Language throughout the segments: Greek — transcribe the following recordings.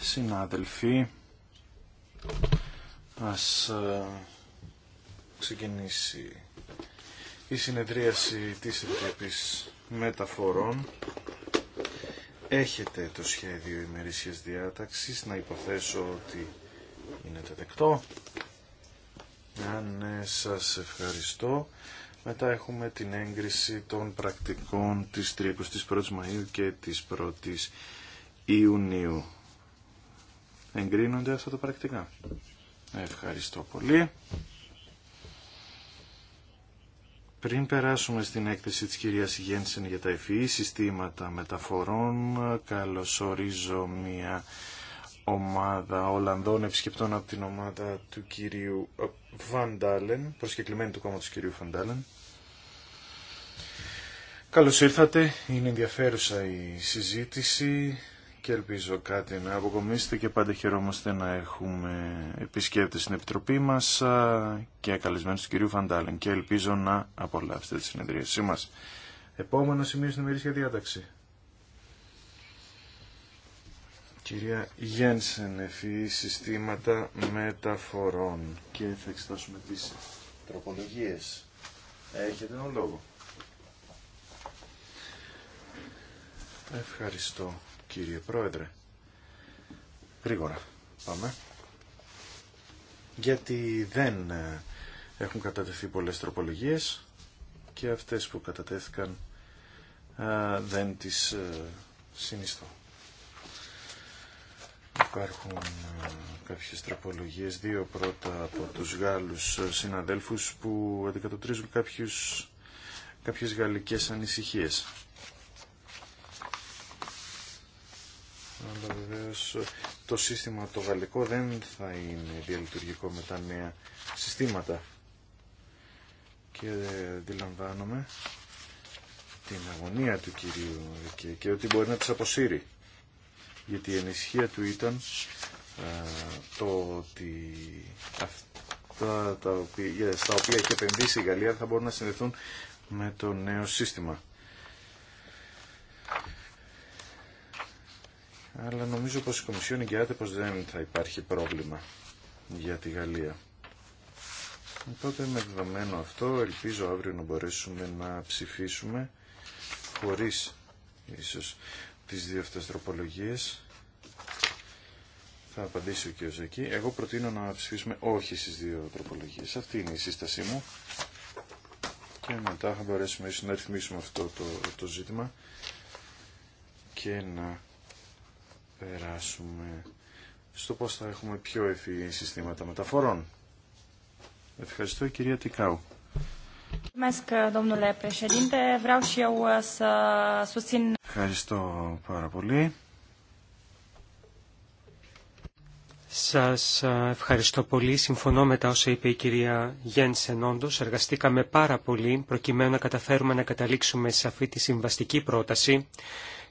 Συνάδελφοι, ας ε, ξεκινήσει η συνεδρίαση της Επιτροπής Μεταφορών. Έχετε το σχέδιο ημερήσιας διάταξης, να υποθέσω ότι είναι δεκτό. Αν ναι, ναι, σας ευχαριστώ. Μετά έχουμε την έγκριση των πρακτικών της 31ης Μαΐου και της 1ης Ιουνίου. Εγκρίνονται αυτά τα πρακτικά. Ευχαριστώ πολύ. Πριν περάσουμε στην έκθεση της κυρίας Γένσεν για τα ευφυή e e συστήματα μεταφορών, καλωσορίζω μια ομάδα Ολλανδών επισκεπτών από την ομάδα του κυρίου Βαντάλεν, προσκεκλημένη του κόμματος κυρίου Βαντάλεν. Καλώς ήρθατε. Είναι ενδιαφέρουσα η συζήτηση και ελπίζω κάτι να αποκομίσετε και πάντα χαιρόμαστε να έχουμε επισκέπτες στην Επιτροπή μας και καλεσμένους του κυρίου Φαντάλεν και ελπίζω να απολαύσετε τη συνεδρίασή μας. Επόμενο σημείο στην ημερήσια διάταξη. Κυρία Γένσεν, ΕΦΗ, e συστήματα μεταφορών και θα εξετάσουμε τις τροπολογίες. Έχετε τον λόγο. Ευχαριστώ κύριε Πρόεδρε. Γρήγορα πάμε. Γιατί δεν ε, έχουν κατατεθεί πολλές τροπολογίες και αυτές που κατατέθηκαν ε, δεν τις ε, συνιστώ. Υπάρχουν κάποιες τροπολογίες, δύο πρώτα από τους Γάλλους συναδέλφους που αντικατοτρίζουν κάποιους, κάποιες γαλλικές ανησυχίες. αλλά βεβαίω το σύστημα το γαλλικό δεν θα είναι διαλειτουργικό με τα νέα συστήματα. Και αντιλαμβάνομαι την αγωνία του κυρίου και, και ότι μπορεί να τις αποσύρει. Γιατί η ενισχύα του ήταν το ότι αυτά τα οποία, στα οποία έχει επενδύσει η Γαλλία θα μπορούν να συνδεθούν με το νέο σύστημα. αλλά νομίζω πως η Κομισιόν εγγυάται πως δεν θα υπάρχει πρόβλημα για τη Γαλλία. Οπότε με δεδομένο αυτό ελπίζω αύριο να μπορέσουμε να ψηφίσουμε χωρίς ίσως τις δύο αυτές τροπολογίες. Θα απαντήσει ο κ. Εγώ προτείνω να ψηφίσουμε όχι στις δύο τροπολογίες. Αυτή είναι η σύστασή μου. Και μετά θα μπορέσουμε να ρυθμίσουμε αυτό το, το ζήτημα και να περάσουμε στο πώς θα έχουμε πιο ευφυή συστήματα μεταφορών. Ευχαριστώ κυρία Τικάου. Uh, ευχαριστώ πάρα πολύ. Σας uh, ευχαριστώ πολύ. Συμφωνώ με τα όσα είπε η κυρία Γένσεν. Όντω, εργαστήκαμε πάρα πολύ προκειμένου να καταφέρουμε να καταλήξουμε σε αυτή τη συμβαστική πρόταση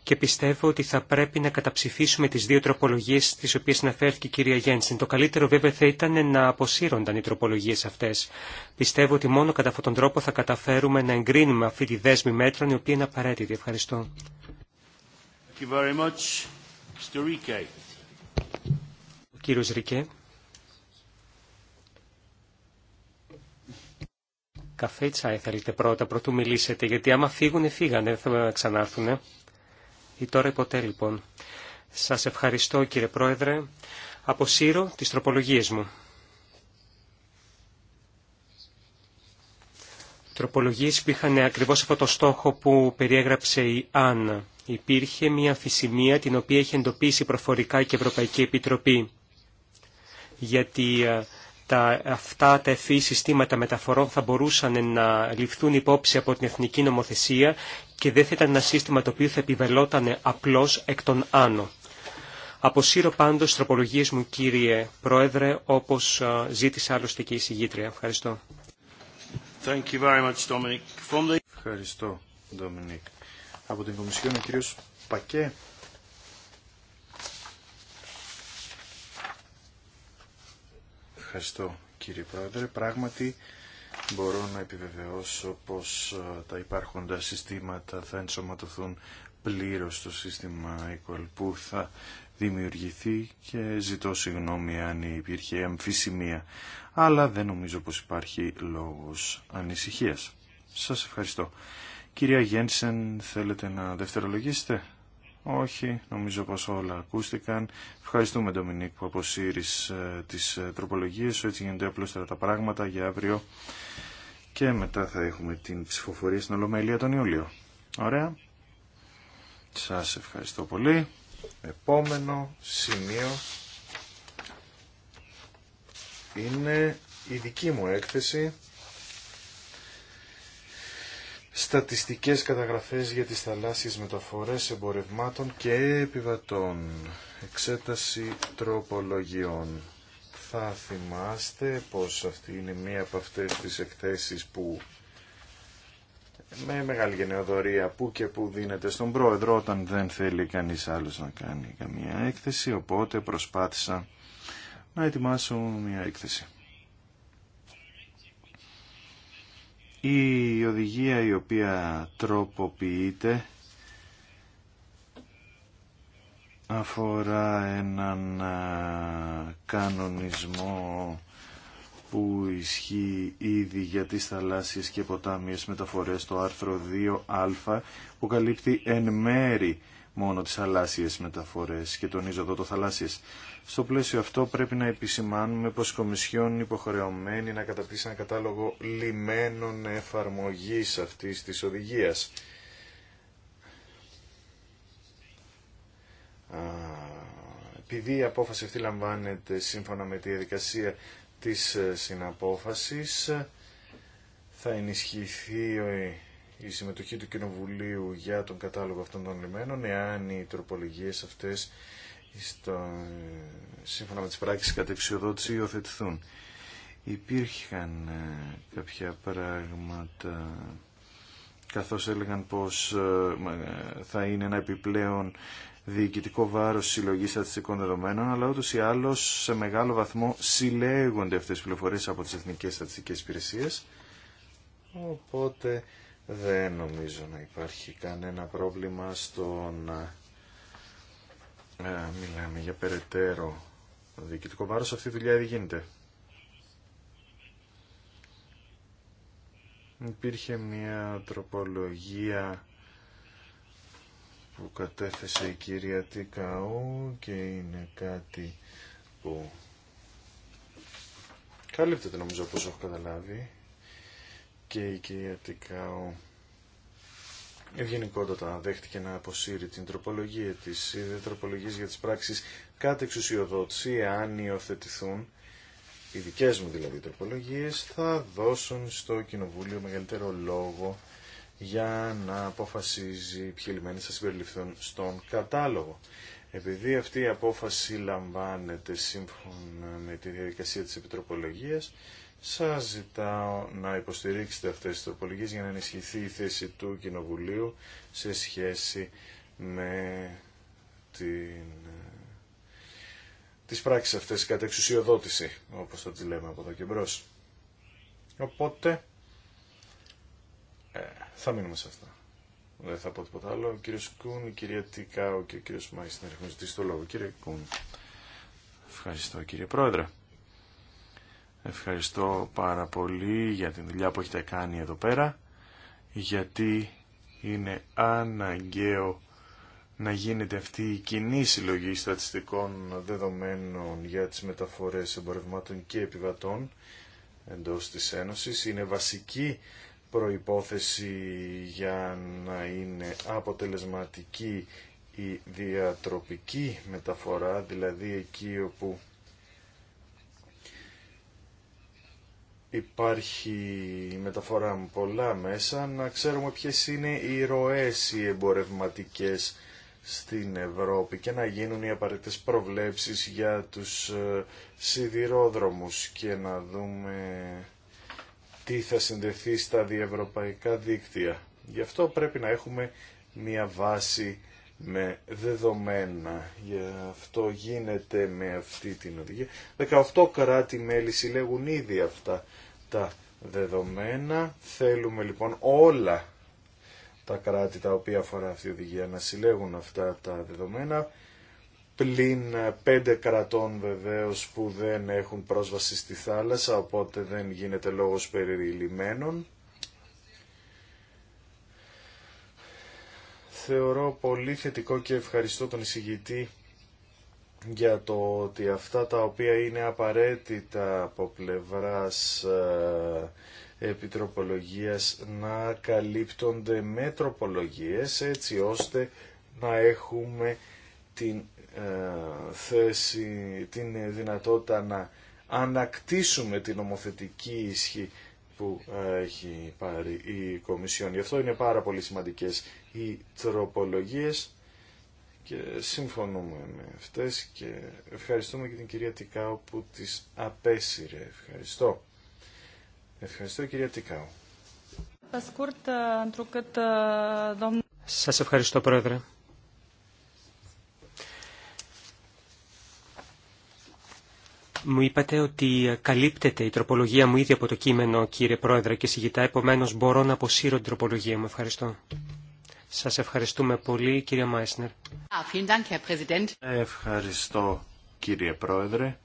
και πιστεύω ότι θα πρέπει να καταψηφίσουμε τις δύο τροπολογίες στις οποίες αναφέρθηκε η κυρία Γένσεν. Το καλύτερο βέβαια θα ήταν να αποσύρονταν οι τροπολογίες αυτές. Πιστεύω ότι μόνο κατά αυτόν τον τρόπο θα καταφέρουμε να εγκρίνουμε αυτή τη δέσμη μέτρων η οποία είναι απαραίτητη. Ευχαριστώ. Thank Καφέ θέλετε πρώτα, πρωτού μιλήσετε, γιατί άμα φύγουνε φύγανε, δεν θα ξανάρθουνε ή τώρα ποτέ λοιπόν. Σας ευχαριστώ κύριε Πρόεδρε. Αποσύρω τις τροπολογίες μου. Τροπολογίες που είχαν ακριβώς αυτό το στόχο που περιέγραψε η Άννα. Υπήρχε μια φυσιμία την οποία είχε εντοπίσει προφορικά και η Ευρωπαϊκή Επιτροπή. Γιατί ε, τα, αυτά τα ευφύ συστήματα μεταφορών θα μπορούσαν να ληφθούν υπόψη από την εθνική νομοθεσία και δεν θα ήταν ένα σύστημα το οποίο θα επιβελόταν απλώς εκ των άνω. Αποσύρω πάντως τροπολογίες μου κύριε Πρόεδρε όπως ζήτησε άλλωστε και η συγγήτρια. Ευχαριστώ. Thank you very much, Dominic. Ευχαριστώ, Ντομινίκ. Από την Κομισιόν ο κύριος Πακέ. Ευχαριστώ, κύριε Πρόεδρε. Πράγματι, μπορώ να επιβεβαιώσω πως ε, τα υπάρχοντα συστήματα θα ενσωματωθούν πλήρως στο σύστημα Equal που θα δημιουργηθεί και ζητώ συγγνώμη αν υπήρχε αμφισημία, αλλά δεν νομίζω πως υπάρχει λόγος ανησυχίας. Σας ευχαριστώ. Κυρία Γένσεν, θέλετε να δευτερολογήσετε. Όχι, νομίζω πως όλα ακούστηκαν. Ευχαριστούμε, Ντομινίκ, που αποσύρεις ε, τις ε, τροπολογίες σου. Έτσι γίνονται απλούστερα τα πράγματα για αύριο. Και μετά θα έχουμε την ψηφοφορία στην Ολομέλεια τον Ιούλιο. Ωραία. Σας ευχαριστώ πολύ. Επόμενο σημείο είναι η δική μου έκθεση στατιστικές καταγραφές για τις θαλάσσιες μεταφορές εμπορευμάτων και επιβατών. Εξέταση τροπολογιών. Θα θυμάστε πως αυτή είναι μία από αυτές τις εκθέσεις που με μεγάλη γενεοδορία που και που δίνεται στον πρόεδρο όταν δεν θέλει κανείς άλλος να κάνει καμία έκθεση, οπότε προσπάθησα να ετοιμάσω μία έκθεση. Η οδηγία η οποία τροποποιείται αφορά έναν κανονισμό που ισχύει ήδη για τις θαλάσσιες και ποτάμιες μεταφορές το άρθρο 2α που καλύπτει εν μέρη μόνο τις θαλάσσιες μεταφορές και τονίζω εδώ το θαλάσσιες στο πλαίσιο αυτό πρέπει να επισημάνουμε πως η Κομισιόν είναι υποχρεωμένη να καταπτύσσει ένα κατάλογο λιμένων εφαρμογής αυτής της οδηγίας. Επειδή η απόφαση αυτή λαμβάνεται σύμφωνα με τη διαδικασία της ε, συναπόφασης, θα ενισχυθεί η συμμετοχή του Κοινοβουλίου για τον κατάλογο αυτών των λιμένων, εάν οι τροπολογίες αυτές στο, ε, σύμφωνα με τις πράξεις κατεξιοδότηση υιοθετηθούν. Υπήρχαν ε, κάποια πράγματα καθώς έλεγαν πως ε, θα είναι ένα επιπλέον διοικητικό βάρος συλλογής στατιστικών δεδομένων, αλλά ούτως ή άλλως σε μεγάλο βαθμό συλλέγονται αυτές τις πληροφορίες από τις Εθνικές Στατιστικές Υπηρεσίες. Οπότε δεν νομίζω να υπάρχει κανένα πρόβλημα στο να ε, μιλάμε για περαιτέρω διοικητικό βάρος, αυτή η δουλειά ήδη γίνεται. Υπήρχε μια τροπολογία που κατέθεσε η κυρία Τικαού και είναι κάτι που καλύπτεται νομίζω όπως έχω καταλάβει και η κυρία Τικαού ευγενικότατα δέχτηκε να αποσύρει την τροπολογία της. Οι τροπολογίες για τις πράξεις κάτω εξουσιοδότηση, εάν υιοθετηθούν, οι δικές μου δηλαδή τροπολογίες, θα δώσουν στο Κοινοβούλιο μεγαλύτερο λόγο για να αποφασίζει ποιοι λιμένες θα συμπεριληφθούν στον κατάλογο. Επειδή αυτή η απόφαση λαμβάνεται σύμφωνα με τη διαδικασία της επιτροπολογίας, σας ζητάω να υποστηρίξετε αυτές τις τροπολογίες για να ενισχυθεί η θέση του Κοινοβουλίου σε σχέση με την... τις πράξεις αυτές κατά εξουσιοδότηση, όπως θα τις λέμε από εδώ και μπρος. Οπότε, ε, θα μείνουμε σε αυτά. Δεν θα πω τίποτα άλλο. Ο κύριο Κούν, η κυρία Τικάου και ο κύριος Μάης έχουν ζητήσει το λόγο. Κύριε Κούν, ευχαριστώ κύριε Πρόεδρε. Ευχαριστώ πάρα πολύ για την δουλειά που έχετε κάνει εδώ πέρα, γιατί είναι αναγκαίο να γίνεται αυτή η κοινή συλλογή στατιστικών δεδομένων για τις μεταφορές εμπορευμάτων και επιβατών εντός της Ένωσης. Είναι βασική προϋπόθεση για να είναι αποτελεσματική η διατροπική μεταφορά, δηλαδή εκεί όπου υπάρχει μεταφορά μου πολλά μέσα, να ξέρουμε ποιες είναι οι ροές οι εμπορευματικές στην Ευρώπη και να γίνουν οι απαραίτητες προβλέψεις για τους ε, σιδηρόδρομους και να δούμε τι θα συνδεθεί στα διευρωπαϊκά δίκτυα. Γι' αυτό πρέπει να έχουμε μια βάση με δεδομένα. Γι' αυτό γίνεται με αυτή την οδηγία. 18 κράτη-μέλη συλλέγουν ήδη αυτά τα δεδομένα. Θέλουμε λοιπόν όλα τα κράτη τα οποία αφορά αυτή η οδηγία να συλλέγουν αυτά τα δεδομένα πλην ε, πέντε κρατών βεβαίως που δεν έχουν πρόσβαση στη θάλασσα οπότε δεν γίνεται λόγος περιλημμένων. Θεωρώ πολύ θετικό και ευχαριστώ τον εισηγητή για το ότι αυτά τα οποία είναι απαραίτητα από πλευράς ε, επιτροπολογίας να καλύπτονται με τροπολογίες έτσι ώστε να έχουμε την ε, θέση, την δυνατότητα να ανακτήσουμε την ομοθετική ισχύ που έχει πάρει η Κομισιόν. Γι' αυτό είναι πάρα πολύ σημαντικές οι τροπολογίες και συμφωνούμε με αυτές και ευχαριστούμε και την κυρία Τικάου που τις απέσυρε. Ευχαριστώ. Ευχαριστώ κυρία Τικάου. Σας ευχαριστώ πρόεδρε. Μου είπατε ότι καλύπτεται η τροπολογία μου ήδη από το κείμενο, κύριε Πρόεδρε, και συγγητά, επομένως μπορώ να αποσύρω την τροπολογία μου. Ευχαριστώ. Σας ευχαριστούμε πολύ, κύριε Μάισνερ. Ευχαριστώ, κύριε Πρόεδρε.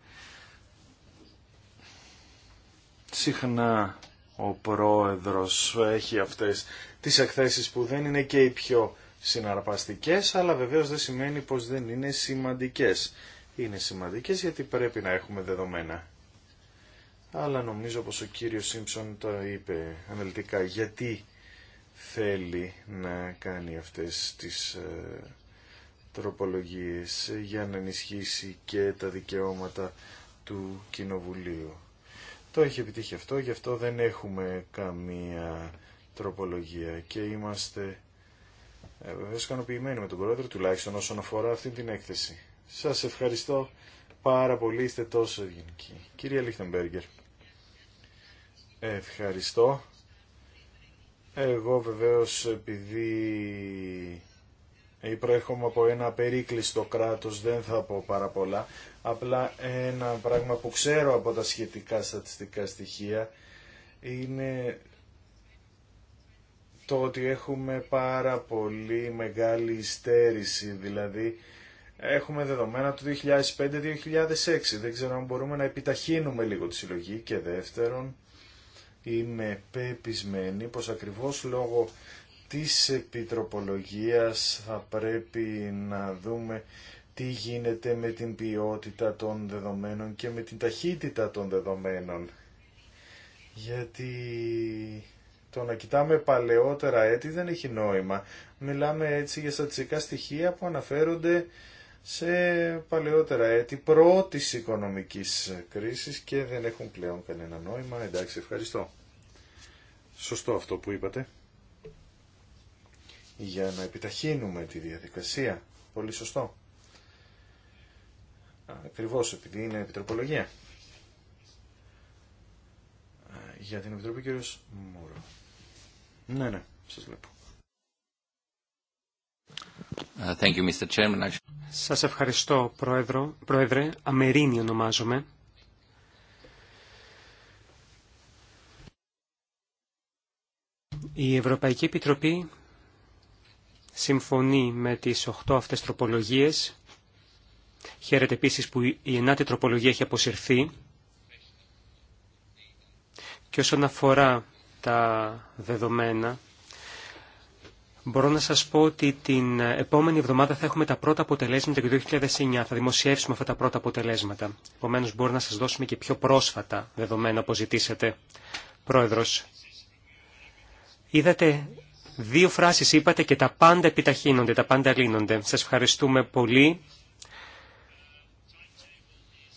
Συχνά ο Πρόεδρος έχει αυτές τις εκθέσεις που δεν είναι και οι πιο συναρπαστικές, αλλά βεβαίως δεν σημαίνει πως δεν είναι σημαντικές. Είναι σημαντικές γιατί πρέπει να έχουμε δεδομένα. Αλλά νομίζω πως ο κύριος Σίμψον το είπε αναλυτικά γιατί θέλει να κάνει αυτές τις ε, τροπολογίες για να ενισχύσει και τα δικαιώματα του Κοινοβουλίου. Το έχει επιτύχει αυτό, γι' αυτό δεν έχουμε καμία τροπολογία και είμαστε ε, βεβαίως ικανοποιημένοι με τον Πρόεδρο, τουλάχιστον όσον αφορά αυτή την έκθεση. Σας ευχαριστώ πάρα πολύ, είστε τόσο ευγενικοί. Κυρία Λίχτεμπέργκερ, ευχαριστώ. Εγώ βεβαίως επειδή προέρχομαι από ένα περίκλειστο κράτος δεν θα πω πάρα πολλά. Απλά ένα πράγμα που ξέρω από τα σχετικά στατιστικά στοιχεία είναι το ότι έχουμε πάρα πολύ μεγάλη υστέρηση. Δηλαδή έχουμε δεδομένα του 2005-2006. Δεν ξέρω αν μπορούμε να επιταχύνουμε λίγο τη συλλογή και δεύτερον είμαι πεπισμένη πως ακριβώς λόγω της επιτροπολογίας θα πρέπει να δούμε τι γίνεται με την ποιότητα των δεδομένων και με την ταχύτητα των δεδομένων. Γιατί το να κοιτάμε παλαιότερα έτη δεν έχει νόημα. Μιλάμε έτσι για στατιστικά στοιχεία που αναφέρονται σε παλαιότερα έτη πρώτης οικονομικής κρίσης και δεν έχουν πλέον κανένα νόημα. Εντάξει, ευχαριστώ σωστό αυτό που είπατε. Για να επιταχύνουμε τη διαδικασία. Πολύ σωστό. Ακριβώς επειδή είναι επιτροπολογία. Για την Επιτροπή κύριος Μούρο. Ναι, ναι, σας βλέπω. Thank you, Mr. Chairman. Σας ευχαριστώ, Πρόεδρο, Πρόεδρε. Αμερίνη ονομάζομαι. Η Ευρωπαϊκή Επιτροπή συμφωνεί με τις 8 αυτές τροπολογίες. Χαίρεται επίσης που η ενάτη τροπολογία έχει αποσυρθεί. Και όσον αφορά τα δεδομένα, μπορώ να σας πω ότι την επόμενη εβδομάδα θα έχουμε τα πρώτα αποτελέσματα και το 2009. Θα δημοσιεύσουμε αυτά τα πρώτα αποτελέσματα. Επομένω μπορούμε να σας δώσουμε και πιο πρόσφατα δεδομένα όπως ζητήσατε. Πρόεδρος, Είδατε, δύο φράσεις είπατε και τα πάντα επιταχύνονται, τα πάντα λύνονται. Σας ευχαριστούμε πολύ.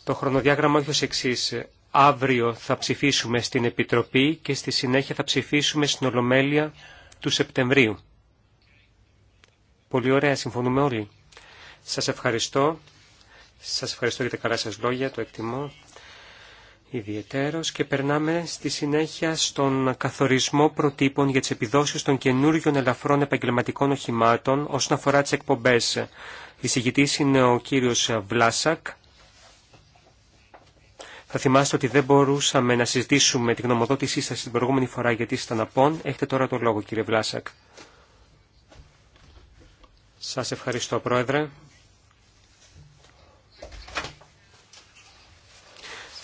Το χρονοδιάγραμμα έχει ως εξής. Αύριο θα ψηφίσουμε στην Επιτροπή και στη συνέχεια θα ψηφίσουμε στην Ολομέλεια του Σεπτεμβρίου. Πολύ ωραία, συμφωνούμε όλοι. Σας ευχαριστώ. Σας ευχαριστώ για τα καλά σας λόγια, το εκτιμώ ιδιαιτέρως και περνάμε στη συνέχεια στον καθορισμό προτύπων για τις επιδόσεις των καινούριων ελαφρών επαγγελματικών οχημάτων όσον αφορά τις εκπομπές. Εισηγητής είναι ο κύριος Βλάσακ. Θα θυμάστε ότι δεν μπορούσαμε να συζητήσουμε τη γνωμοδότησή σας την προηγούμενη φορά γιατί ήσταν απόν. Έχετε τώρα το λόγο κύριε Βλάσακ. Σας ευχαριστώ πρόεδρε.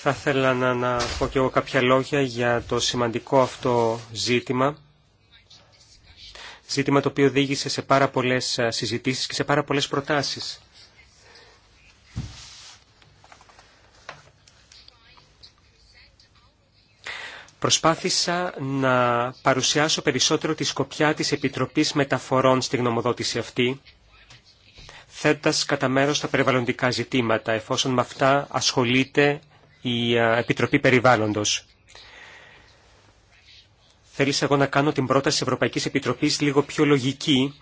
Θα ήθελα να, πω και εγώ κάποια λόγια για το σημαντικό αυτό ζήτημα. Ζήτημα το οποίο οδήγησε σε πάρα πολλές ε, συζητήσεις και σε πάρα πολλές προτάσεις. Προσπάθησα να παρουσιάσω περισσότερο τη σκοπιά της Επιτροπής Μεταφορών στη γνωμοδότηση αυτή, θέτας κατά μέρος τα περιβαλλοντικά ζητήματα, εφόσον με αυτά ασχολείται η Επιτροπή Περιβάλλοντος. Θέλησα εγώ να κάνω την πρόταση της Ευρωπαϊκής Επιτροπής λίγο πιο λογική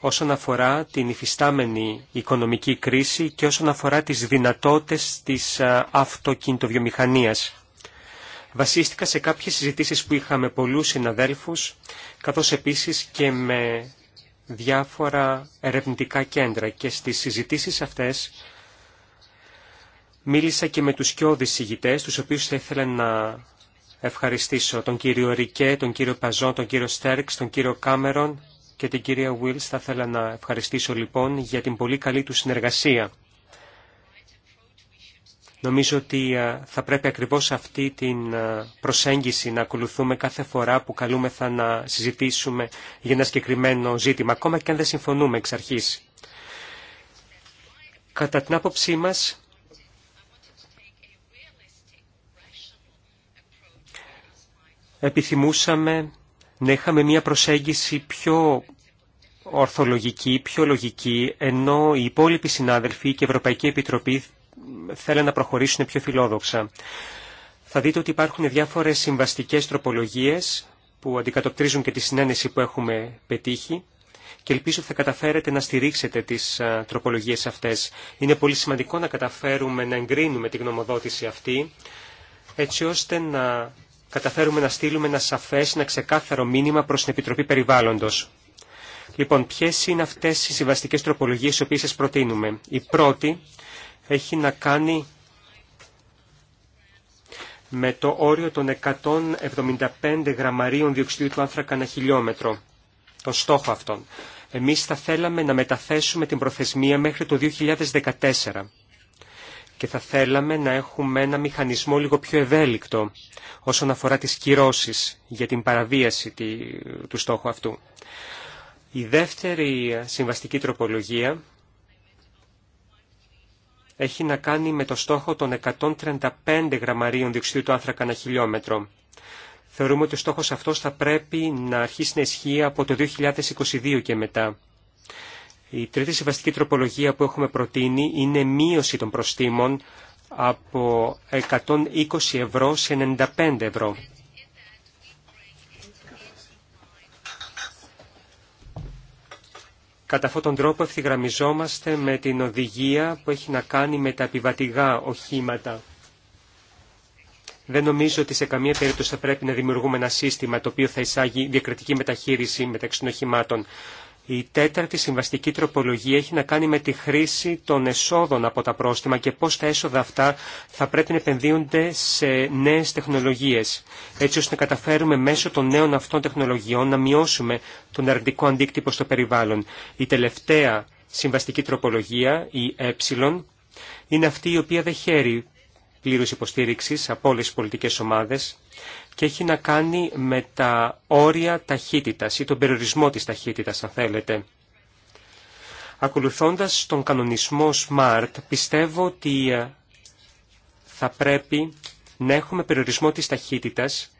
όσον αφορά την υφιστάμενη οικονομική κρίση και όσον αφορά τις δυνατότητες της αυτοκινητοβιομηχανίας. Βασίστηκα σε κάποιες συζητήσεις που είχαμε με πολλούς συναδέλφους, καθώς επίσης και με διάφορα ερευνητικά κέντρα και στις συζητήσεις αυτές Μίλησα και με τους κοιόδης συγητές, τους οποίους θα ήθελα να ευχαριστήσω. Τον κύριο Ρικέ, τον κύριο Παζόν, τον κύριο Στέρξ, τον κύριο Κάμερον και την κυρία Βίλς. Θα ήθελα να ευχαριστήσω λοιπόν για την πολύ καλή του συνεργασία. Νομίζω ότι θα πρέπει ακριβώς αυτή την προσέγγιση να ακολουθούμε κάθε φορά που καλούμεθα να συζητήσουμε για ένα συγκεκριμένο ζήτημα, ακόμα και αν δεν συμφωνούμε εξ αρχής. Κατά την άποψή μας, επιθυμούσαμε να είχαμε μια προσέγγιση πιο ορθολογική, πιο λογική, ενώ οι υπόλοιποι συνάδελφοι και η Ευρωπαϊκή Επιτροπή θέλουν να προχωρήσουν πιο φιλόδοξα. Θα δείτε ότι υπάρχουν διάφορες συμβαστικές τροπολογίες που αντικατοπτρίζουν και τη συνένεση που έχουμε πετύχει και ελπίζω θα καταφέρετε να στηρίξετε τις τροπολογίες αυτές. Είναι πολύ σημαντικό να καταφέρουμε να εγκρίνουμε τη γνωμοδότηση αυτή έτσι ώστε να καταφέρουμε να στείλουμε ένα σαφές, ένα ξεκάθαρο μήνυμα προς την Επιτροπή Περιβάλλοντος. Λοιπόν, ποιες είναι αυτές οι συμβαστικές τροπολογίες οι οποίες σας προτείνουμε. Η πρώτη έχει να κάνει με το όριο των 175 γραμμαρίων διοξιδίου του άνθρακα ένα χιλιόμετρο. Το στόχο αυτόν. Εμείς θα θέλαμε να μεταθέσουμε την προθεσμία μέχρι το 2014 και θα θέλαμε να έχουμε ένα μηχανισμό λίγο πιο ευέλικτο όσον αφορά τις κυρώσεις για την παραβίαση του στόχου αυτού. Η δεύτερη συμβαστική τροπολογία έχει να κάνει με το στόχο των 135 γραμμαρίων διοξιδίου του άνθρακα ένα χιλιόμετρο. Θεωρούμε ότι ο στόχος αυτός θα πρέπει να αρχίσει να ισχύει από το 2022 και μετά. Η τρίτη συμβαστική τροπολογία που έχουμε προτείνει είναι μείωση των προστήμων από 120 ευρώ σε 95 ευρώ. Κατά αυτόν τον τρόπο ευθυγραμμιζόμαστε με την οδηγία που έχει να κάνει με τα επιβατηγά οχήματα. Δεν νομίζω ότι σε καμία περίπτωση θα πρέπει να δημιουργούμε ένα σύστημα το οποίο θα εισάγει διακριτική μεταχείριση μεταξύ των οχημάτων. Η τέταρτη συμβαστική τροπολογία έχει να κάνει με τη χρήση των εσόδων από τα πρόστιμα και πώς τα έσοδα αυτά θα πρέπει να επενδύονται σε νέες τεχνολογίες, έτσι ώστε να καταφέρουμε μέσω των νέων αυτών τεχνολογιών να μειώσουμε τον αρνητικό αντίκτυπο στο περιβάλλον. Η τελευταία συμβαστική τροπολογία, η ε, είναι αυτή η οποία δεν χαίρει πλήρους υποστήριξης από όλες τις πολιτικές ομάδες και έχει να κάνει με τα όρια ταχύτητας ή τον περιορισμό της ταχύτητας αν θέλετε. Ακολουθώντας τον κανονισμό SMART πιστεύω ότι ε, θα πρέπει να έχουμε περιορισμό της ταχύτητας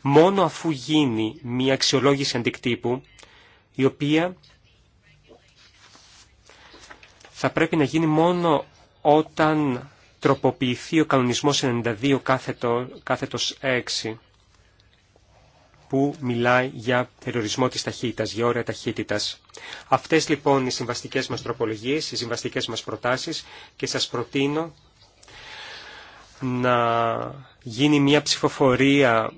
μόνο αφού γίνει μια αξιολόγηση αντικτύπου η οποία θα πρέπει να γίνει μόνο όταν τροποποιηθεί ο κανονισμός 92 κάθετο, κάθετος 6 που μιλάει για περιορισμό της ταχύτητας, για όρια ταχύτητας. Αυτές λοιπόν οι συμβαστικές μας τροπολογίες, οι συμβαστικές μας προτάσεις και σας προτείνω να γίνει μια ψηφοφορία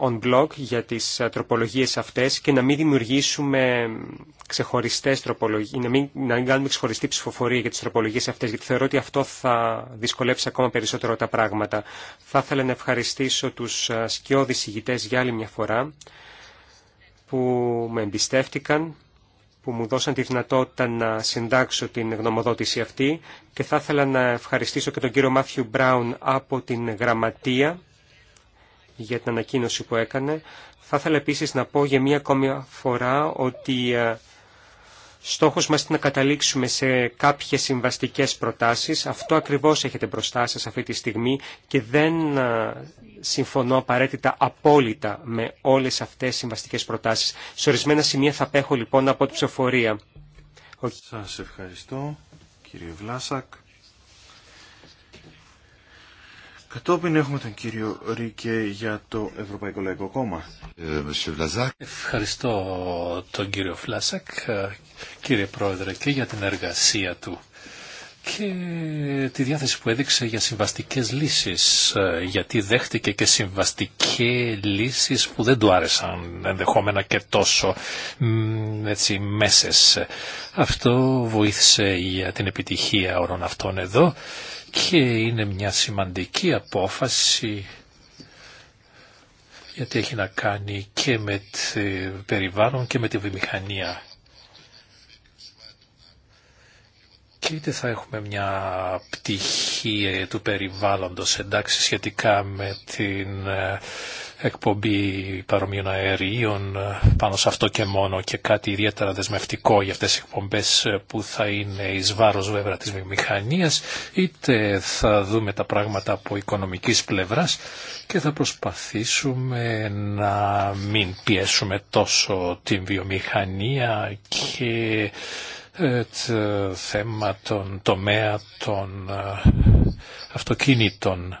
on για τις ε, τροπολογίες αυτές και να μην δημιουργήσουμε ξεχωριστές τροπολογίες, να μην, να μην κάνουμε ξεχωριστή ψηφοφορία για τις τροπολογίες αυτές, γιατί θεωρώ ότι αυτό θα δυσκολέψει ακόμα περισσότερο τα πράγματα. Θα ήθελα να ευχαριστήσω τους ε, σκιώδεις ηγητές για άλλη μια φορά που με εμπιστεύτηκαν που μου δώσαν τη δυνατότητα να συντάξω την γνωμοδότηση αυτή και θα ήθελα να ευχαριστήσω και τον κύριο Μάθιου Μπράουν από την Γραμματεία για την ανακοίνωση που έκανε. Θα ήθελα επίσης να πω για μία ακόμη φορά ότι ε, στόχος μας είναι να καταλήξουμε σε κάποιες συμβαστικές προτάσεις. Αυτό ακριβώς έχετε μπροστά σας αυτή τη στιγμή και δεν ε, συμφωνώ απαραίτητα απόλυτα με όλες αυτές τις συμβαστικές προτάσεις. Σε ορισμένα σημεία θα απέχω λοιπόν από την ψηφοφορία. Σας ευχαριστώ κύριε Βλάσακ. Κατόπιν έχουμε τον κύριο Ρίκε για το Ευρωπαϊκό Λαϊκό Κόμμα. Ευχαριστώ τον κύριο Φλάσακ, κύριε Πρόεδρε, και για την εργασία του και τη διάθεση που έδειξε για συμβαστικές λύσεις, γιατί δέχτηκε και συμβαστικές λύσεις που δεν του άρεσαν ενδεχόμενα και τόσο έτσι, μέσες. Αυτό βοήθησε για την επιτυχία όλων αυτών εδώ και είναι μια σημαντική απόφαση γιατί έχει να κάνει και με το περιβάλλον και με τη βιομηχανία. Και είτε θα έχουμε μια πτυχή του περιβάλλοντος εντάξει σχετικά με την ε, εκπομπή παρομοίων αερίων ε, πάνω σε αυτό και μόνο και κάτι ιδιαίτερα δεσμευτικό για αυτές τις εκπομπές ε, που θα είναι εις βάρος βέβαια της μηχανίας είτε θα δούμε τα πράγματα από οικονομικής πλευράς και θα προσπαθήσουμε να μην πιέσουμε τόσο την βιομηχανία και ε, το θέμα των τομέα των αυτοκίνητων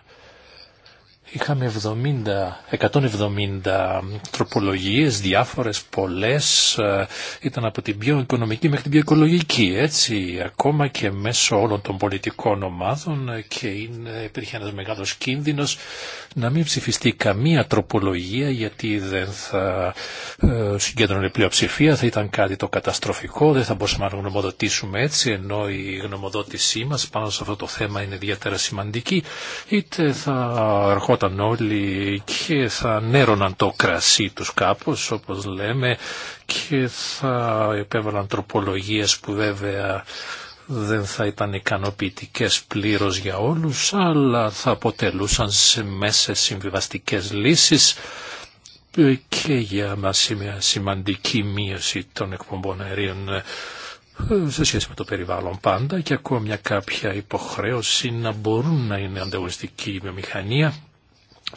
Είχαμε 70, 170 τροπολογίες, διάφορες, πολλές, ε, ήταν από την πιο οικονομική μέχρι την πιο οικολογική, έτσι, ακόμα και μέσω όλων των πολιτικών ομάδων ε, και είναι, υπήρχε ένας μεγάλος κίνδυνος να μην ψηφιστεί καμία τροπολογία γιατί δεν θα ε, συγκέντρωνε πλειοψηφία, θα ήταν κάτι το καταστροφικό, δεν θα μπορούσαμε να γνωμοδοτήσουμε έτσι, ενώ η γνωμοδότησή μας πάνω σε αυτό το θέμα είναι ιδιαίτερα σημαντική, είτε θα ερχόταν όλοι και θα νέρωναν το κρασί τους κάπως όπως λέμε και θα επέβαλαν τροπολογίες που βέβαια δεν θα ήταν ικανοποιητικέ πλήρως για όλους αλλά θα αποτελούσαν σε μέσα συμβιβαστικές λύσεις και για μας μια σημαντική μείωση των εκπομπών αερίων ε, σε σχέση με το περιβάλλον πάντα και ακόμα μια κάποια υποχρέωση να μπορούν να είναι ανταγωνιστική η βιομηχανία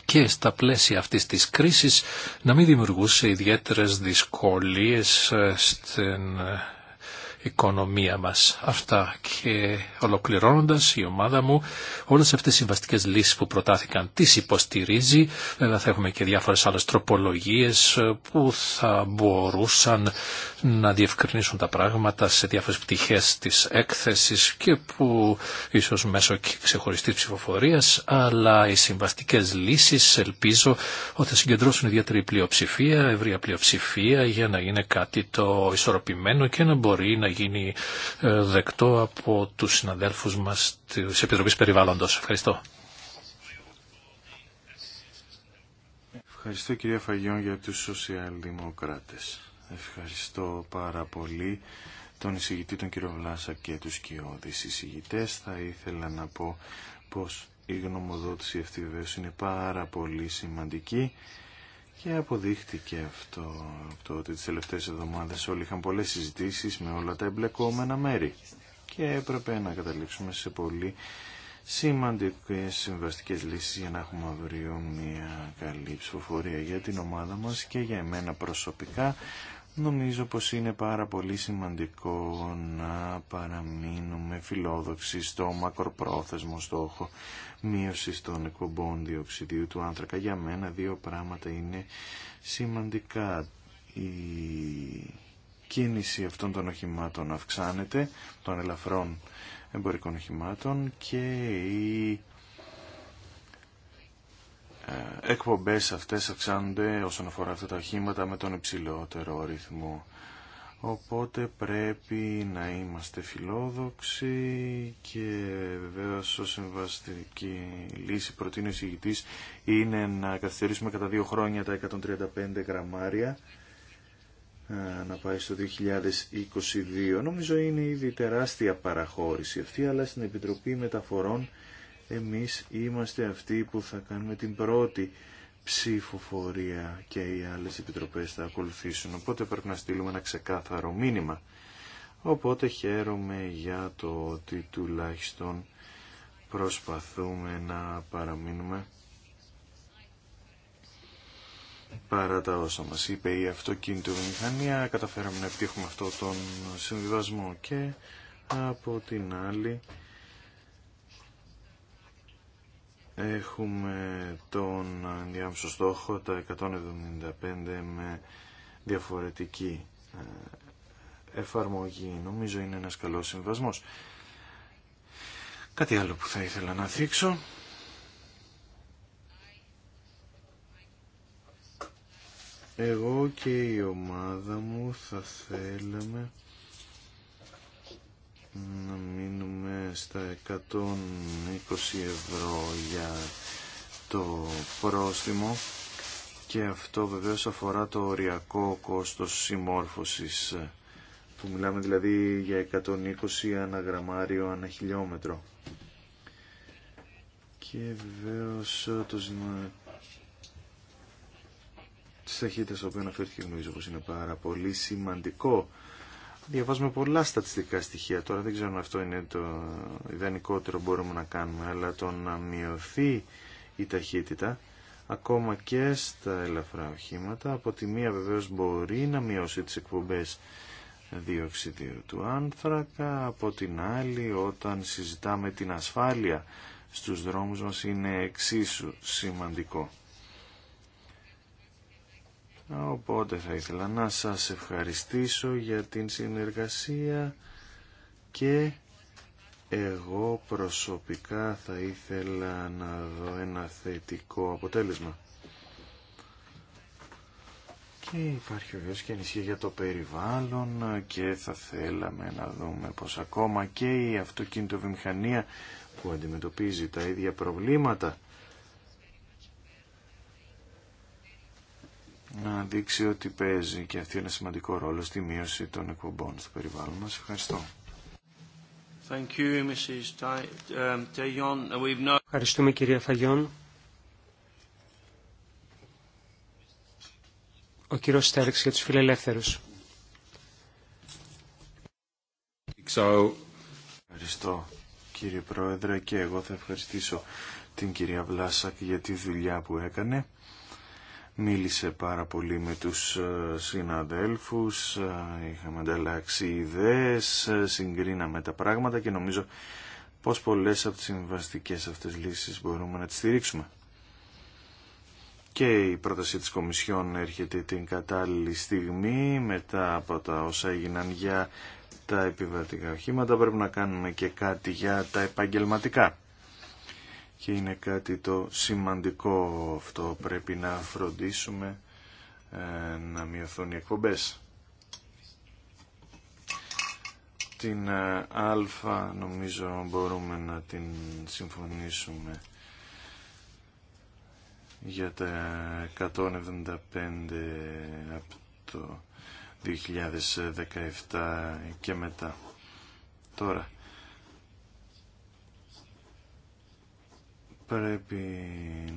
και στα πλαίσια αυτής της κρίσης να μην δημιουργούσε ιδιαίτερες δυσκολίες ε, στην ε, οικονομία μας. Αυτά και ολοκληρώνοντας η ομάδα μου όλες αυτές οι συμβαστικές λύσεις που προτάθηκαν τις υποστηρίζει. Βέβαια θα έχουμε και διάφορες άλλες τροπολογίες που θα μπορούσαν να διευκρινίσουν τα πράγματα σε διάφορες πτυχές της έκθεσης και που ίσως μέσω και ξεχωριστής ψηφοφορίας αλλά οι συμβαστικές λύσεις ελπίζω ότι θα συγκεντρώσουν ιδιαίτερη πλειοψηφία, ευρεία πλειοψηφία για να είναι κάτι το ισορροπημένο και να μπορεί να γίνει ε, δεκτό από τους συναδέλφους μας της Επιτροπής Περιβάλλοντος. Ευχαριστώ. Ευχαριστώ κυρία Φαγιόν για τους σοσιαλδημοκράτες. Ευχαριστώ πάρα πολύ τον εισηγητή τον κύριο Βλάσα και τους κοιόδης εισηγητές. Θα ήθελα να πω πως η γνωμοδότηση αυτή βεβαίως είναι πάρα πολύ σημαντική και αποδείχτηκε αυτό ότι τις τελευταίες εβδομάδες όλοι είχαν πολλές συζητήσεις με όλα τα εμπλεκόμενα μέρη και έπρεπε να καταλήξουμε σε πολύ σημαντικές συμβαστικές λύσεις για να έχουμε αύριο μια καλή ψηφοφορία για την ομάδα μας και για εμένα προσωπικά νομίζω πως είναι πάρα πολύ σημαντικό να παραμείνουμε φιλόδοξοι στο μακροπρόθεσμο στόχο μείωση των εκπομπών διοξιδίου του άνθρακα. Για μένα δύο πράγματα είναι σημαντικά. Η κίνηση αυτών των οχημάτων αυξάνεται, των ελαφρών εμπορικών οχημάτων και η ε, εκπομπές αυτές αυξάνονται όσον αφορά αυτά τα οχήματα με τον υψηλότερο ρυθμό Οπότε πρέπει να είμαστε φιλόδοξοι και βέβαια ως συμβαστική λύση προτείνει ο εισηγητής είναι να καθυστερήσουμε κατά δύο χρόνια τα 135 γραμμάρια ε, να πάει στο 2022. Νομίζω είναι ήδη τεράστια παραχώρηση αυτή, αλλά στην Επιτροπή Μεταφορών εμείς είμαστε αυτοί που θα κάνουμε την πρώτη ψηφοφορία και οι άλλες επιτροπές θα ακολουθήσουν. Οπότε πρέπει να στείλουμε ένα ξεκάθαρο μήνυμα. Οπότε χαίρομαι για το ότι τουλάχιστον προσπαθούμε να παραμείνουμε παρά τα όσα μας είπε η αυτοκίνητο μηχανία. Καταφέραμε να επιτύχουμε αυτό τον συμβιβασμό και από την άλλη Έχουμε τον ενδιάμεσο στόχο, τα 175 με διαφορετική ε, εφαρμογή. Νομίζω είναι ένας καλός συμβασμός. Κάτι άλλο που θα ήθελα να θίξω. Εγώ και η ομάδα μου θα θέλαμε να μείνουμε στα 120 ευρώ για το πρόστιμο και αυτό βεβαίως αφορά το οριακό κόστος συμμόρφωσης που μιλάμε δηλαδή για 120 αναγραμμάριο ανά χιλιόμετρο. Και βεβαίως το ζήτημα της ταχύτητας το οποίο αναφέρθηκε γνωρίζω πως είναι πάρα πολύ σημαντικό Διαβάζουμε πολλά στατιστικά στοιχεία. Τώρα δεν ξέρω αν αυτό είναι το ιδανικότερο που μπορούμε να κάνουμε, αλλά το να μειωθεί η ταχύτητα, ακόμα και στα ελαφρά οχήματα, από τη μία βεβαίως μπορεί να μειώσει τις εκπομπές διοξιδίου του άνθρακα, από την άλλη όταν συζητάμε την ασφάλεια στους δρόμους μας είναι εξίσου σημαντικό. Οπότε θα ήθελα να σας ευχαριστήσω για την συνεργασία και εγώ προσωπικά θα ήθελα να δω ένα θετικό αποτέλεσμα. Και υπάρχει ο και ενισχύει για το περιβάλλον και θα θέλαμε να δούμε πως ακόμα και η αυτοκίνητο που αντιμετωπίζει τα ίδια προβλήματα να δείξει ότι παίζει και αυτή ένα σημαντικό ρόλο στη μείωση των εκπομπών στο περιβάλλον μας. Ευχαριστώ. Um, Ευχαριστούμε κυρία Φαγιόν. Ο κύριος Στέρξ για τους φιλελεύθερους. Ευχαριστώ κύριε Πρόεδρε και εγώ θα ευχαριστήσω την κυρία Βλάσακ για τη δουλειά που έκανε μίλησε πάρα πολύ με τους ε, συναδέλφους, ε, είχαμε ανταλλάξει ιδέες, ε, συγκρίναμε τα πράγματα και νομίζω πως πολλές από τις συμβαστικές αυτές λύσεις μπορούμε να τις στηρίξουμε. Και η πρόταση της Κομισιόν έρχεται την κατάλληλη στιγμή μετά από τα όσα έγιναν για τα επιβατικά οχήματα πρέπει να κάνουμε και κάτι για τα επαγγελματικά και είναι κάτι το σημαντικό αυτό. Πρέπει να φροντίσουμε ε, να μειωθούν οι εκπομπές. Την ε, Α νομίζω μπορούμε να την συμφωνήσουμε για τα 175 από το 2017 και μετά. Τώρα, πρέπει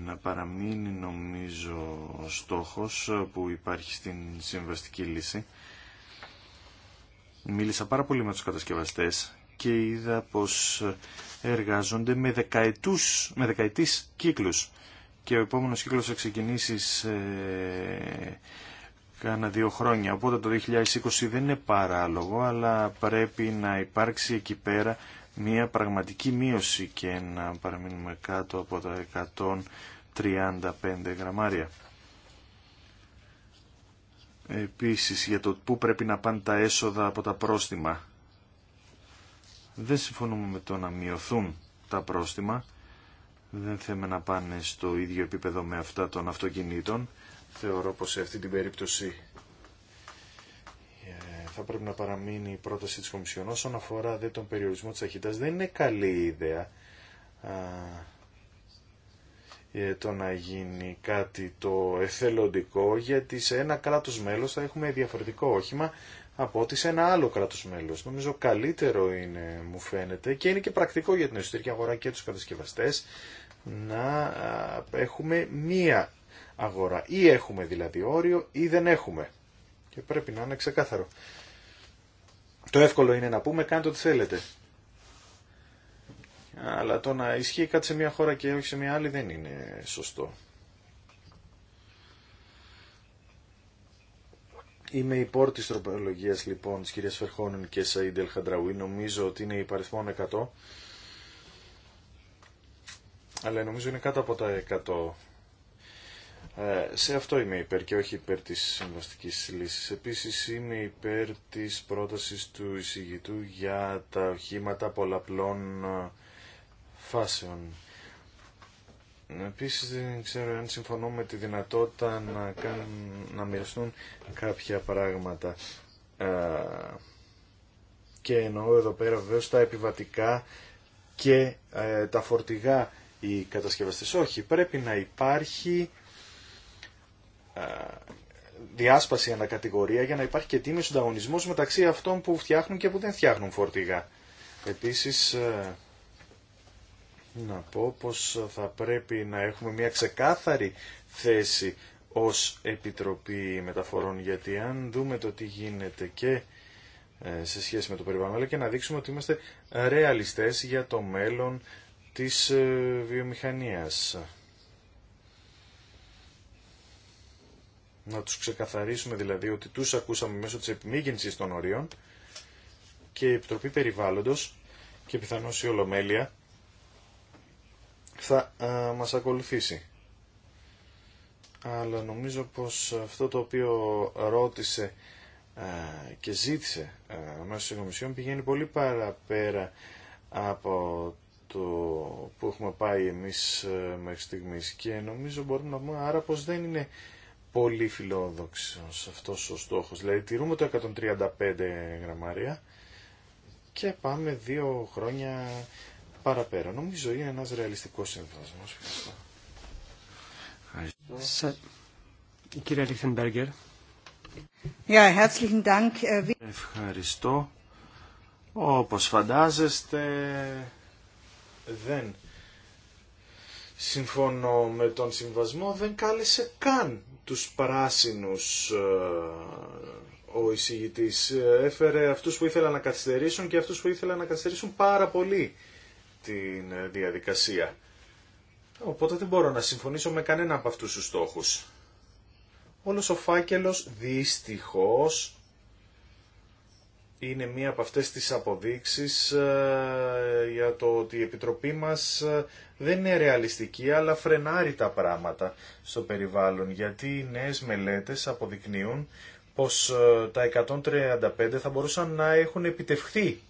να παραμείνει νομίζω ο στόχος που υπάρχει στην συμβαστική λύση. Μίλησα πάρα πολύ με τους κατασκευαστές και είδα πως εργάζονται με, δεκαετούς, με δεκαετής κύκλους και ο επόμενος κύκλος θα ξεκινήσει σε κάνα δύο χρόνια. Οπότε το 2020 δεν είναι παράλογο, αλλά πρέπει να υπάρξει εκεί πέρα μια πραγματική μείωση και να παραμείνουμε κάτω από τα 135 γραμμάρια. Επίσης για το πού πρέπει να πάνε τα έσοδα από τα πρόστιμα. Δεν συμφωνούμε με το να μειωθούν τα πρόστιμα. Δεν θέλουμε να πάνε στο ίδιο επίπεδο με αυτά των αυτοκινήτων. Θεωρώ πως σε αυτή την περίπτωση θα πρέπει να παραμείνει η πρόταση της Κομισιόν. Όσον αφορά δε τον περιορισμό της ταχύτητας, δεν είναι καλή ιδέα ε, το να γίνει κάτι το εθελοντικό, γιατί σε ένα κράτος μέλος θα έχουμε διαφορετικό όχημα από ότι σε ένα άλλο κράτος μέλος. Νομίζω καλύτερο είναι, μου φαίνεται, και είναι και πρακτικό για την εσωτερική αγορά και τους κατασκευαστές, να έχουμε μία αγορά. Ή έχουμε δηλαδή όριο ή δεν έχουμε. Και πρέπει να είναι ξεκάθαρο. Το εύκολο είναι να πούμε κάντε ό,τι θέλετε. Αλλά το να ισχύει κάτι σε μια χώρα και όχι σε μια άλλη δεν είναι σωστό. Είμαι υπόρ της τροπολογίας λοιπόν της κυρίας Φερχόνεν και Σαΐντ Ελχαντραουή. Νομίζω ότι είναι υπαριθμόν 100. Αλλά νομίζω είναι κάτω από τα 100 ε, σε αυτό είμαι υπέρ και όχι υπέρ της συμβαστικής λύσης. Επίσης είμαι υπέρ της πρότασης του εισηγητού για τα οχήματα πολλαπλών ε, φάσεων. Επίσης δεν ξέρω αν συμφωνώ με τη δυνατότητα να, κάνουν, να μοιραστούν κάποια πράγματα. Ε, και εννοώ εδώ πέρα βεβαίω τα επιβατικά και τα φορτηγά οι κατασκευαστές. Όχι, πρέπει να υπάρχει ε, διάσπαση ανακατηγορία για να υπάρχει και τίμιος ανταγωνισμός μεταξύ αυτών που φτιάχνουν και που δεν φτιάχνουν φορτηγά. Επίσης, ε, να πω πως θα πρέπει να έχουμε μια ξεκάθαρη θέση ως Επιτροπή Μεταφορών, γιατί αν δούμε το τι γίνεται και ε, σε σχέση με το περιβάλλον, αλλά και να δείξουμε ότι είμαστε ρεαλιστές για το μέλλον της βιομηχανίας. Να τους ξεκαθαρίσουμε δηλαδή ότι τους ακούσαμε μέσω της επιμήγυνσης των ορίων και η Επιτροπή Περιβάλλοντος και πιθανώς η Ολομέλεια θα α, ε, μας ακολουθήσει. Αλλά νομίζω πως αυτό το οποίο ρώτησε ε, και ζήτησε α, ε, μέσα στην Κομισιόν πηγαίνει πολύ παραπέρα από το που έχουμε πάει εμείς μέχρι στιγμής και νομίζω μπορούμε να πούμε άρα πως δεν είναι πολύ φιλόδοξος αυτός ο στόχος. Δηλαδή τηρούμε το 135 γραμμάρια και πάμε δύο χρόνια παραπέρα. Νομίζω είναι ένας ρεαλιστικός συμβασμός. Ευχαριστώ. Κύριε Dank. Äh, Ευχαριστώ. Όπως φαντάζεστε δεν συμφωνώ με τον συμβασμό, δεν κάλεσε καν τους πράσινους ε, ο εισηγητής. Ε, έφερε αυτούς που ήθελαν να καθυστερήσουν και αυτούς που ήθελαν να καθυστερήσουν πάρα πολύ την ε, διαδικασία. Οπότε δεν μπορώ να συμφωνήσω με κανένα από αυτούς τους στόχους. Όλος ο φάκελος δυστυχώς είναι μία από αυτές τις αποδείξεις ε, για το ότι η Επιτροπή μας ε, δεν είναι ρεαλιστική αλλά φρενάρει τα πράγματα στο περιβάλλον γιατί οι νέες μελέτες αποδεικνύουν πως ε, τα 135 θα μπορούσαν να έχουν επιτευχθεί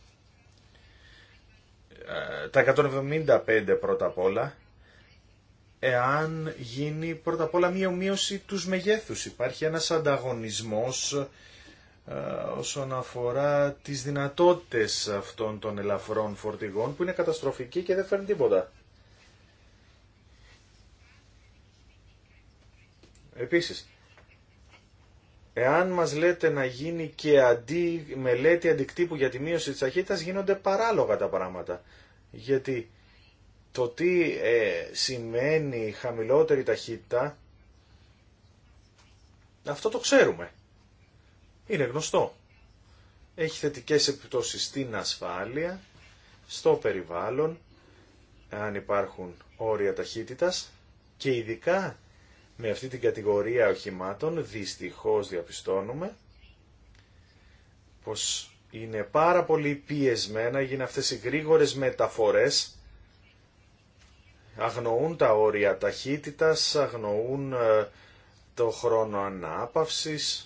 τα 175 πρώτα απ' όλα εάν γίνει πρώτα απ' όλα μία ομοίωση τους μεγέθους. Υπάρχει ένας ανταγωνισμός ε, όσον αφορά τις δυνατότητες αυτών των ελαφρών φορτηγών που είναι καταστροφική και δεν φέρνει τίποτα. Επίσης, εάν μας λέτε να γίνει και αντί, μελέτη αντικτύπου για τη μείωση της ταχύτητας γίνονται παράλογα τα πράγματα. Γιατί το τι ε, σημαίνει χαμηλότερη ταχύτητα, αυτό το ξέρουμε είναι γνωστό. Έχει θετικές επιπτώσεις στην ασφάλεια, στο περιβάλλον, αν υπάρχουν όρια ταχύτητας και ειδικά με αυτή την κατηγορία οχημάτων δυστυχώς διαπιστώνουμε πως είναι πάρα πολύ πιεσμένα, γίνουν αυτές οι γρήγορες μεταφορές, αγνοούν τα όρια ταχύτητας, αγνοούν ε, το χρόνο ανάπαυσης,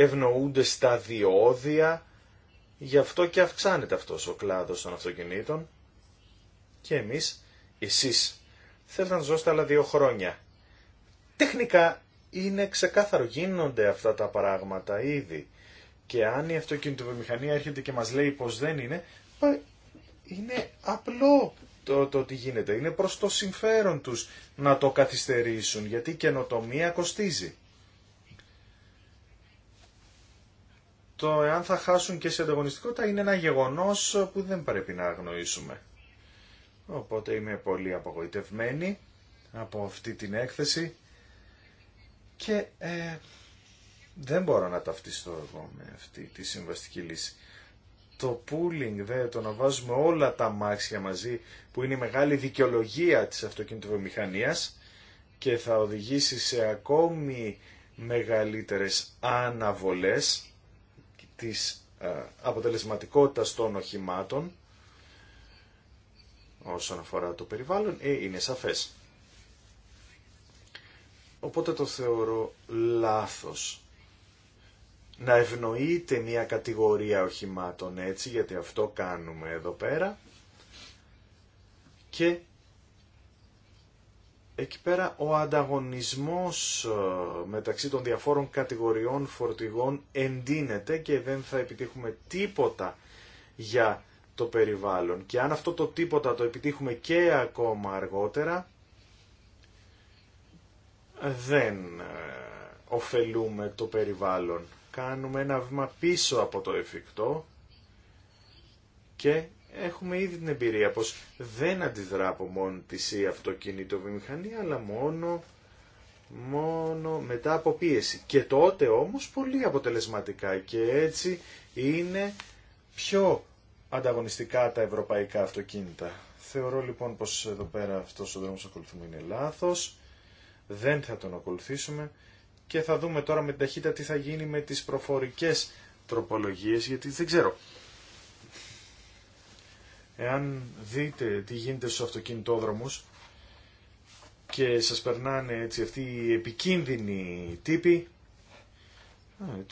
ευνοούνται στα διόδια, γι' αυτό και αυξάνεται αυτός ο κλάδος των αυτοκινήτων και εμείς, εσείς, θέλετε να ζώσετε άλλα δύο χρόνια. Τεχνικά είναι ξεκάθαρο, γίνονται αυτά τα πράγματα ήδη και αν η αυτοκινητοβιομηχανία έρχεται και μας λέει πως δεν είναι, είναι απλό το, το τι γίνεται. Είναι προς το συμφέρον τους να το καθυστερήσουν, γιατί η καινοτομία κοστίζει. το εάν θα χάσουν και σε ανταγωνιστικότητα είναι ένα γεγονός που δεν πρέπει να αγνοήσουμε. Οπότε είμαι πολύ απογοητευμένη από αυτή την έκθεση και ε, δεν μπορώ να ταυτιστώ εγώ με αυτή τη συμβαστική λύση. Το pooling, δε, το να βάζουμε όλα τα μάξια μαζί που είναι η μεγάλη δικαιολογία της αυτοκινητοβιομηχανίας και θα οδηγήσει σε ακόμη μεγαλύτερες αναβολές της ε, αποτελεσματικότητας των οχημάτων όσον αφορά το περιβάλλον ε, είναι σαφές. Οπότε το θεωρώ λάθος να ευνοείται μια κατηγορία οχημάτων έτσι, γιατί αυτό κάνουμε εδώ πέρα και εκεί πέρα ο ανταγωνισμός ε, μεταξύ των διαφόρων κατηγοριών φορτηγών εντείνεται και δεν θα επιτύχουμε τίποτα για το περιβάλλον. Και αν αυτό το τίποτα το επιτύχουμε και ακόμα αργότερα, δεν ε, ωφελούμε το περιβάλλον. Κάνουμε ένα βήμα πίσω από το εφικτό και έχουμε ήδη την εμπειρία πως δεν αντιδρά από μόνο τη η αυτοκινητοβιομηχανία, αλλά μόνο, μόνο μετά από πίεση. Και τότε όμως πολύ αποτελεσματικά και έτσι είναι πιο ανταγωνιστικά τα ευρωπαϊκά αυτοκίνητα. Θεωρώ λοιπόν πως εδώ πέρα αυτός ο δρόμος που ακολουθούμε είναι λάθος, δεν θα τον ακολουθήσουμε και θα δούμε τώρα με την ταχύτητα τι θα γίνει με τις προφορικές τροπολογίες γιατί δεν ξέρω Εάν δείτε τι γίνεται στους αυτοκινητόδρομους και σας περνάνε έτσι αυτοί οι επικίνδυνοι τύποι,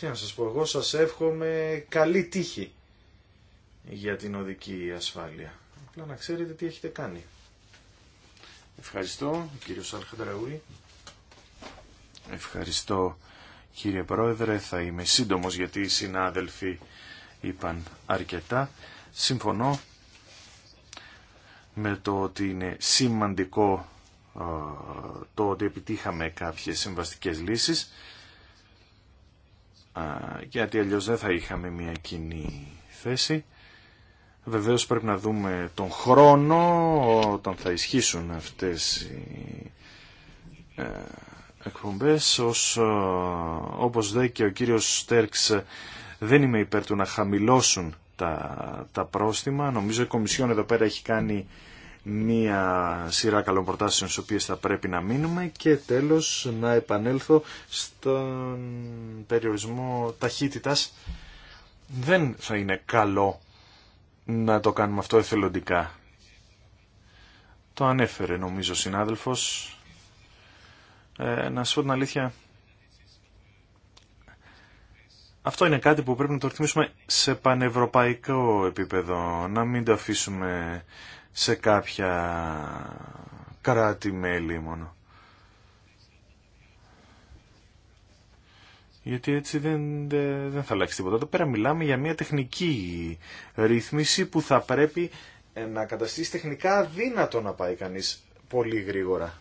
τι να σας πω, εγώ σας εύχομαι καλή τύχη για την οδική ασφάλεια. Απλά να ξέρετε τι έχετε κάνει. Ευχαριστώ, κύριο Αλχαντραούλη. Ευχαριστώ, κύριε Πρόεδρε. Θα είμαι σύντομος γιατί οι συνάδελφοι είπαν αρκετά. Συμφωνώ με το ότι είναι σημαντικό το ότι επιτύχαμε κάποιες συμβαστικές λύσεις γιατί αλλιώς δεν θα είχαμε μια κοινή θέση. Βεβαίως πρέπει να δούμε τον χρόνο όταν θα ισχύσουν αυτές οι ε, εκπομπές ως, ε, όπως δε και ο κύριος Στέρξ ε, δεν είμαι υπέρ του να χαμηλώσουν τα, τα πρόστιμα. Νομίζω η Κομισιόν εδώ πέρα έχει κάνει μία σειρά καλών προτάσεων στις οποίες θα πρέπει να μείνουμε και τέλος να επανέλθω στον περιορισμό ταχύτητας. Δεν θα είναι καλό να το κάνουμε αυτό εθελοντικά. Το ανέφερε νομίζω ο συνάδελφος. Ε, να σου πω την αλήθεια, αυτό είναι κάτι που πρέπει να το ρυθμίσουμε σε πανευρωπαϊκό επίπεδο, να μην το αφήσουμε σε κάποια κράτη-μέλη μόνο. Γιατί έτσι δεν, δεν θα αλλάξει τίποτα. Εδώ πέρα μιλάμε για μια τεχνική ρύθμιση που θα πρέπει ε, να καταστήσει τεχνικά δύνατο να πάει κανείς πολύ γρήγορα.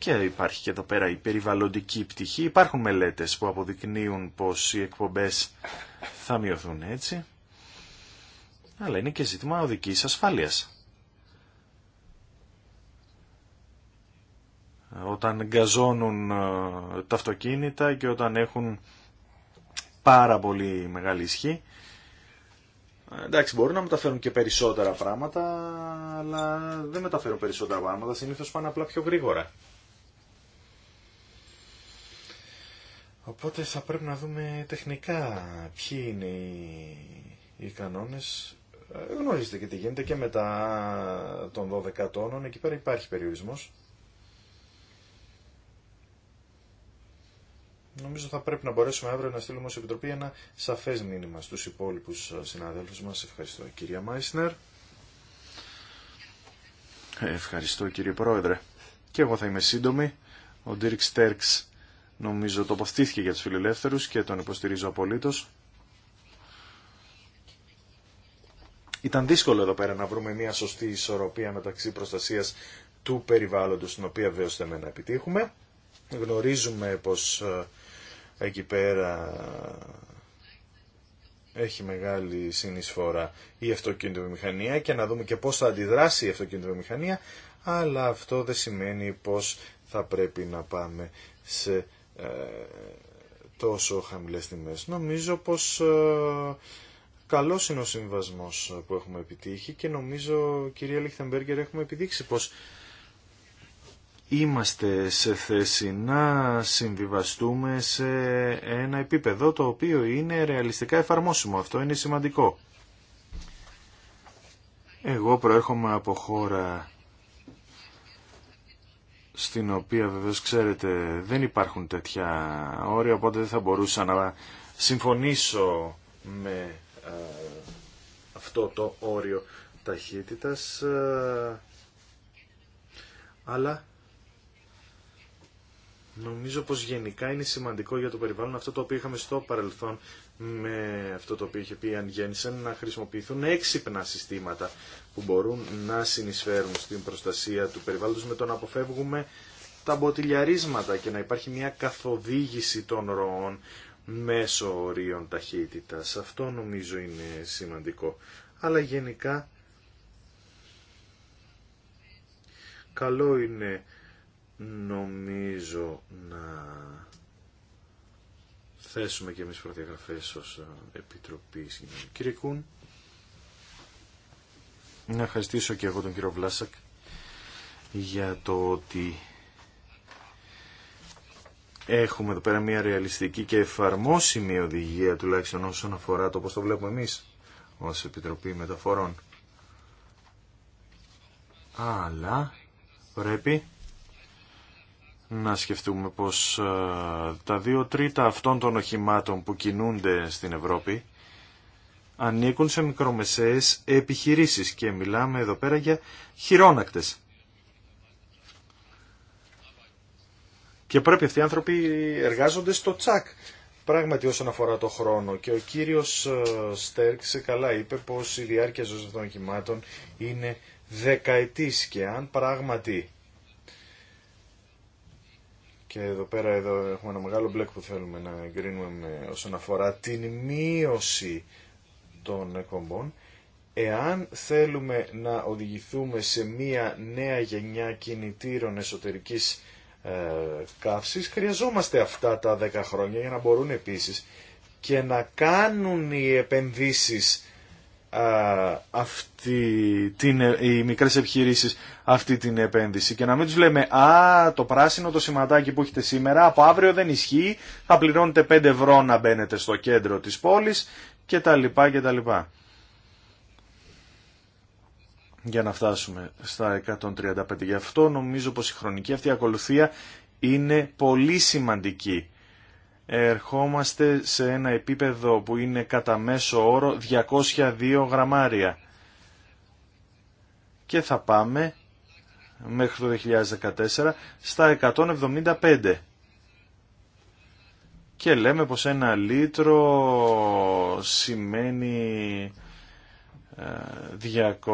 Και υπάρχει και εδώ πέρα η περιβαλλοντική πτυχή. Υπάρχουν μελέτες που αποδεικνύουν πως οι εκπομπές θα μειωθούν έτσι. Αλλά είναι και ζήτημα οδικής ασφάλειας. Όταν γκαζώνουν ε, τα αυτοκίνητα και όταν έχουν πάρα πολύ μεγάλη ισχύ, Εντάξει, μπορούν να μεταφέρουν και περισσότερα πράγματα, αλλά δεν μεταφέρουν περισσότερα πράγματα. Συνήθω πάνε απλά πιο γρήγορα. Οπότε θα πρέπει να δούμε τεχνικά ποιοι είναι οι, οι κανόνες. Ε, γνωρίζετε και τι γίνεται και μετά των 12 τόνων. Εκεί πέρα υπάρχει περιορισμός. Νομίζω θα πρέπει να μπορέσουμε αύριο να στείλουμε ως Επιτροπή ένα σαφές μήνυμα στους υπόλοιπους ε, συναδέλφους μας. Ευχαριστώ κυρία Μάισνερ. Ευχαριστώ κύριε Πρόεδρε. Και εγώ θα είμαι σύντομη. Ο Ντίρκ Στέρξ νομίζω τοποθετήθηκε για τους φιλελεύθερους και τον υποστηρίζω απολύτως. Ήταν δύσκολο εδώ πέρα να βρούμε μια σωστή ισορροπία μεταξύ προστασίας του περιβάλλοντος, την οποία βέβαια θέλουμε να επιτύχουμε. Γνωρίζουμε πως ε, εκεί πέρα έχει μεγάλη συνεισφορά η αυτοκίνητο μηχανία και να δούμε και πώς θα αντιδράσει η αυτοκινητοβιομηχανία, αλλά αυτό δεν σημαίνει πως θα αντιδρασει η μηχανια αλλα αυτο δεν σημαινει πως θα πρεπει να πάμε σε ε, τόσο χαμηλές τιμές. Νομίζω πως ε, καλός είναι ο συμβασμός που έχουμε επιτύχει και νομίζω κυρία Λιχτεμπέργκερ έχουμε επιδείξει πως είμαστε σε θέση να συμβιβαστούμε σε ένα επίπεδο το οποίο είναι ρεαλιστικά εφαρμόσιμο. Αυτό είναι σημαντικό. Εγώ προέρχομαι από χώρα στην οποία βεβαίως ξέρετε δεν υπάρχουν τέτοια όρια, οπότε δεν θα μπορούσα να συμφωνήσω με ε, αυτό το όριο ταχύτητας, ε, αλλά νομίζω πως γενικά είναι σημαντικό για το περιβάλλον αυτό το οποίο είχαμε στο παρελθόν με αυτό το οποίο είχε πει η Αν να χρησιμοποιηθούν έξυπνα συστήματα που μπορούν να συνεισφέρουν στην προστασία του περιβάλλοντος με το να αποφεύγουμε τα μποτιλιαρίσματα και να υπάρχει μια καθοδήγηση των ροών μέσω ορίων ταχύτητας. Αυτό νομίζω είναι σημαντικό. Αλλά γενικά καλό είναι νομίζω να θέσουμε και εμείς προδιαγραφές ως Επιτροπή Κύριε να ευχαριστήσω και εγώ τον κύριο Βλάσακ για το ότι έχουμε εδώ πέρα μια ρεαλιστική και εφαρμόσιμη οδηγία τουλάχιστον όσον αφορά το πώς το βλέπουμε εμείς ως Επιτροπή Μεταφορών. Αλλά πρέπει να σκεφτούμε πως ε, τα δύο τρίτα αυτών των οχημάτων που κινούνται στην Ευρώπη ανήκουν σε μικρομεσαίες επιχειρήσεις και μιλάμε εδώ πέρα για χειρόνακτες. Και πρέπει αυτοί οι άνθρωποι εργάζονται στο τσακ. Πράγματι όσον αφορά το χρόνο και ο κύριος ε, Στέρξε καλά είπε πως η διάρκεια ζωής των κυμάτων είναι δεκαετής και αν πράγματι και εδώ πέρα εδώ έχουμε ένα μεγάλο μπλεκ που θέλουμε να εγκρίνουμε όσον αφορά την μείωση των εκπομπών, εάν θέλουμε να οδηγηθούμε σε μία νέα γενιά κινητήρων εσωτερικής ε, καύσης, χρειαζόμαστε αυτά τα 10 χρόνια για να μπορούν επίσης και να κάνουν οι επενδύσεις α, αυτή, την, ε, οι μικρές επιχειρήσεις αυτή την επένδυση και να μην τους λέμε «Α, το πράσινο το σηματάκι που έχετε σήμερα από αύριο δεν ισχύει, θα πληρώνετε 5 ευρώ να μπαίνετε στο κέντρο της πόλης και τα λοιπά και τα λοιπά. Για να φτάσουμε στα 135. Γι' αυτό νομίζω πως η χρονική αυτή ακολουθία είναι πολύ σημαντική. Ερχόμαστε σε ένα επίπεδο που είναι κατά μέσο όρο 202 γραμμάρια. Και θα πάμε μέχρι το 2014 στα 175 και λέμε πως ένα λίτρο σημαίνει 202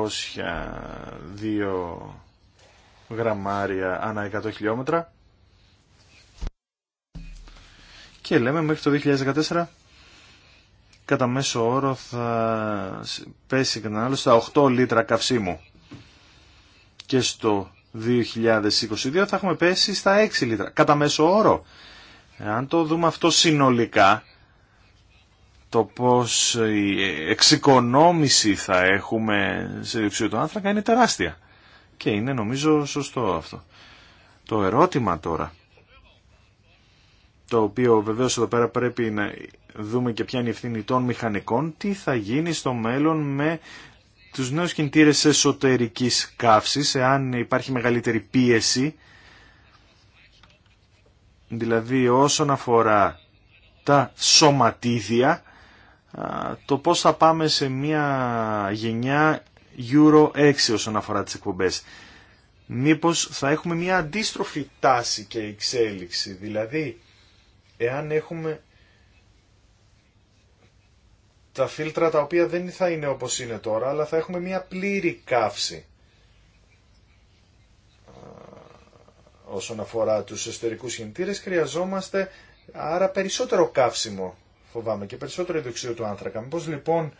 ε, γραμμάρια ανά 100 χιλιόμετρα και λέμε μέχρι το 2014 κατά μέσο όρο θα πέσει άλλο στα 8 λίτρα καυσίμου και στο 2022 θα έχουμε πέσει στα 6 λίτρα κατά μέσο όρο αν το δούμε αυτό συνολικά, το πώς η εξοικονόμηση θα έχουμε σε διοξείδιο του άνθρακα είναι τεράστια. Και είναι νομίζω σωστό αυτό. Το ερώτημα τώρα, το οποίο βεβαίως εδώ πέρα πρέπει να δούμε και ποια είναι η ευθύνη των μηχανικών, τι θα γίνει στο μέλλον με τους νέους κινητήρες εσωτερικής καύσης, εάν υπάρχει μεγαλύτερη πίεση Δηλαδή όσον αφορά τα σωματίδια, το πώς θα πάμε σε μια γενιά Euro 6 όσον αφορά τις εκπομπές. Μήπως θα έχουμε μια αντίστροφη τάση και εξέλιξη, δηλαδή εάν έχουμε τα φίλτρα τα οποία δεν θα είναι όπως είναι τώρα, αλλά θα έχουμε μια πλήρη καύση. όσον αφορά τους εσωτερικούς κινητήρε, χρειαζόμαστε άρα περισσότερο καύσιμο φοβάμαι και περισσότερο ιδιοξείο του άνθρακα. Μήπως λοιπόν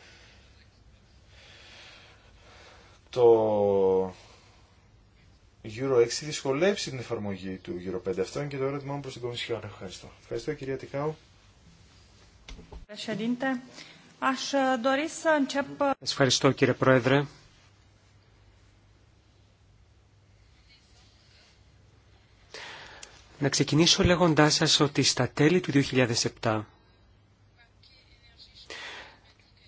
το Euro 6 δυσκολεύσει την εφαρμογή του Euro 5. Αυτό είναι και το ερώτημά μου προς την Κομισιόν. Ευχαριστώ. Ευχαριστώ κυρία Τικάου. Ε, Ευχαριστώ κύριε Πρόεδρε. Να ξεκινήσω λέγοντάς σας ότι στα τέλη του 2007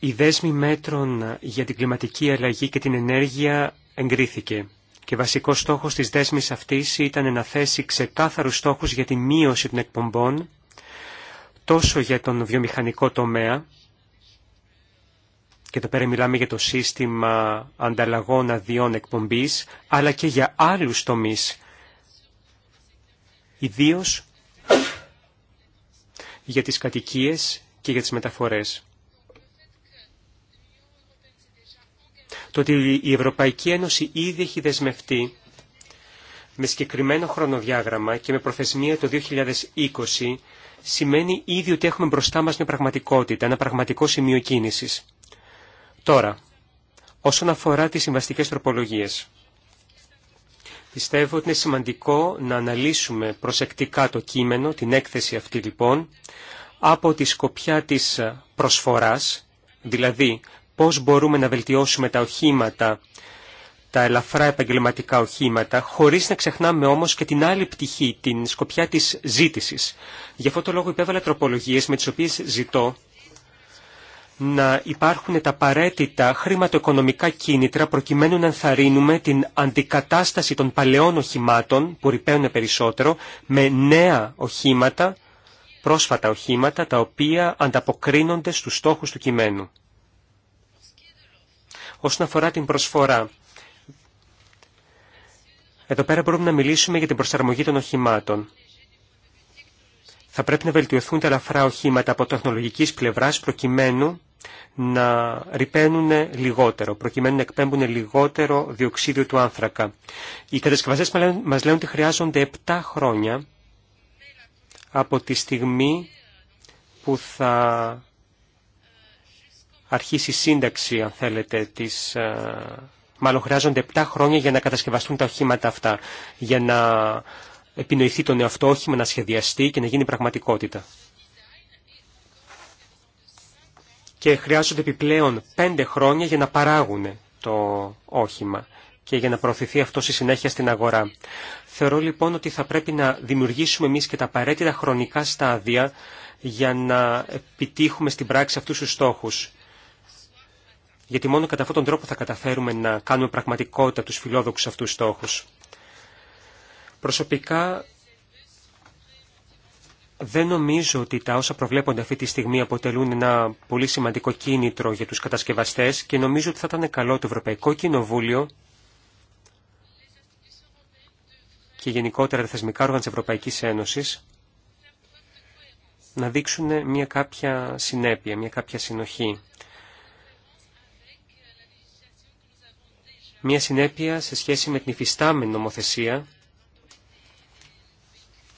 η δέσμη μέτρων για την κλιματική αλλαγή και την ενέργεια εγκρίθηκε και βασικός στόχος της δέσμης αυτής ήταν να θέσει ξεκάθαρους στόχους για τη μείωση των εκπομπών τόσο για τον βιομηχανικό τομέα και εδώ πέρα μιλάμε για το σύστημα ανταλλαγών αδειών εκπομπής αλλά και για άλλους τομείς ιδίως για τις κατοικίες και για τις μεταφορές. Το ότι η Ευρωπαϊκή Ένωση ήδη έχει δεσμευτεί με συγκεκριμένο χρονοδιάγραμμα και με προθεσμία το 2020 σημαίνει ήδη ότι έχουμε μπροστά μας μια πραγματικότητα, ένα πραγματικό σημείο κίνησης. Τώρα, όσον αφορά τις συμβαστικές τροπολογίες. Πιστεύω ότι είναι σημαντικό να αναλύσουμε προσεκτικά το κείμενο, την έκθεση αυτή λοιπόν, από τη σκοπιά της προσφοράς, δηλαδή πώς μπορούμε να βελτιώσουμε τα οχήματα, τα ελαφρά επαγγελματικά οχήματα, χωρίς να ξεχνάμε όμως και την άλλη πτυχή, την σκοπιά της ζήτησης. Γι' αυτό το λόγο υπέβαλα τροπολογίες με τις οποίες ζητώ να υπάρχουν τα απαραίτητα χρηματοοικονομικά κίνητρα προκειμένου να ενθαρρύνουμε την αντικατάσταση των παλαιών οχημάτων που ρηπαίνουν περισσότερο με νέα οχήματα, πρόσφατα οχήματα τα οποία ανταποκρίνονται στους στόχους του κειμένου. Όσον αφορά την προσφορά, εδώ πέρα μπορούμε να μιλήσουμε για την προσαρμογή των οχημάτων. Θα πρέπει να βελτιωθούν τα ελαφρά οχήματα από τεχνολογικής πλευράς προκειμένου να ρηπαίνουν λιγότερο, προκειμένου να εκπέμπουν λιγότερο διοξίδιο του άνθρακα. Οι κατασκευαστές μας λένε ότι χρειάζονται 7 χρόνια από τη στιγμή που θα αρχίσει η σύνταξη, αν θέλετε, ε, Μάλλον χρειάζονται 7 χρόνια για να κατασκευαστούν τα οχήματα αυτά, για να επινοηθεί το νεαυτό όχημα, να σχεδιαστεί και να γίνει πραγματικότητα. και χρειάζονται επιπλέον πέντε χρόνια για να παράγουν το όχημα και για να προωθηθεί αυτό στη συνέχεια στην αγορά. Θεωρώ λοιπόν ότι θα πρέπει να δημιουργήσουμε εμείς και τα απαραίτητα χρονικά στάδια για να επιτύχουμε στην πράξη αυτούς τους στόχους. Γιατί μόνο κατά αυτόν τον τρόπο θα καταφέρουμε να κάνουμε πραγματικότητα τους φιλόδοξους αυτούς στόχους. Προσωπικά δεν νομίζω ότι τα όσα προβλέπονται αυτή τη στιγμή αποτελούν ένα πολύ σημαντικό κίνητρο για τους κατασκευαστές και νομίζω ότι θα ήταν καλό το Ευρωπαϊκό Κοινοβούλιο και γενικότερα τα θεσμικά όργανα της Ευρωπαϊκής Ένωσης να δείξουν μια κάποια συνέπεια, μια κάποια συνοχή. Μια συνέπεια σε σχέση με την υφιστάμενη νομοθεσία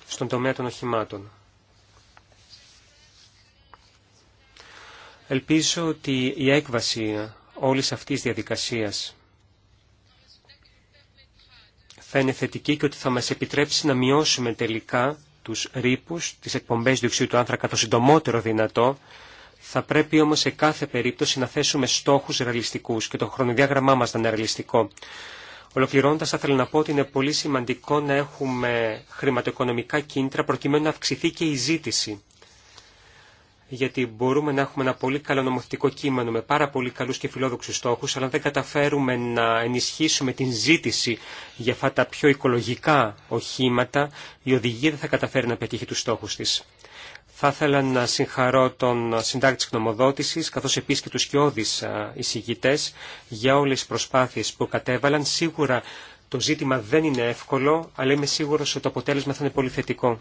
στον τομέα των οχημάτων. Ελπίζω ότι η έκβαση όλης αυτής της διαδικασίας θα είναι θετική και ότι θα μας επιτρέψει να μειώσουμε τελικά τους ρήπους, τις εκπομπές διοξείου του άνθρακα το συντομότερο δυνατό, θα πρέπει όμως σε κάθε περίπτωση να θέσουμε στόχους ρεαλιστικούς και το χρονοδιάγραμμά μας να είναι ρεαλιστικό. Ολοκληρώνοντα, θα ήθελα να πω ότι είναι πολύ σημαντικό να έχουμε χρηματοοικονομικά κίνητρα προκειμένου να αυξηθεί και η ζήτηση γιατί μπορούμε να έχουμε ένα πολύ καλό νομοθετικό κείμενο με πάρα πολύ καλούς και φιλόδοξους στόχους, αλλά δεν καταφέρουμε να ενισχύσουμε την ζήτηση για αυτά τα πιο οικολογικά οχήματα, η οδηγία δεν θα καταφέρει να πετύχει τους στόχους της. Θα ήθελα να συγχαρώ τον συντάκτη της γνωμοδότησης, καθώς επίσης και τους κοιόδης ε, εισηγητές, για όλες τις προσπάθειες που κατέβαλαν. Σίγουρα το ζήτημα δεν είναι εύκολο, αλλά είμαι σίγουρος ότι το αποτέλεσμα θα είναι πολύ θετικό.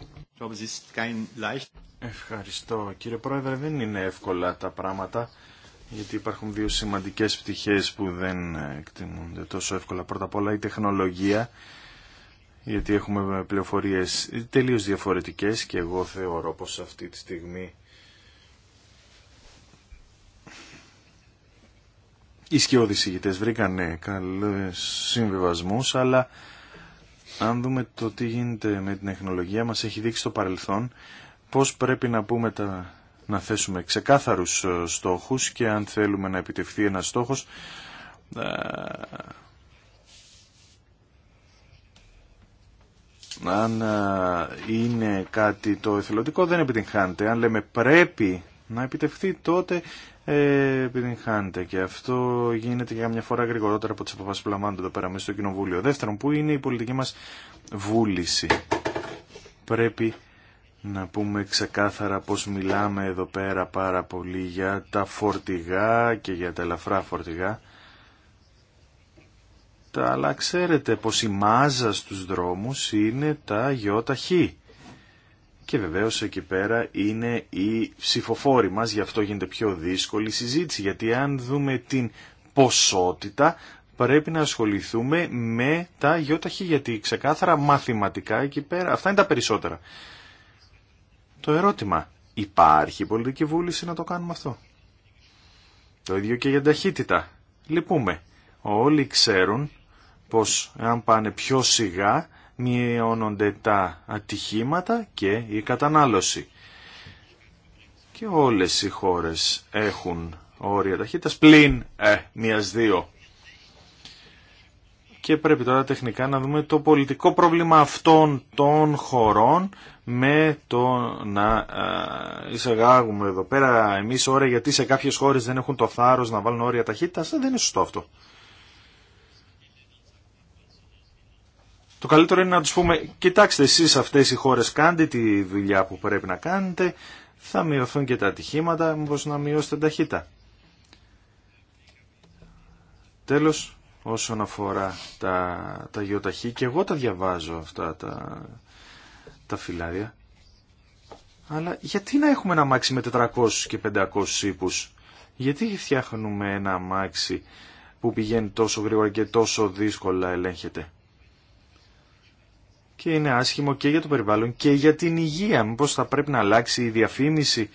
Ευχαριστώ. Κύριε Πρόεδρε, δεν είναι εύκολα τα πράγματα, γιατί υπάρχουν δύο σημαντικές πτυχές που δεν εκτιμούνται τόσο εύκολα. Πρώτα απ' όλα η τεχνολογία, γιατί έχουμε πληροφορίες τελείως διαφορετικές και εγώ θεωρώ πως αυτή τη στιγμή οι σκιώδεις ηγητές βρήκανε καλούς συμβιβασμούς, αλλά αν δούμε το τι γίνεται με την τεχνολογία μας έχει δείξει στο παρελθόν πώς πρέπει να πούμε τα, να θέσουμε ξεκάθαρους ε, στόχους και αν θέλουμε να επιτευχθεί ένας στόχος ε, αν ε, είναι κάτι το εθελοντικό δεν επιτυγχάνεται. Αν λέμε πρέπει να επιτευχθεί τότε ε, επειδή χάνεται και αυτό γίνεται για μια φορά γρηγορότερα από τις αποφάσεις που λαμβάνονται εδώ πέρα μέσα στο Κοινοβούλιο. Δεύτερον, που είναι η πολιτική μας βούληση. Πρέπει να πούμε ξεκάθαρα πως μιλάμε εδώ πέρα πάρα πολύ για τα φορτηγά και για τα ελαφρά φορτηγά. Τα, αλλά ξέρετε πως η μάζα στους δρόμους είναι τα χ. Και βεβαίως εκεί πέρα είναι η ψηφοφόροι μας, γι' αυτό γίνεται πιο δύσκολη συζήτηση, γιατί αν δούμε την ποσότητα πρέπει να ασχοληθούμε με τα γιώταχη, γιατί ξεκάθαρα μαθηματικά εκεί πέρα, αυτά είναι τα περισσότερα. Το ερώτημα, υπάρχει πολιτική βούληση να το κάνουμε αυτό. Το ίδιο και για ταχύτητα. Λυπούμε. Όλοι ξέρουν πως αν πάνε πιο σιγά μειώνονται τα ατυχήματα και η κατανάλωση. Και όλες οι χώρες έχουν όρια ταχύτητας πλην ε, μίας δύο. Και πρέπει τώρα τεχνικά να δούμε το πολιτικό πρόβλημα αυτών των χωρών με το να ε, εισαγάγουμε εδώ πέρα εμείς ώρα γιατί σε κάποιες χώρες δεν έχουν το θάρρος να βάλουν όρια ταχύτητας. Ε, δεν είναι σωστό αυτό. Το καλύτερο είναι να τους πούμε, κοιτάξτε εσείς αυτές οι χώρες κάντε τη δουλειά που πρέπει να κάνετε, θα μειωθούν και τα ατυχήματα, μήπως να μειώσετε ταχύτητα. Τέλος, όσον αφορά τα, τα γεωταχή, και εγώ τα διαβάζω αυτά τα, τα φυλάδια. Αλλά γιατί να έχουμε ένα μάξι με 400 και 500 ύπους. Γιατί φτιάχνουμε ένα μάξι που πηγαίνει τόσο γρήγορα και τόσο δύσκολα ελέγχεται και είναι άσχημο και για το περιβάλλον και για την υγεία. Μήπω θα πρέπει να αλλάξει η διαφήμιση.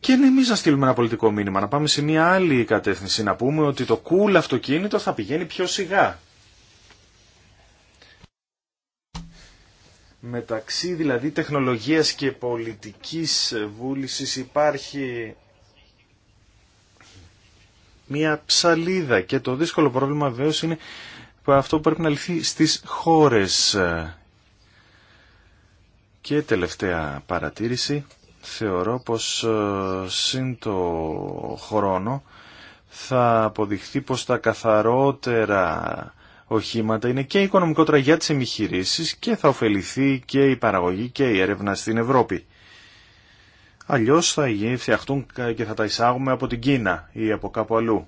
Και ναι, εμεί να στείλουμε ένα πολιτικό μήνυμα, να πάμε σε μια άλλη κατεύθυνση, να πούμε ότι το cool αυτοκίνητο θα πηγαίνει πιο σιγά. Μεταξύ δηλαδή τεχνολογίας και πολιτικής βούλησης υπάρχει μια ψαλίδα και το δύσκολο πρόβλημα βεβαίω είναι αυτό πρέπει να λυθεί στις χώρες. Και τελευταία παρατήρηση, θεωρώ πως ε, σύν το χρόνο θα αποδειχθεί πως τα καθαρότερα οχήματα είναι και οικονομικότερα για τις εμιχειρήσεις και θα ωφεληθεί και η παραγωγή και η έρευνα στην Ευρώπη. Αλλιώς θα φτιαχτούν και θα τα εισάγουμε από την Κίνα ή από κάπου αλλού.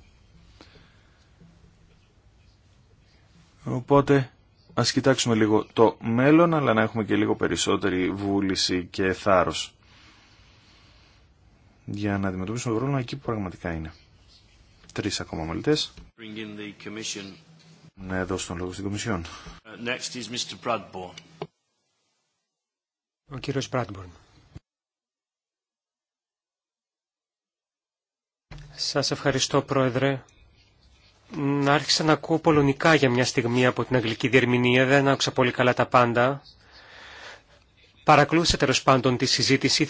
Οπότε ας κοιτάξουμε λίγο το μέλλον, αλλά να έχουμε και λίγο περισσότερη βούληση και θάρρος για να αντιμετωπίσουμε το πρόβλημα εκεί που πραγματικά είναι. Τρεις ακόμα μελητές. Ναι, δώσω τον λόγο στην Κομισιόν. Uh, next is Mr. Ο κύριος Bradbourne. Σας ευχαριστώ, Πρόεδρε να άρχισα να ακούω πολωνικά για μια στιγμή από την αγγλική διερμηνία, δεν άκουσα πολύ καλά τα πάντα. Παρακλούσα τέλο πάντων τη συζήτηση,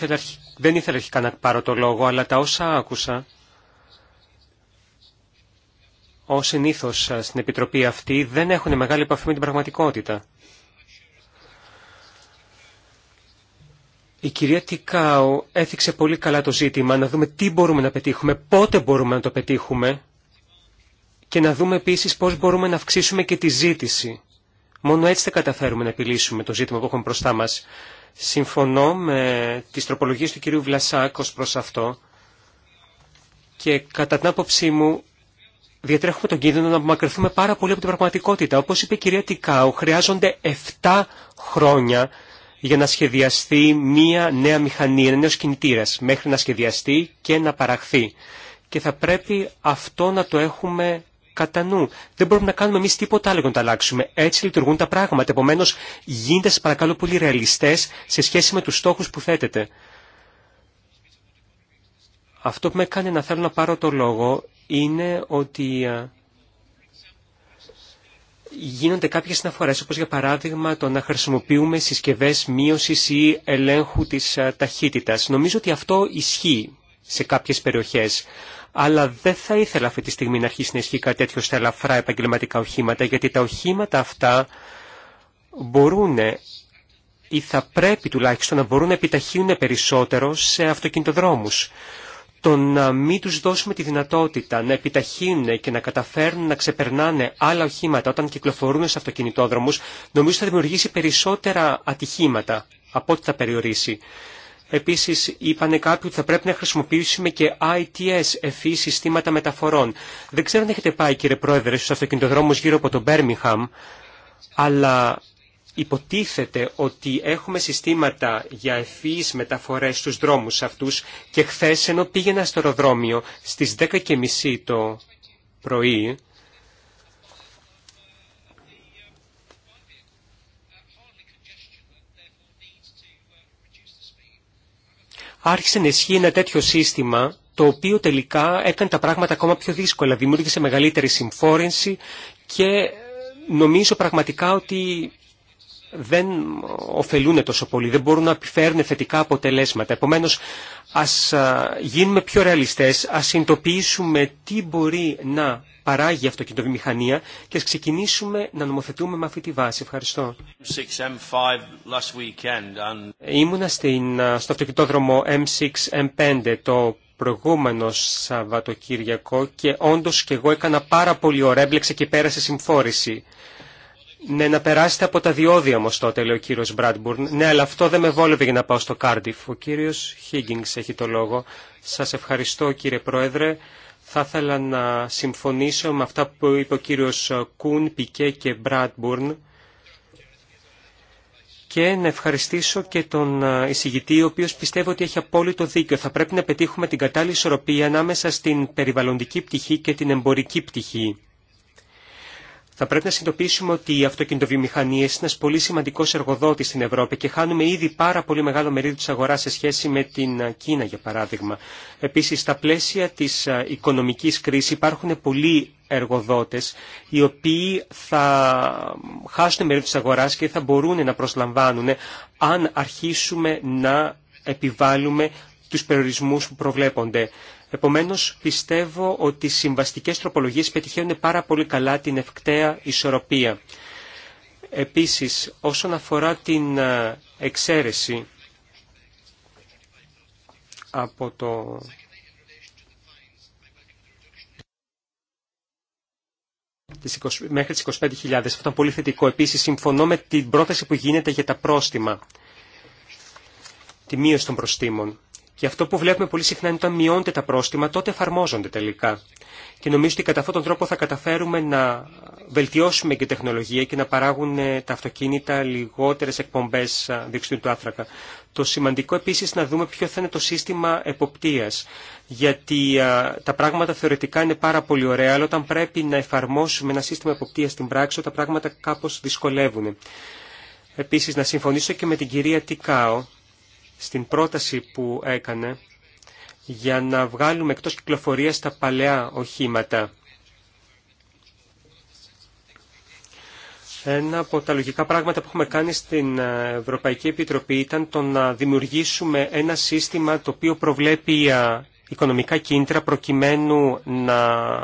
δεν ήθελα αρχικά να πάρω το λόγο, αλλά τα όσα άκουσα, ω συνήθω ε, στην Επιτροπή αυτή, δεν έχουν μεγάλη επαφή με την πραγματικότητα. Η κυρία Τικάου έθιξε πολύ καλά το ζήτημα, να δούμε τι μπορούμε να πετύχουμε, πότε μπορούμε να το πετύχουμε και να δούμε επίσης πώς μπορούμε να αυξήσουμε και τη ζήτηση. Μόνο έτσι θα καταφέρουμε να επιλύσουμε το ζήτημα που έχουμε μπροστά μας. Συμφωνώ με τις τροπολογίες του κυρίου Βλασάκ ως προς αυτό και κατά την άποψή μου διατρέχουμε τον κίνδυνο να απομακρυνθούμε πάρα πολύ από την πραγματικότητα. Όπως είπε η κυρία Τικάου, χρειάζονται 7 χρόνια για να σχεδιαστεί μία νέα μηχανή, ένα νέο κινητήρα. μέχρι να σχεδιαστεί και να παραχθεί. Και θα πρέπει αυτό να το έχουμε κατά Δεν μπορούμε να κάνουμε εμεί τίποτα άλλο για να τα αλλάξουμε. Έτσι λειτουργούν τα πράγματα. Επομένω, γίνετε, σα παρακαλώ, πολύ ρεαλιστέ σε σχέση με του στόχου που θέτετε. Αυτό που με κάνει να θέλω να πάρω το λόγο είναι ότι γίνονται κάποιε αναφορέ, όπω για παράδειγμα το να χρησιμοποιούμε συσκευέ μείωση ή ελέγχου τη ταχύτητα. Νομίζω ότι αυτό ισχύει σε κάποιες περιοχές αλλά δεν θα ήθελα αυτή τη στιγμή να αρχίσει να ισχύει κάτι τέτοιο στα ελαφρά επαγγελματικά οχήματα, γιατί τα οχήματα αυτά μπορούν ή θα πρέπει τουλάχιστον να μπορούν να επιταχύνουν περισσότερο σε αυτοκινητοδρόμους. Το να μην τους δώσουμε τη δυνατότητα να επιταχύνουν και να καταφέρουν να ξεπερνάνε άλλα οχήματα όταν κυκλοφορούν σε αυτοκινητόδρομους, νομίζω θα δημιουργήσει περισσότερα ατυχήματα από ό,τι θα περιορίσει. Επίσης είπανε κάποιοι ότι θα πρέπει να χρησιμοποιήσουμε και ITS, ευφύ e, συστήματα μεταφορών. Δεν ξέρω αν έχετε πάει κύριε Πρόεδρε στους αυτοκινητοδρόμους γύρω από το Μπέρμιχαμ, αλλά υποτίθεται ότι έχουμε συστήματα για ευφύς μεταφορές στους δρόμους αυτούς και χθε ενώ πήγαινα στο αεροδρόμιο στις 10.30 το πρωί, άρχισε να ισχύει ένα τέτοιο σύστημα το οποίο τελικά έκανε τα πράγματα ακόμα πιο δύσκολα, δημιούργησε μεγαλύτερη συμφόρενση και νομίζω πραγματικά ότι δεν ωφελούν τόσο πολύ, δεν μπορούν να επιφέρουν θετικά αποτελέσματα. Επομένως, ας γίνουμε πιο ρεαλιστές, ας συνειδητοποιήσουμε τι μπορεί να παράγει η αυτοκινητοβιομηχανία και ας ξεκινήσουμε να νομοθετούμε με αυτή τη βάση. Ήμουνα στο αυτοκινητόδρομο M6M5 το προηγούμενο Σαββατοκύριακο και όντως και εγώ έκανα πάρα πολύ ωραία, έμπλεξε και πέρασε συμφόρηση. Ναι, να περάσετε από τα διόδια όμω τότε, λέει ο κύριο Μπράντμπουρν. Ναι, αλλά αυτό δεν με βόλευε για να πάω στο Κάρντιφ. Ο κύριο Χίγκινγκ έχει το λόγο. Σα ευχαριστώ κύριε Πρόεδρε. Θα ήθελα να συμφωνήσω με αυτά που είπε ο κύριο Κούν, Πικέ και Μπράντμπουρν και να ευχαριστήσω και τον ε, εισηγητή, ο οποίος πιστεύω ότι έχει απόλυτο δίκιο. Θα πρέπει να πετύχουμε την κατάλληλη ισορροπία ανάμεσα στην περιβαλλοντική πτυχή και την εμπορική πτυχή θα πρέπει να συνειδητοποιήσουμε ότι οι αυτοκινητοβιομηχανίε είναι ένα πολύ σημαντικό εργοδότη στην Ευρώπη και χάνουμε ήδη πάρα πολύ μεγάλο μερίδιο τη αγορά σε σχέση με την Κίνα, για παράδειγμα. Επίση, στα πλαίσια τη ε, οικονομική κρίση υπάρχουν πολλοί εργοδότε οι οποίοι θα χάσουν μερίδιο τη αγορά και θα μπορούν να προσλαμβάνουν αν αρχίσουμε να επιβάλλουμε τους περιορισμούς που προβλέπονται. Επομένως, πιστεύω ότι οι συμβαστικές τροπολογίες πετυχαίνουν πάρα πολύ καλά την ευκταία ισορροπία. Επίσης, όσον αφορά την ε, εξαίρεση από το... μέχρι τις 25.000. Αυτό ήταν πολύ θετικό. Επίσης, συμφωνώ με την πρόταση που γίνεται για τα πρόστιμα, τη μείωση των προστήμων. Και αυτό που βλέπουμε πολύ συχνά είναι όταν μειώνται τα πρόστιμα, τότε εφαρμόζονται τελικά. Και νομίζω ότι κατά αυτόν τον τρόπο θα καταφέρουμε να βελτιώσουμε και τεχνολογία και να παράγουν ε, τα αυτοκίνητα λιγότερε εκπομπέ διοξιδίου του άνθρακα. Το σημαντικό επίση να δούμε ποιο θα είναι το σύστημα εποπτεία. Γιατί α, τα πράγματα θεωρητικά είναι πάρα πολύ ωραία, αλλά όταν πρέπει να εφαρμόσουμε ένα σύστημα εποπτεία στην πράξη, τα πράγματα κάπω δυσκολεύουν. Επίση, να συμφωνήσω και με την κυρία Τικάο στην πρόταση που έκανε για να βγάλουμε εκτός κυκλοφορίας τα παλαιά οχήματα. Ένα από τα λογικά πράγματα που έχουμε κάνει στην Ευρωπαϊκή Επιτροπή ήταν το να δημιουργήσουμε ένα σύστημα το οποίο προβλέπει οικονομικά κίνητρα προκειμένου να